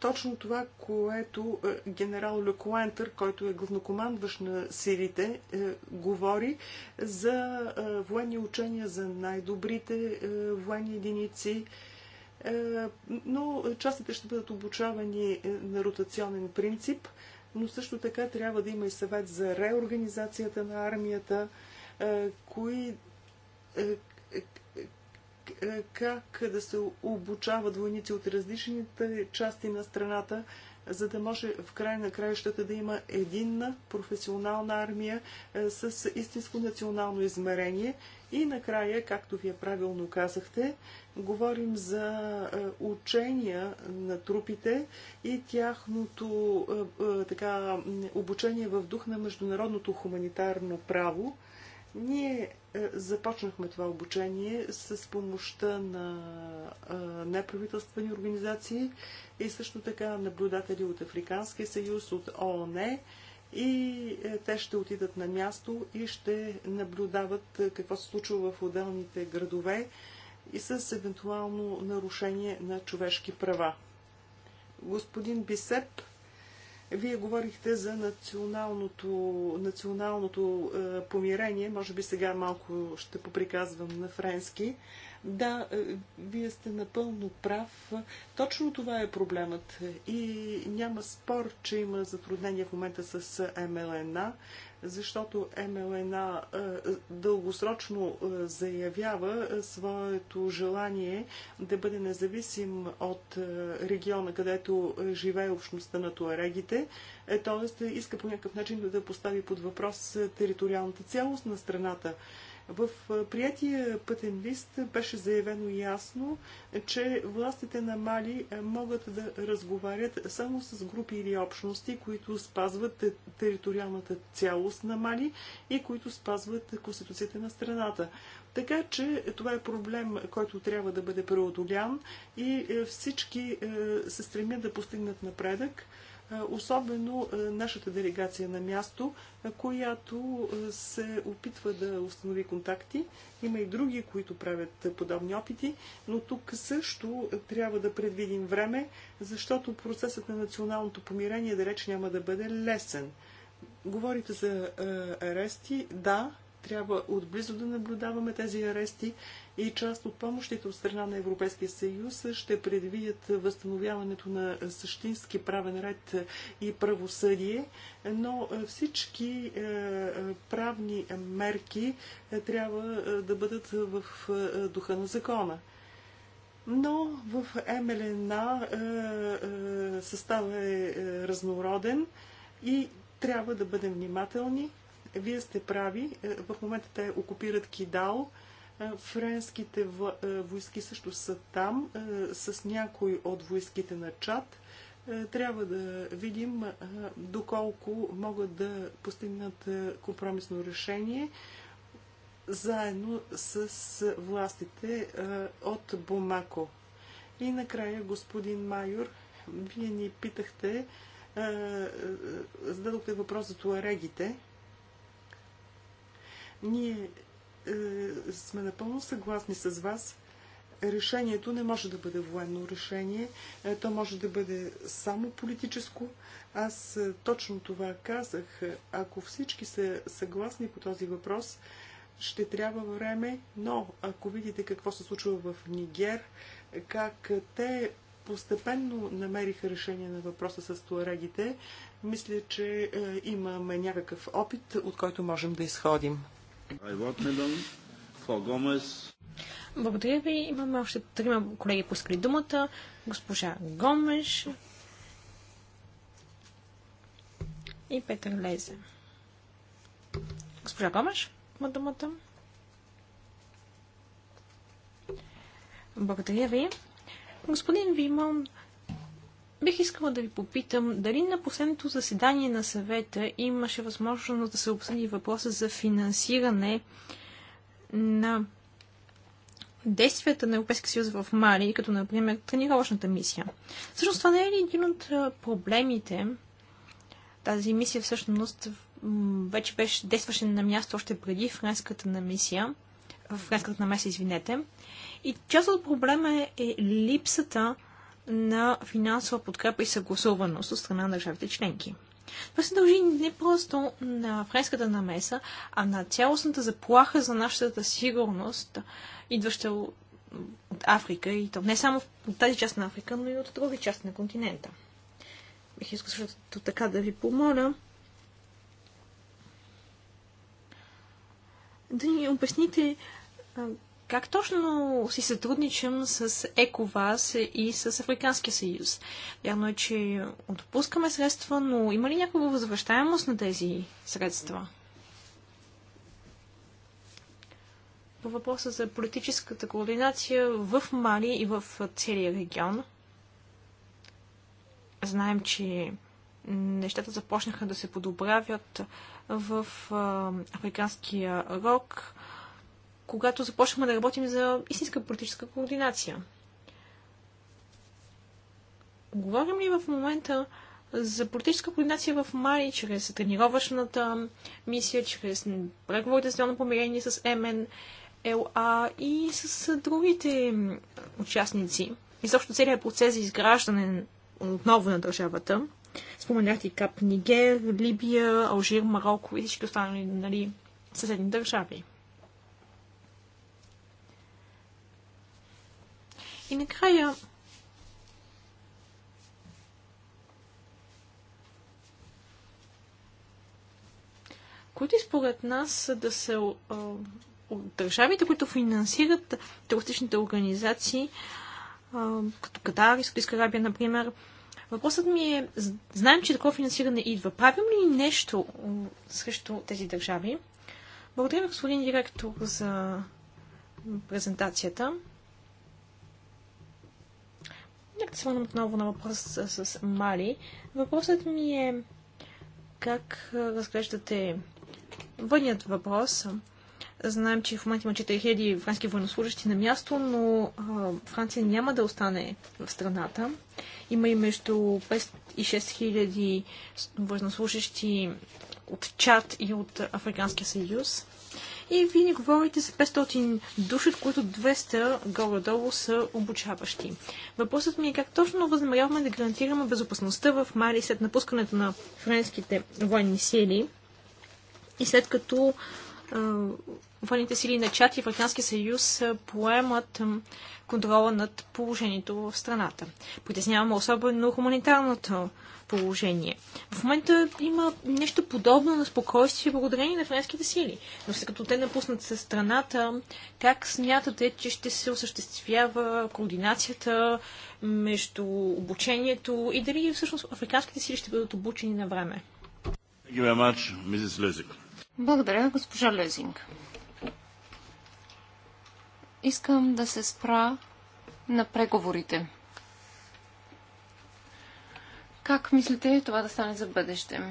точно това, което е, генерал Лекуентър, който е главнокомандващ на силите, е, говори за военни учения за най-добрите военни единици. Но частите ще бъдат обучавани на ротационен принцип – но също така трябва да има и съвет за реорганизацията на армията, е, кои, е, е, как да се обучават войници от различните части на страната, за да може в край на краищата да има единна професионална армия с истинско национално измерение. И накрая, както вие правилно казахте, Говорим за е, учения на трупите и тяхното е, е, така, обучение в дух на международното хуманитарно право. Ние започнахме това обучение с помощта на неправителствени организации и също така наблюдатели от Африканския съюз, от ООН и те ще отидат на място и ще наблюдават какво се случва в отделните градове, и с евентуално нарушение на човешки права. Господин Бисеп, вие говорихте за националното, националното е, помирение. Може би сега малко ще поприказвам на френски. Да, е, вие сте напълно прав. Точно това е проблемът. И няма спор, че има затруднения в момента с МЛНА защото МЛНА е, дългосрочно е, заявява е, своето желание да бъде независим от региона, където живее общността на туарегите, т.е. иска по някакъв начин да постави под въпрос териториалната цялост на страната. В приятия пътен лист беше заявено ясно, че властите на Мали могат да разговарят само с групи или общности, които спазват териториалната цялост на Мали и които спазват конституцията на страната. Така че това е проблем, който трябва да бъде преодолян и е, всички е, се стремят да постигнат напредък особено нашата делегация на място, която се опитва да установи контакти. Има и други, които правят подобни опити, но тук също трябва да предвидим време, защото процесът на националното помирение далеч няма да бъде лесен. Говорите за арести, да, трябва отблизо да наблюдаваме тези арести, и част от помощите от страна на Европейския съюз ще предвидят възстановяването на същински правен ред и правосъдие, но всички е, е, правни мерки е, трябва да бъдат в духа на закона. Но в МЛНА състава е разнороден и трябва да бъдем внимателни. Вие сте прави. В момента те окупират Кидал – Френските войски също са там с някой от войските на Чад. Трябва да видим доколко могат да постигнат компромисно решение заедно с властите от Бомако. И накрая, господин Майор, вие ни питахте, зададохте въпрос за туарегите. Ние е, сме напълно съгласни с вас. Решението не може да бъде военно решение, е, то може да бъде само политическо. Аз е, точно това казах. Ако всички са съгласни по този въпрос, ще трябва време, но ако видите какво се случва в Нигер, как те постепенно намериха решение на въпроса с туарегите, мисля, че имаме някакъв опит, от който можем да изходим. Благодаря ви. Имаме още трима колеги поискали думата. Госпожа Гомеш и Петър Лезе. Госпожа Гомеш, има думата. Благодаря ви. Господин Вимон, Бих искала да ви попитам дали на последното заседание на съвета имаше възможност да се обсъди въпроса за финансиране на действията на Европейския съюз в Мали, като например тренировъчната мисия. Всъщност това не е ли един от проблемите? Тази мисия всъщност вече беше действаше на място още преди френската на мисия, френската на намеса, извинете. И част от проблема е, е липсата на финансова подкрепа и съгласуваност от страна на държавите членки. Това се дължи не просто на френската намеса, а на цялостната заплаха за нашата сигурност, идваща от Африка и то не само от тази част на Африка, но и от други части на континента. Бих искал също така да ви помоля да ни обясните как точно си сътрудничам с ЕКОВАС и с Африканския съюз? Вярно е, че отпускаме средства, но има ли някаква възвръщаемост на тези средства? По въпроса за политическата координация в Мали и в целия регион. Знаем, че нещата започнаха да се подобравят в Африканския рок когато започнахме да работим за истинска политическа координация. Говорим ли в момента за политическа координация в май, чрез тренировъчната мисия, чрез преговорите за помирение с МН, ЛА и с другите участници. И също целият процес за изграждане отново на държавата. и Кап Нигер, Либия, Алжир, Марокко и всички останали нали, съседни държави. И накрая които според нас да са държавите, които финансират терористичните организации, като Катар и Саудитска Арабия, например. Въпросът ми е, знаем, че такова финансиране идва. Правим ли нещо срещу тези държави? Благодаря, господин директор, за презентацията. Нека да се върнем отново на въпрос с, с Мали. Въпросът ми е как разглеждате вънният въпрос. Знаем, че в момента има 4000 франски военнослужащи на място, но а, Франция няма да остане в страната. Има и между 5 и 6 хиляди военнослужащи от Чад и от Африканския съюз и вие ни говорите за 500 души, от които 200 горе-долу са обучаващи. Въпросът ми е как точно възнамеряваме да гарантираме безопасността в Мали след напускането на френските военни сили и след като е, военните сили на Чат и Франкански съюз поемат контрола над положението в страната. Притесняваме особено хуманитарното положение. В момента има нещо подобно на спокойствие благодарение на френските сили. Но след като те напуснат със страната, как смятате, че ще се осъществява координацията между обучението и дали всъщност африканските сили ще бъдат обучени на време? Благодаря, госпожа Лезинг. Искам да се спра на преговорите. Как мислите това да стане за бъдеще?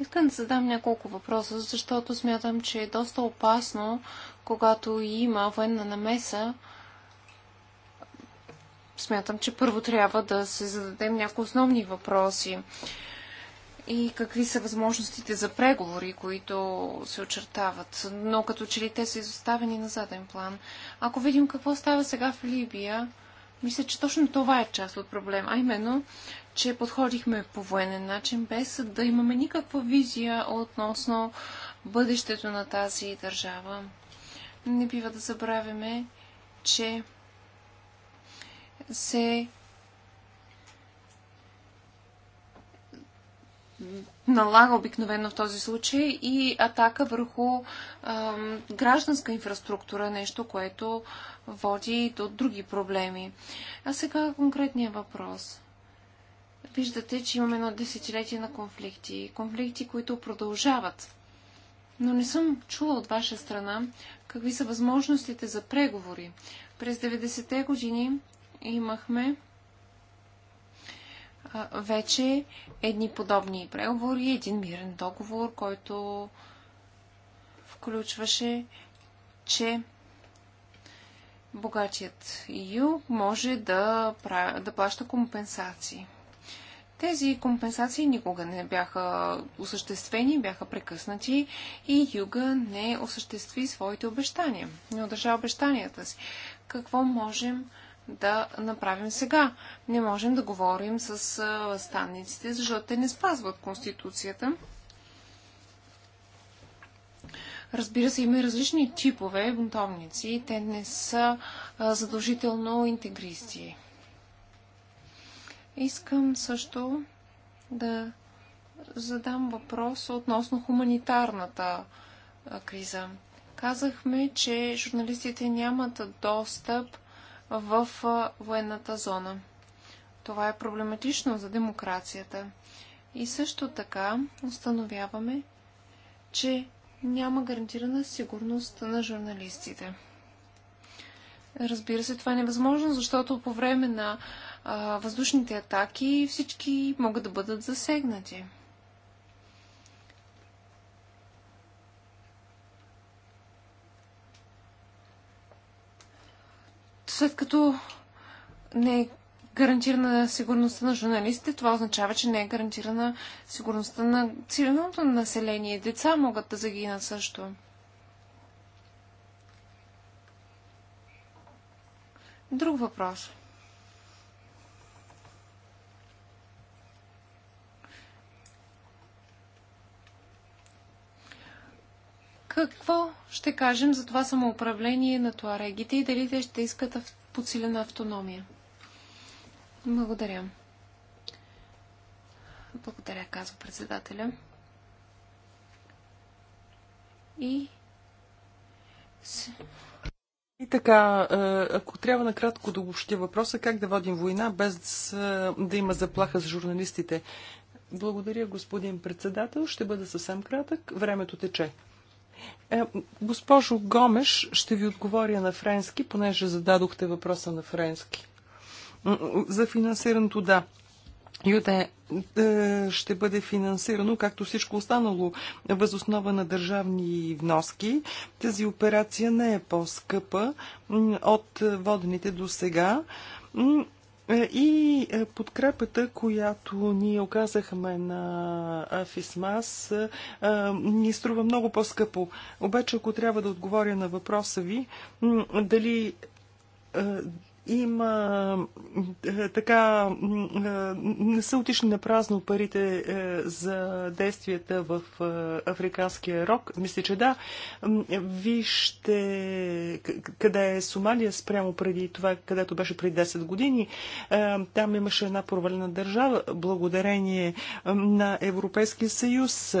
Искам да задам няколко въпроса, защото смятам, че е доста опасно, когато има военна намеса. Смятам, че първо трябва да се зададем някои основни въпроси. И какви са възможностите за преговори, които се очертават, но като че ли те са изоставени на заден план. Ако видим какво става сега в Либия, мисля, че точно това е част от проблема, а именно че подходихме по военен начин, без да имаме никаква визия относно бъдещето на тази държава. Не бива да забравяме, че се налага обикновено в този случай и атака върху а, гражданска инфраструктура, нещо, което води до други проблеми. А сега конкретния въпрос – виждате, че имаме едно десетилетие на конфликти. Конфликти, които продължават. Но не съм чула от ваша страна какви са възможностите за преговори. През 90-те години имахме а, вече едни подобни преговори, един мирен договор, който включваше, че богатият ю може да, да плаща компенсации. Тези компенсации никога не бяха осъществени, бяха прекъснати и Юга не осъществи своите обещания, не удържа обещанията си. Какво можем да направим сега? Не можем да говорим с станниците, защото те не спазват Конституцията. Разбира се, има и различни типове бунтовници. Те не са задължително интегристи. Искам също да задам въпрос относно хуманитарната криза. Казахме, че журналистите нямат достъп в военната зона. Това е проблематично за демокрацията. И също така установяваме, че няма гарантирана сигурност на журналистите. Разбира се, това е невъзможно, защото по време на въздушните атаки, всички могат да бъдат засегнати. След като не е гарантирана сигурността на журналистите, това означава, че не е гарантирана сигурността на цивилното население. Деца могат да загинат също. Друг въпрос – Какво ще кажем за това самоуправление на туарегите и дали те ще искат подсилена автономия? Благодаря. Благодаря, казва председателя. И... И така, е, ако трябва накратко да обобщя въпроса, как да водим война без да е, има заплаха с журналистите? Благодаря, господин председател. Ще бъда съвсем кратък. Времето тече. Е, госпожо Гомеш, ще ви отговоря на френски, понеже зададохте въпроса на френски. За финансирането, да. Юте, е, ще бъде финансирано, както всичко останало, възоснова на държавни вноски. Тази операция не е по-скъпа от водените до сега. Е, и е, подкрепата, която ние оказахме на ФИСМАС, е, ни струва много по-скъпо. Обаче, ако трябва да отговоря на въпроса ви, дали има е, така, е, не са отишли на празно парите е, за действията в Африканския рок. Мисля, че да. Вижте къде е Сомалия спрямо преди това, където беше преди 10 години. Там имаше една провалена държава, благодарение на Европейския съюз,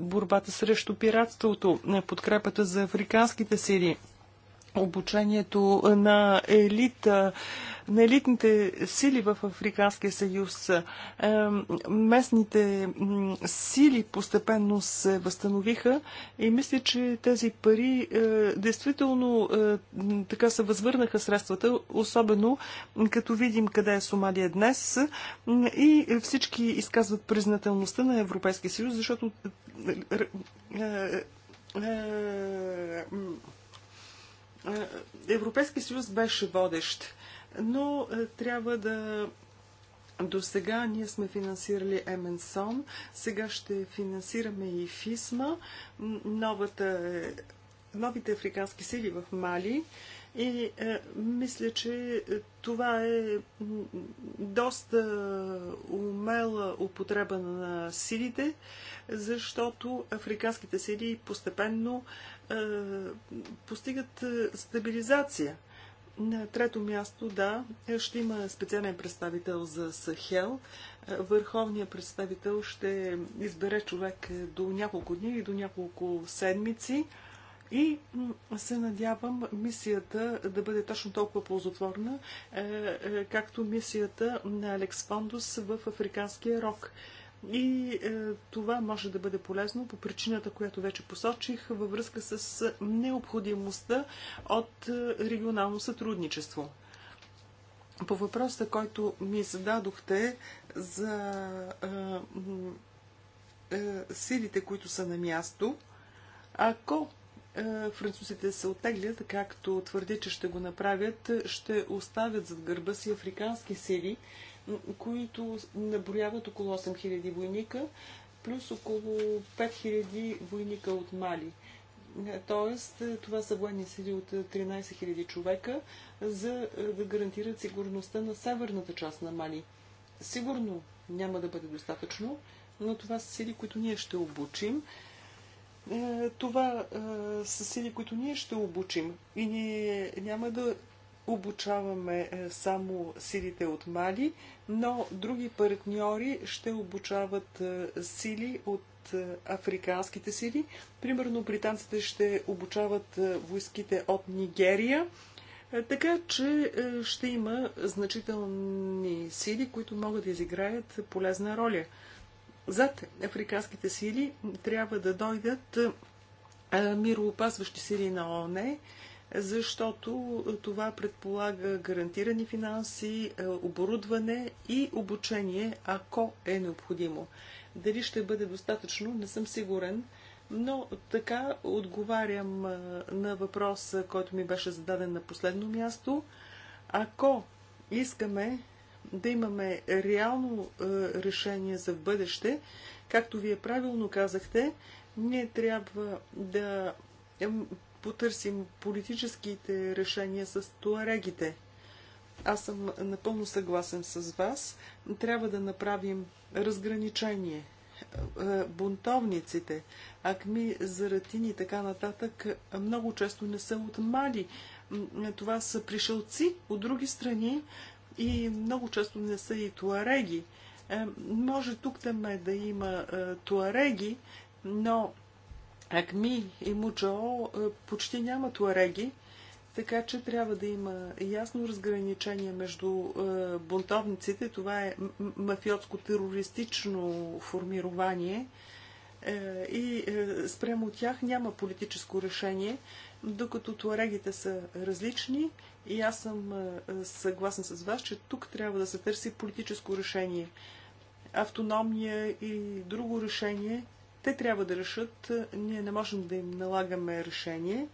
борбата срещу пиратството, подкрепата за африканските сили обучението на елита на елитните сили в Африканския съюз. Местните сили постепенно се възстановиха и мисля, че тези пари е, действително е, така се възвърнаха средствата, особено като видим къде е Сомалия днес и всички изказват признателността на Европейския съюз, защото е, Европейския съюз беше водещ, но трябва да до сега ние сме финансирали Еменсон, сега ще финансираме и ФИСМА, новата, новите африкански сили в Мали. И е, мисля, че това е доста умела употреба на силите, защото африканските сили постепенно е, постигат е, стабилизация. На трето място, да, ще има специален представител за Сахел. Е, върховният представител ще избере човек до няколко дни или до няколко седмици. И се надявам мисията да бъде точно толкова ползотворна, както мисията на Алекс Фондус в Африканския рок и е, това може да бъде полезно по причината, която вече посочих във връзка с необходимостта от е, регионално сътрудничество. По въпроса, който ми зададохте за е, е, силите, които са на място, ако е, французите се отеглят, както твърди, че ще го направят, ще оставят зад гърба си африкански сили, които наброяват около 8000 войника, плюс около 5000 войника от Мали. Тоест, това са военни сили от 13 000 човека, за да гарантират сигурността на северната част на Мали. Сигурно няма да бъде достатъчно, но това са сили, които ние ще обучим. Е, това е, са сили, които ние ще обучим. И ние няма да обучаваме е, само силите от Мали, но други партньори ще обучават е, сили от е, африканските сили. Примерно британците ще обучават войските от Нигерия. Така че ще има значителни сили, които могат да изиграят полезна роля. Зад африканските сили трябва да дойдат мироопазващи сили на ОНЕ защото това предполага гарантирани финанси, е, оборудване и обучение, ако е необходимо. Дали ще бъде достатъчно, не съм сигурен, но така отговарям е, на въпроса, който ми беше зададен на последно място. Ако искаме да имаме реално е, решение за бъдеще, както вие правилно казахте, ние трябва да потърсим политическите решения с туарегите. Аз съм напълно съгласен с вас. Трябва да направим разграничение. Е, бунтовниците, акми, заратини и така нататък много често не са от мали. Това са пришелци от други страни и много често не са и туареги. Е, може тук там да има е, туареги, но Акми и Муджо е, почти няма туареги, така че трябва да има ясно разграничение между е, бунтовниците. Това е мафиотско-терористично формирование е, и спрямо тях няма политическо решение, докато туарегите са различни и аз съм съгласен с вас, че тук трябва да се търси политическо решение. Автономия и друго решение – те трябва да решат, ние не можем да им налагаме решение.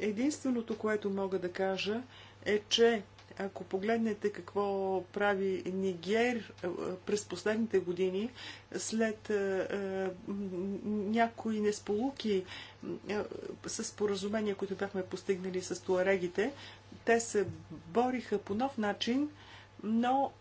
Единственото, което мога да кажа е, че ако погледнете какво прави Нигер е, през последните години, след е, е, някои несполуки с поразумения, които бяхме постигнали с туарегите, те се бориха по нов начин, но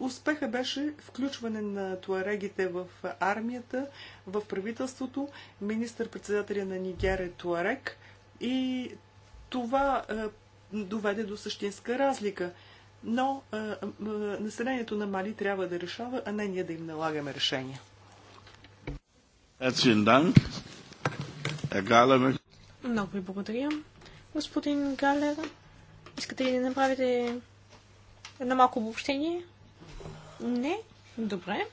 Успеха беше включване на туарегите в армията, в правителството, министър-председателя на Нигерия е Туарек и това е, доведе до същинска разлика. Но е, е, населението на Мали трябва да решава, а не ние да им налагаме решения. Много ви благодаря. Господин Галер, искате ли да направите едно малко обобщение? Не? Добре.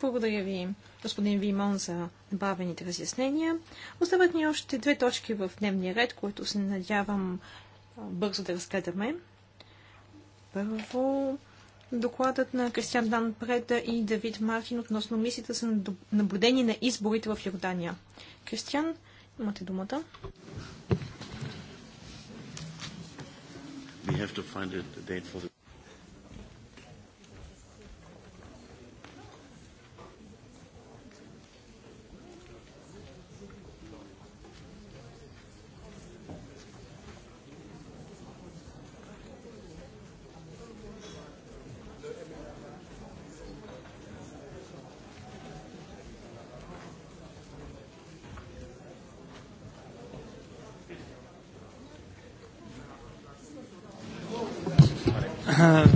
Благодаря ви, господин Вимон, за добавените разяснения. Остават ни още две точки в дневния ред, които се надявам бързо да разгледаме. Първо, докладът на Кристиан Дан Преда и Давид Мартин относно мисията за наблюдение на изборите в Йордания. Кристиан, имате думата. We have to find date for the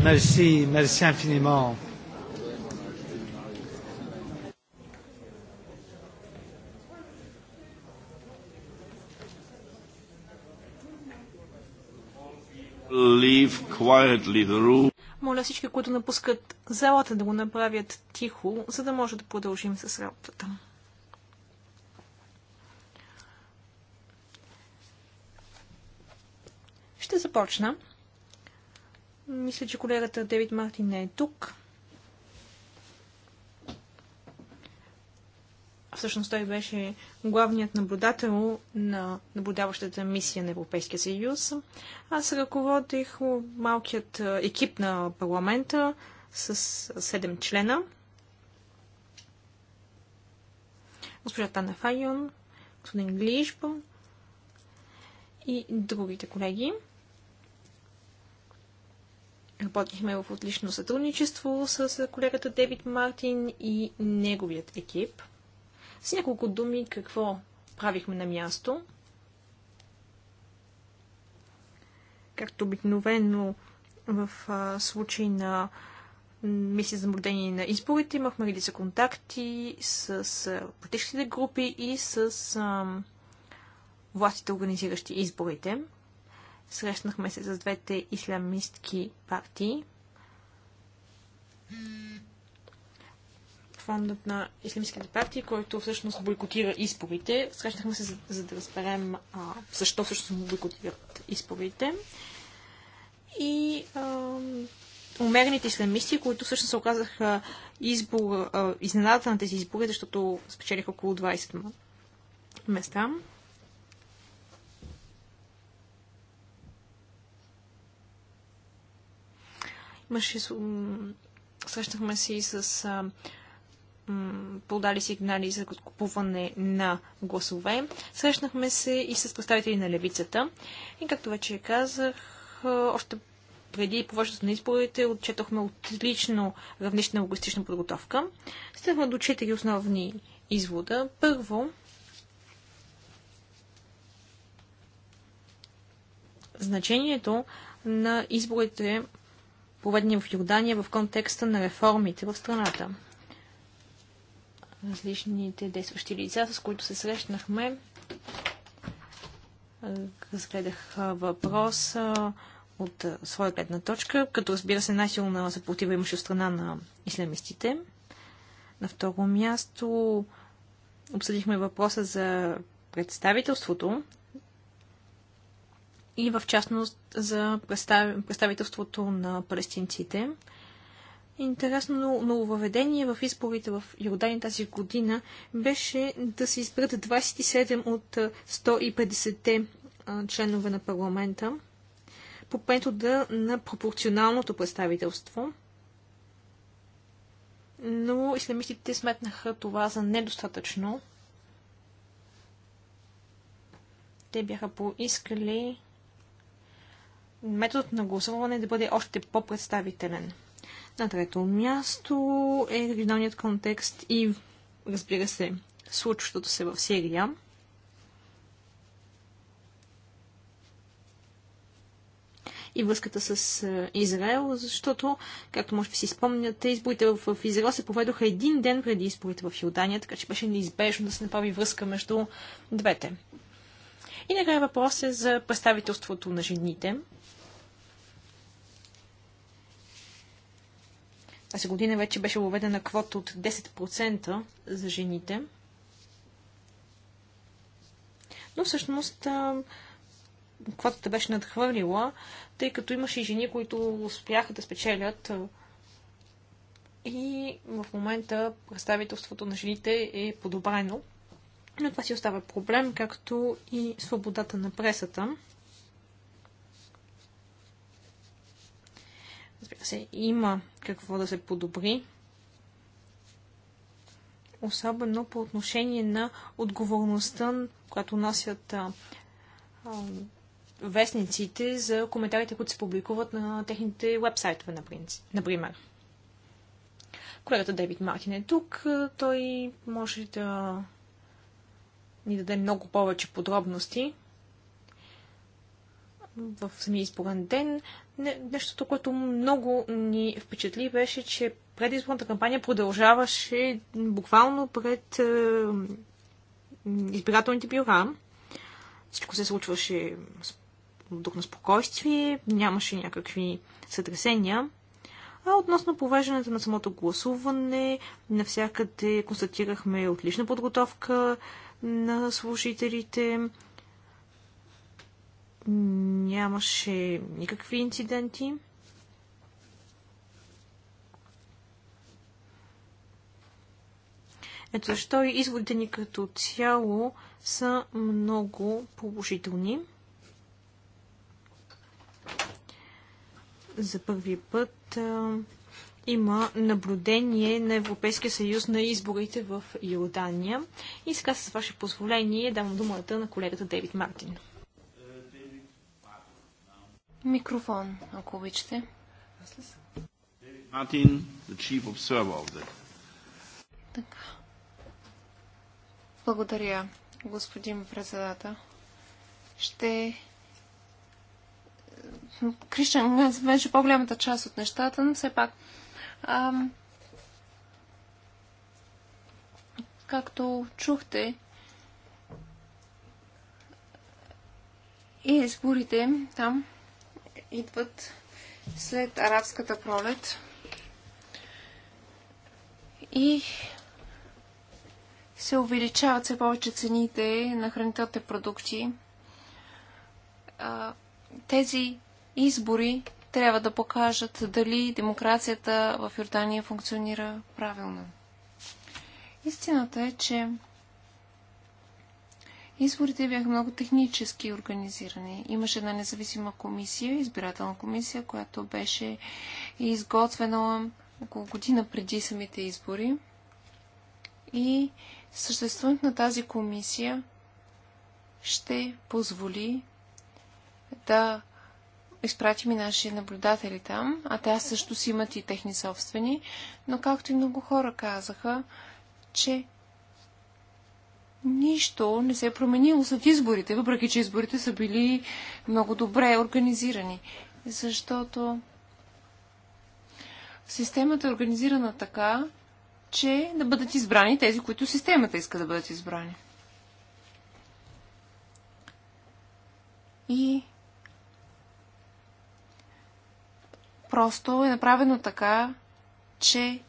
Merci, merci infiniment. Leave quietly the room. Моля всички, които напускат залата, да го направят тихо, за да може да продължим с работата. Ще започна. Мисля, че колегата Девид Мартин не е тук. Всъщност той беше главният наблюдател на наблюдаващата мисия на Европейския съюз. Аз ръководих малкият екип на парламента с 7 члена. Госпожа Тана Файон, господин Глижба и другите колеги. Работихме в отлично сътрудничество с колегата Девид Мартин и неговият екип. С няколко думи какво правихме на място. Както обикновено в а, случай на мисия за наблюдение на изборите, имахме за контакти с, с политическите групи и с а, властите, организиращи изборите. Срещнахме се с двете ислямистки партии. Фондът на ислямистските партии, който всъщност бойкотира изповите. Срещнахме се, за, за да разберем а, защо всъщност бойкотират изповите. И а, умерените исламисти, които всъщност се оказаха избор, изненадата на тези избори, защото спечелиха около 20 места. Имаше, срещнахме се и с а, м, подали сигнали за купуване на гласове. Срещнахме се и с представители на левицата. И както вече казах, още преди повършването на изборите отчетохме отлично равнище на логистична подготовка. Стигнахме до четири основни извода. Първо, значението на изборите проведени в Йордания в контекста на реформите в страната. Различните действащи лица, с които се срещнахме, разгледах въпроса от своя гледна точка, като разбира се най-силна съпротива имаше от страна на исламистите. На второ място обсъдихме въпроса за представителството и в частност за представителството на палестинците. Интересно нововведение в изборите в Йордания тази година беше да се изберат 27 от 150-те членове на парламента по метода на пропорционалното представителство. Но исламистите сметнаха това за недостатъчно. Те бяха поискали методът на гласуване да бъде още по-представителен. На трето място е регионалният контекст и, разбира се, случващото се в Сирия. и връзката с е, Израел, защото, както може би си спомняте, изборите в Израел се поведоха един ден преди изборите в Йордания, така че беше неизбежно да се направи връзка между двете. И накрая въпрос е за представителството на жените. Тази година вече беше въведена квота от 10% за жените. Но всъщност квотата беше надхвърлила, тъй като имаше и жени, които успяха да спечелят. И в момента представителството на жените е подобрено. Но това си остава проблем, както и свободата на пресата. Разбира се, има какво да се подобри. Особено по отношение на отговорността, която носят а, а, вестниците за коментарите, които се публикуват на техните вебсайтове, например. Колегата Дейвид Мартин е тук. Той може да ни даде много повече подробности в самия изборен ден. Не, нещото, което много ни впечатли, беше, че предизборната кампания продължаваше буквално пред е, избирателните бюра. Всичко се случваше дух на спокойствие, нямаше някакви сътресения. А относно повеждането на самото гласуване, навсякъде констатирахме отлична подготовка на служителите, нямаше никакви инциденти. Ето защо и изводите ни като цяло са много положителни. За първи път а, има наблюдение на Европейския съюз на изборите в Йордания. И сега с ваше позволение давам думата на колегата Дейвид Мартин. Микрофон, ако обичате. Мартин, the chief observer of that. Така. Благодаря, господин председател. Ще... Кришан, вече по-голямата част от нещата, но все пак... Ам... Както чухте, и изборите там идват след арабската пролет. И се увеличават все повече цените на хранителните продукти. Тези избори трябва да покажат дали демокрацията в Йордания функционира правилно. Истината е, че Изборите бяха много технически организирани. Имаше една независима комисия, избирателна комисия, която беше изготвена около година преди самите избори. И съществуването на тази комисия ще позволи да изпратим и наши наблюдатели там, а те също си имат и техни собствени, но както и много хора казаха, че нищо не се е променило след изборите, въпреки че изборите са били много добре организирани. Защото системата е организирана така, че да бъдат избрани тези, които системата иска да бъдат избрани. И просто е направено така, че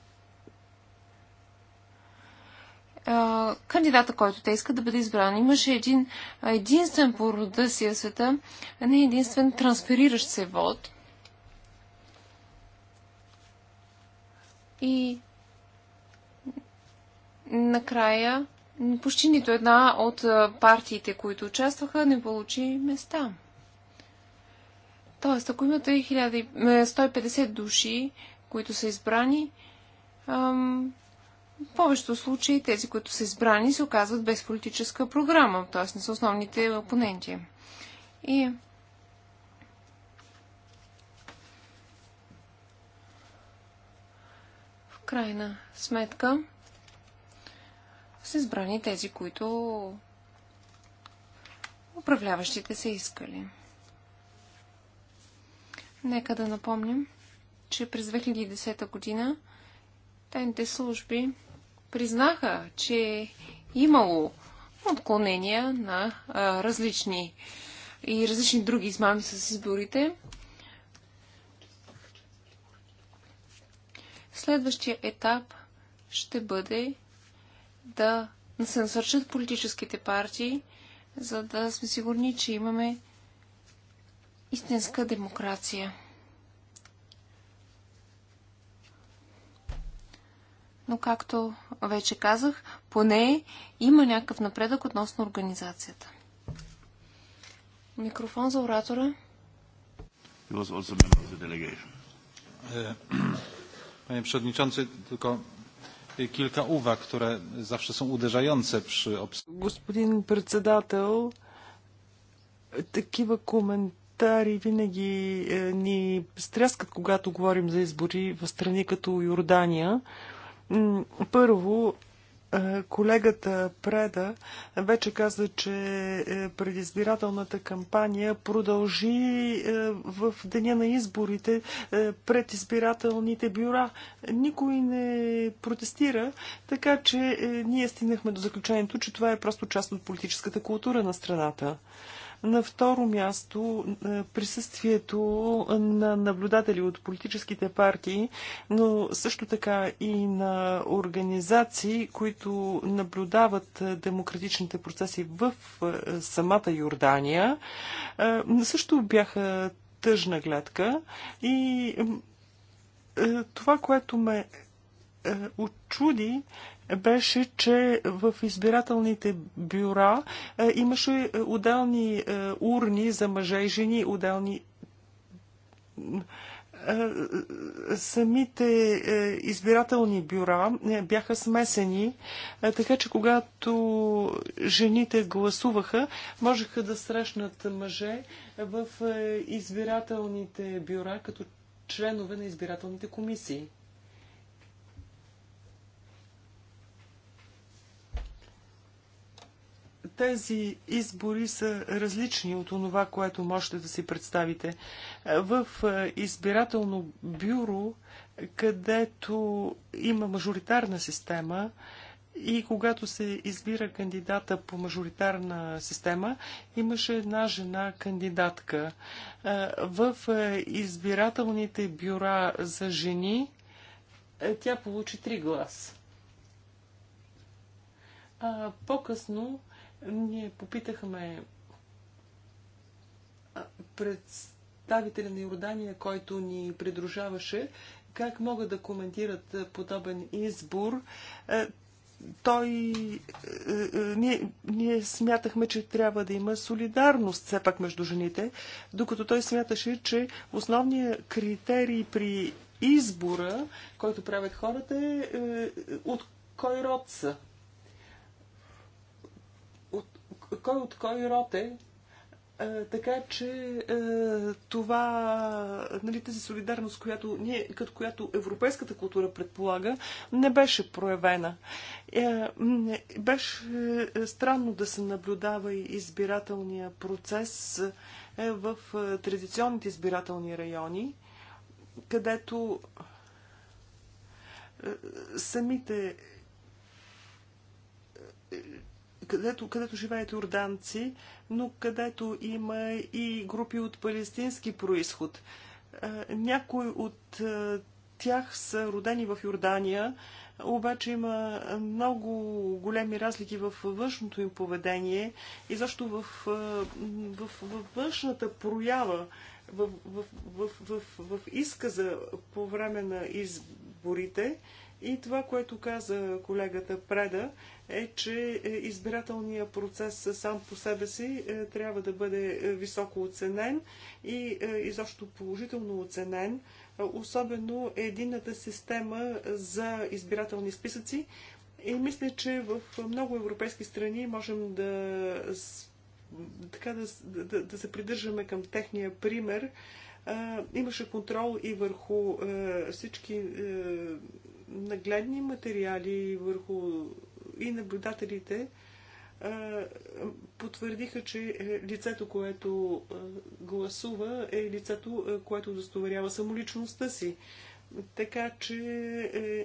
кандидата, който те искат да бъде избран. Имаше един единствен по рода си в света, а не единствен трансфериращ се вод. И накрая почти нито една от партиите, които участваха, не получи места. Тоест, ако имате 1150 души, които са избрани, в повечето случаи тези, които са избрани, се оказват без политическа програма, т.е. не са основните опоненти. И в крайна сметка са избрани тези, които управляващите са искали. Нека да напомним, че през 2010 година тайните служби признаха, че е имало отклонения на а, различни и различни други измами с изборите. Следващия етап ще бъде да се насърчат политическите партии, за да сме сигурни, че имаме истинска демокрация. но както вече казах, поне има някакъв напредък относно организацията. Микрофон за оратора. Е, panie Przewodniczący, tylko e, kilka uwag, które zawsze są uderzające przy Господин председател, такива коментари винаги е, ни стряскат, когато говорим за избори в страни като Йордания. Първо, е, Колегата Преда вече каза, че е, предизбирателната кампания продължи е, в деня на изборите пред избирателните бюра. Никой не протестира, така че ние стигнахме до заключението, че това е просто част от политическата култура на страната. На второ място е, присъствието на наблюдатели от политическите партии, но също така и на организации, които наблюдават е, демократичните процеси в е, самата Йордания, също бяха тъжна гледка и това, което ме очуди беше, че в избирателните бюра е, имаше е, отделни е, урни за мъже и жени, отделни самите избирателни бюра бяха смесени, така че когато жените гласуваха, можеха да срещнат мъже в избирателните бюра като членове на избирателните комисии. тези избори са различни от това, което можете да си представите. В е, избирателно бюро, където има мажоритарна система, и когато се избира кандидата по мажоритарна система, имаше една жена кандидатка. Е, в е, избирателните бюра за жени тя получи три гласа. По-късно ние попитахме представителя на Иордания, който ни придружаваше, как могат да коментират подобен избор. Той, ние, ние смятахме, че трябва да има солидарност все пак между жените, докато той смяташе, че основният критерий при избора, който правят хората е, е от кой род са кой от кой род е. е така че е, това, нали, тази солидарност, която, ние, като която европейската култура предполага, не беше проявена. Е, беше странно да се наблюдава и избирателния процес в традиционните избирателни райони, където самите където, където живеят йорданци, но където има и групи от палестински происход. Е, някои от е, тях са родени в Йордания, обаче има много големи разлики в външното им поведение и защо в, в, е, в, в външната проява, в, в, в, в, в изказа по време на изборите и това, което каза колегата Преда, е, че е, избирателният процес сам по себе си е, трябва да бъде е, високо оценен и изобщо положително оценен, особено единната система за избирателни списъци. И мисля, че в много европейски страни можем да, така да, да, да се придържаме към техния пример. Имаше контрол и върху всички нагледни материали, върху и наблюдателите потвърдиха, че е, лицето, което гласува, е лицето, което удостоверява самоличността си. Така че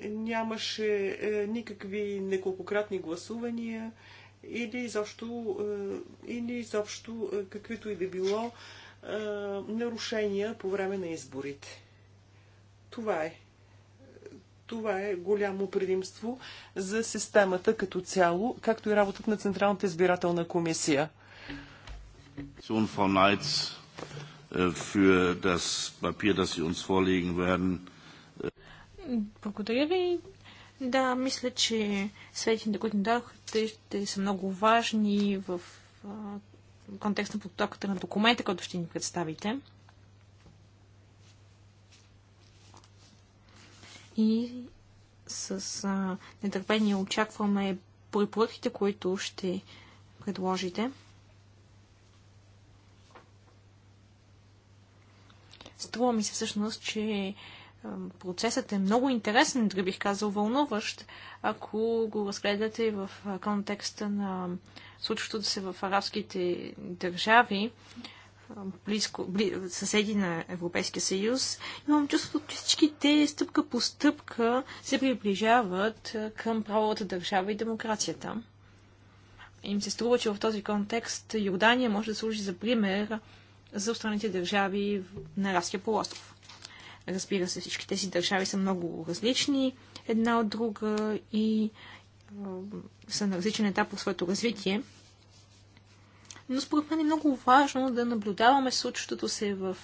е, нямаше е, никакви неколкократни гласувания или изобщо, или изобщо каквито и да било нарушения по време на изборите. Това е. Това е голямо предимство за системата като цяло, както и работата на Централната избирателна комисия. Е, Благодаря ви. Да, мисля, че светите, които ни дадохте, ще са много важни в контекста на подтоката на документа, който ще ни представите. и с а, нетърпение очакваме препоръките, които ще предложите. Струва ми се всъщност, че процесът е много интересен, да бих казал вълнуващ, ако го разгледате в контекста на случващото се в арабските държави близко, бли, съседи на Европейския съюз, имам чувството, че всички те стъпка по стъпка се приближават към правовата държава и демокрацията. Им се струва, че в този контекст Йордания може да служи за пример за останалите държави на Раския полуостров. Разбира се, всички тези държави са много различни една от друга и са на различен етап в своето развитие но според мен е много важно да наблюдаваме случващото се в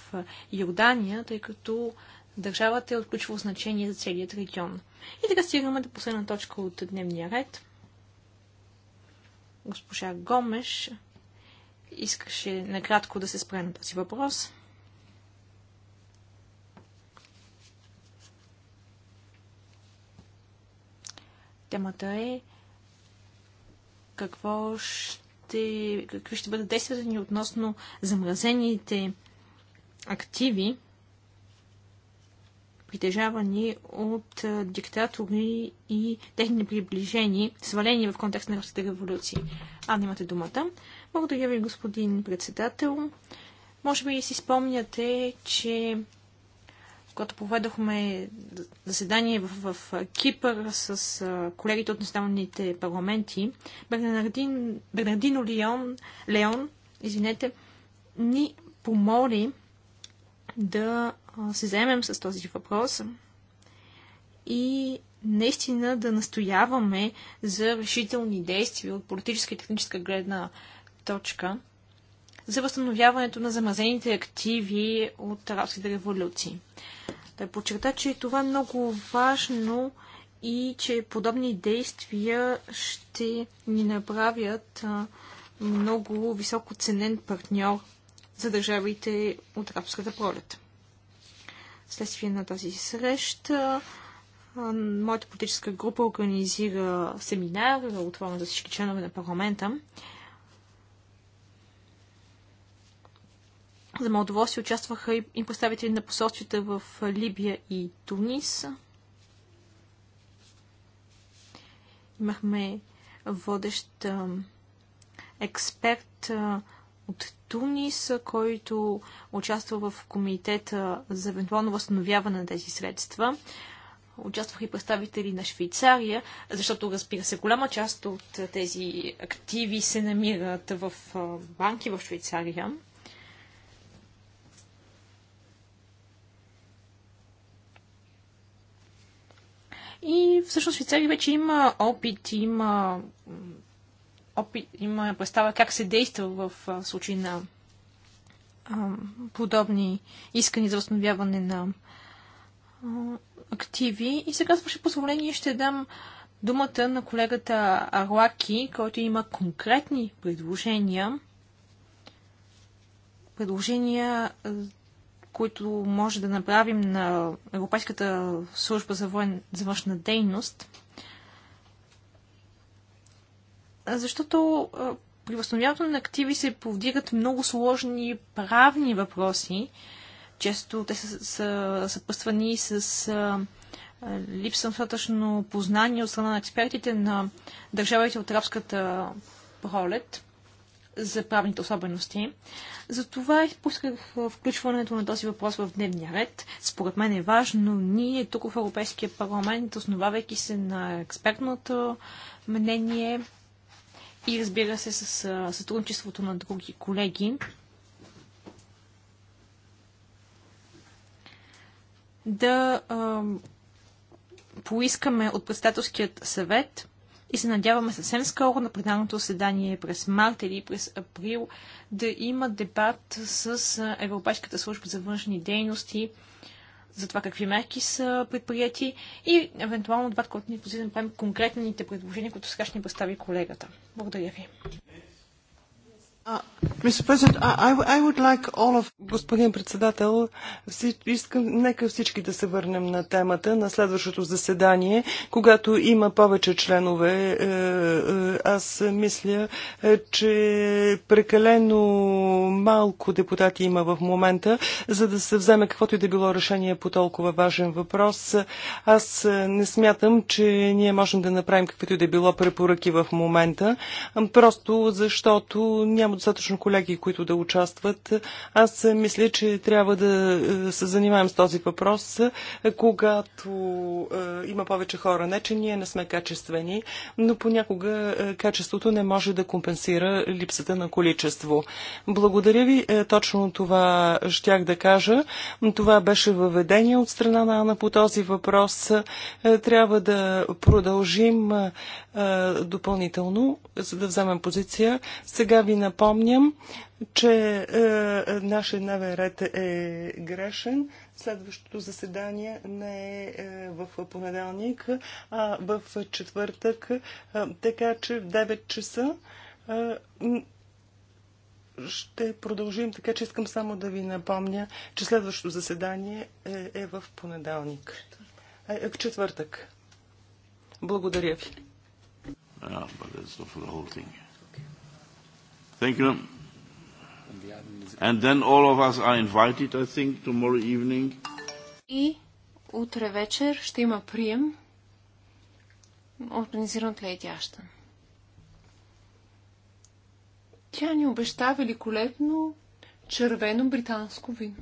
Йордания, тъй като държавата е от ключово значение за целият регион. И така стигаме до последна точка от дневния ред. Госпожа Гомеш искаше накратко да се спре на този въпрос. Темата е какво ще ще, какви ще бъдат действията ни относно замразените активи, притежавани от диктатори и техни приближени, свалени в контекст на Руската революции. А, имате думата. Благодаря ви, господин председател. Може би си спомняте, че когато проведохме заседание в, в Кипър с а, колегите от националните парламенти, Бернардин, Бернардино Леон, Леон извинете, ни помоли да се заемем с този въпрос и наистина да настояваме за решителни действия от политическа и техническа гледна точка – за възстановяването на замазените активи от арабските революции. Той подчерта, че това е много важно и че подобни действия ще ни направят много високо ценен партньор за държавите от арабската пролет. Следствие на тази среща, моята политическа група организира семинар, отворен за всички членове на парламента. За мое удоволствие участваха и, представители на посолствата в Либия и Тунис. Имахме водещ експерт от Тунис, който участва в комитета за евентуално възстановяване на тези средства. Участваха и представители на Швейцария, защото, разбира се, голяма част от тези активи се намират в банки в Швейцария. И всъщност Швейцария вече има опит, има опит, има представа как се действа в случай на подобни искани за възстановяване на активи. И сега с ваше позволение ще дам думата на колегата Арлаки, който има конкретни предложения. Предложения които може да направим на Европейската служба за, воен, за външна дейност, защото при възстановяването на активи се повдигат много сложни правни въпроси. Често те са, са съпъствани с а, липса на достатъчно познание от страна на експертите на държавите от арабската пролет за правните особености. Затова изпусках включването на този въпрос в дневния ред. Според мен е важно ние тук в Европейския парламент, основавайки се на експертното мнение и разбира се с сътрудничеството на други колеги, да а, поискаме от председателският съвет и се надяваме съвсем скоро на пленарното седание през март или през април да има дебат с Европейската служба за външни дейности за това какви мерки са предприяти и евентуално дебат, който ни позитивно правим конкретните предложения, които сега ще ни представи колегата. Благодаря ви. Господин председател, искам, нека всички да се върнем на темата на следващото заседание, когато има повече членове. Е, е, аз мисля, е, че прекалено малко депутати има в момента, за да се вземе каквото и да било решение по толкова важен въпрос. Аз не смятам, че ние можем да направим каквито и да било препоръки в момента, просто защото няма достатъчно колеги, които да участват. Аз мисля, че трябва да е, се занимаем с този въпрос, когато е, има повече хора. Не, че ние не сме качествени, но понякога е, качеството не може да компенсира липсата на количество. Благодаря ви. Точно това щях да кажа. Това беше въведение от страна на Ана по този въпрос. Трябва да продължим допълнително, за да вземем позиция. Сега ви напомням, припомням, че е, нашия дневен ред е грешен. Следващото заседание не е, е в понеделник, а в четвъртък, е, така че в 9 часа е, ще продължим, така че искам само да ви напомня, че следващото заседание е, е в понеделник. Е, е в четвъртък. Благодаря ви. Yeah, but for the whole thing. Thank you. And then all of us are invited, I think, tomorrow evening. И утре вечер ще има прием, организиран от Лейди Аштън. Тя ни обеща великолепно червено британско вино.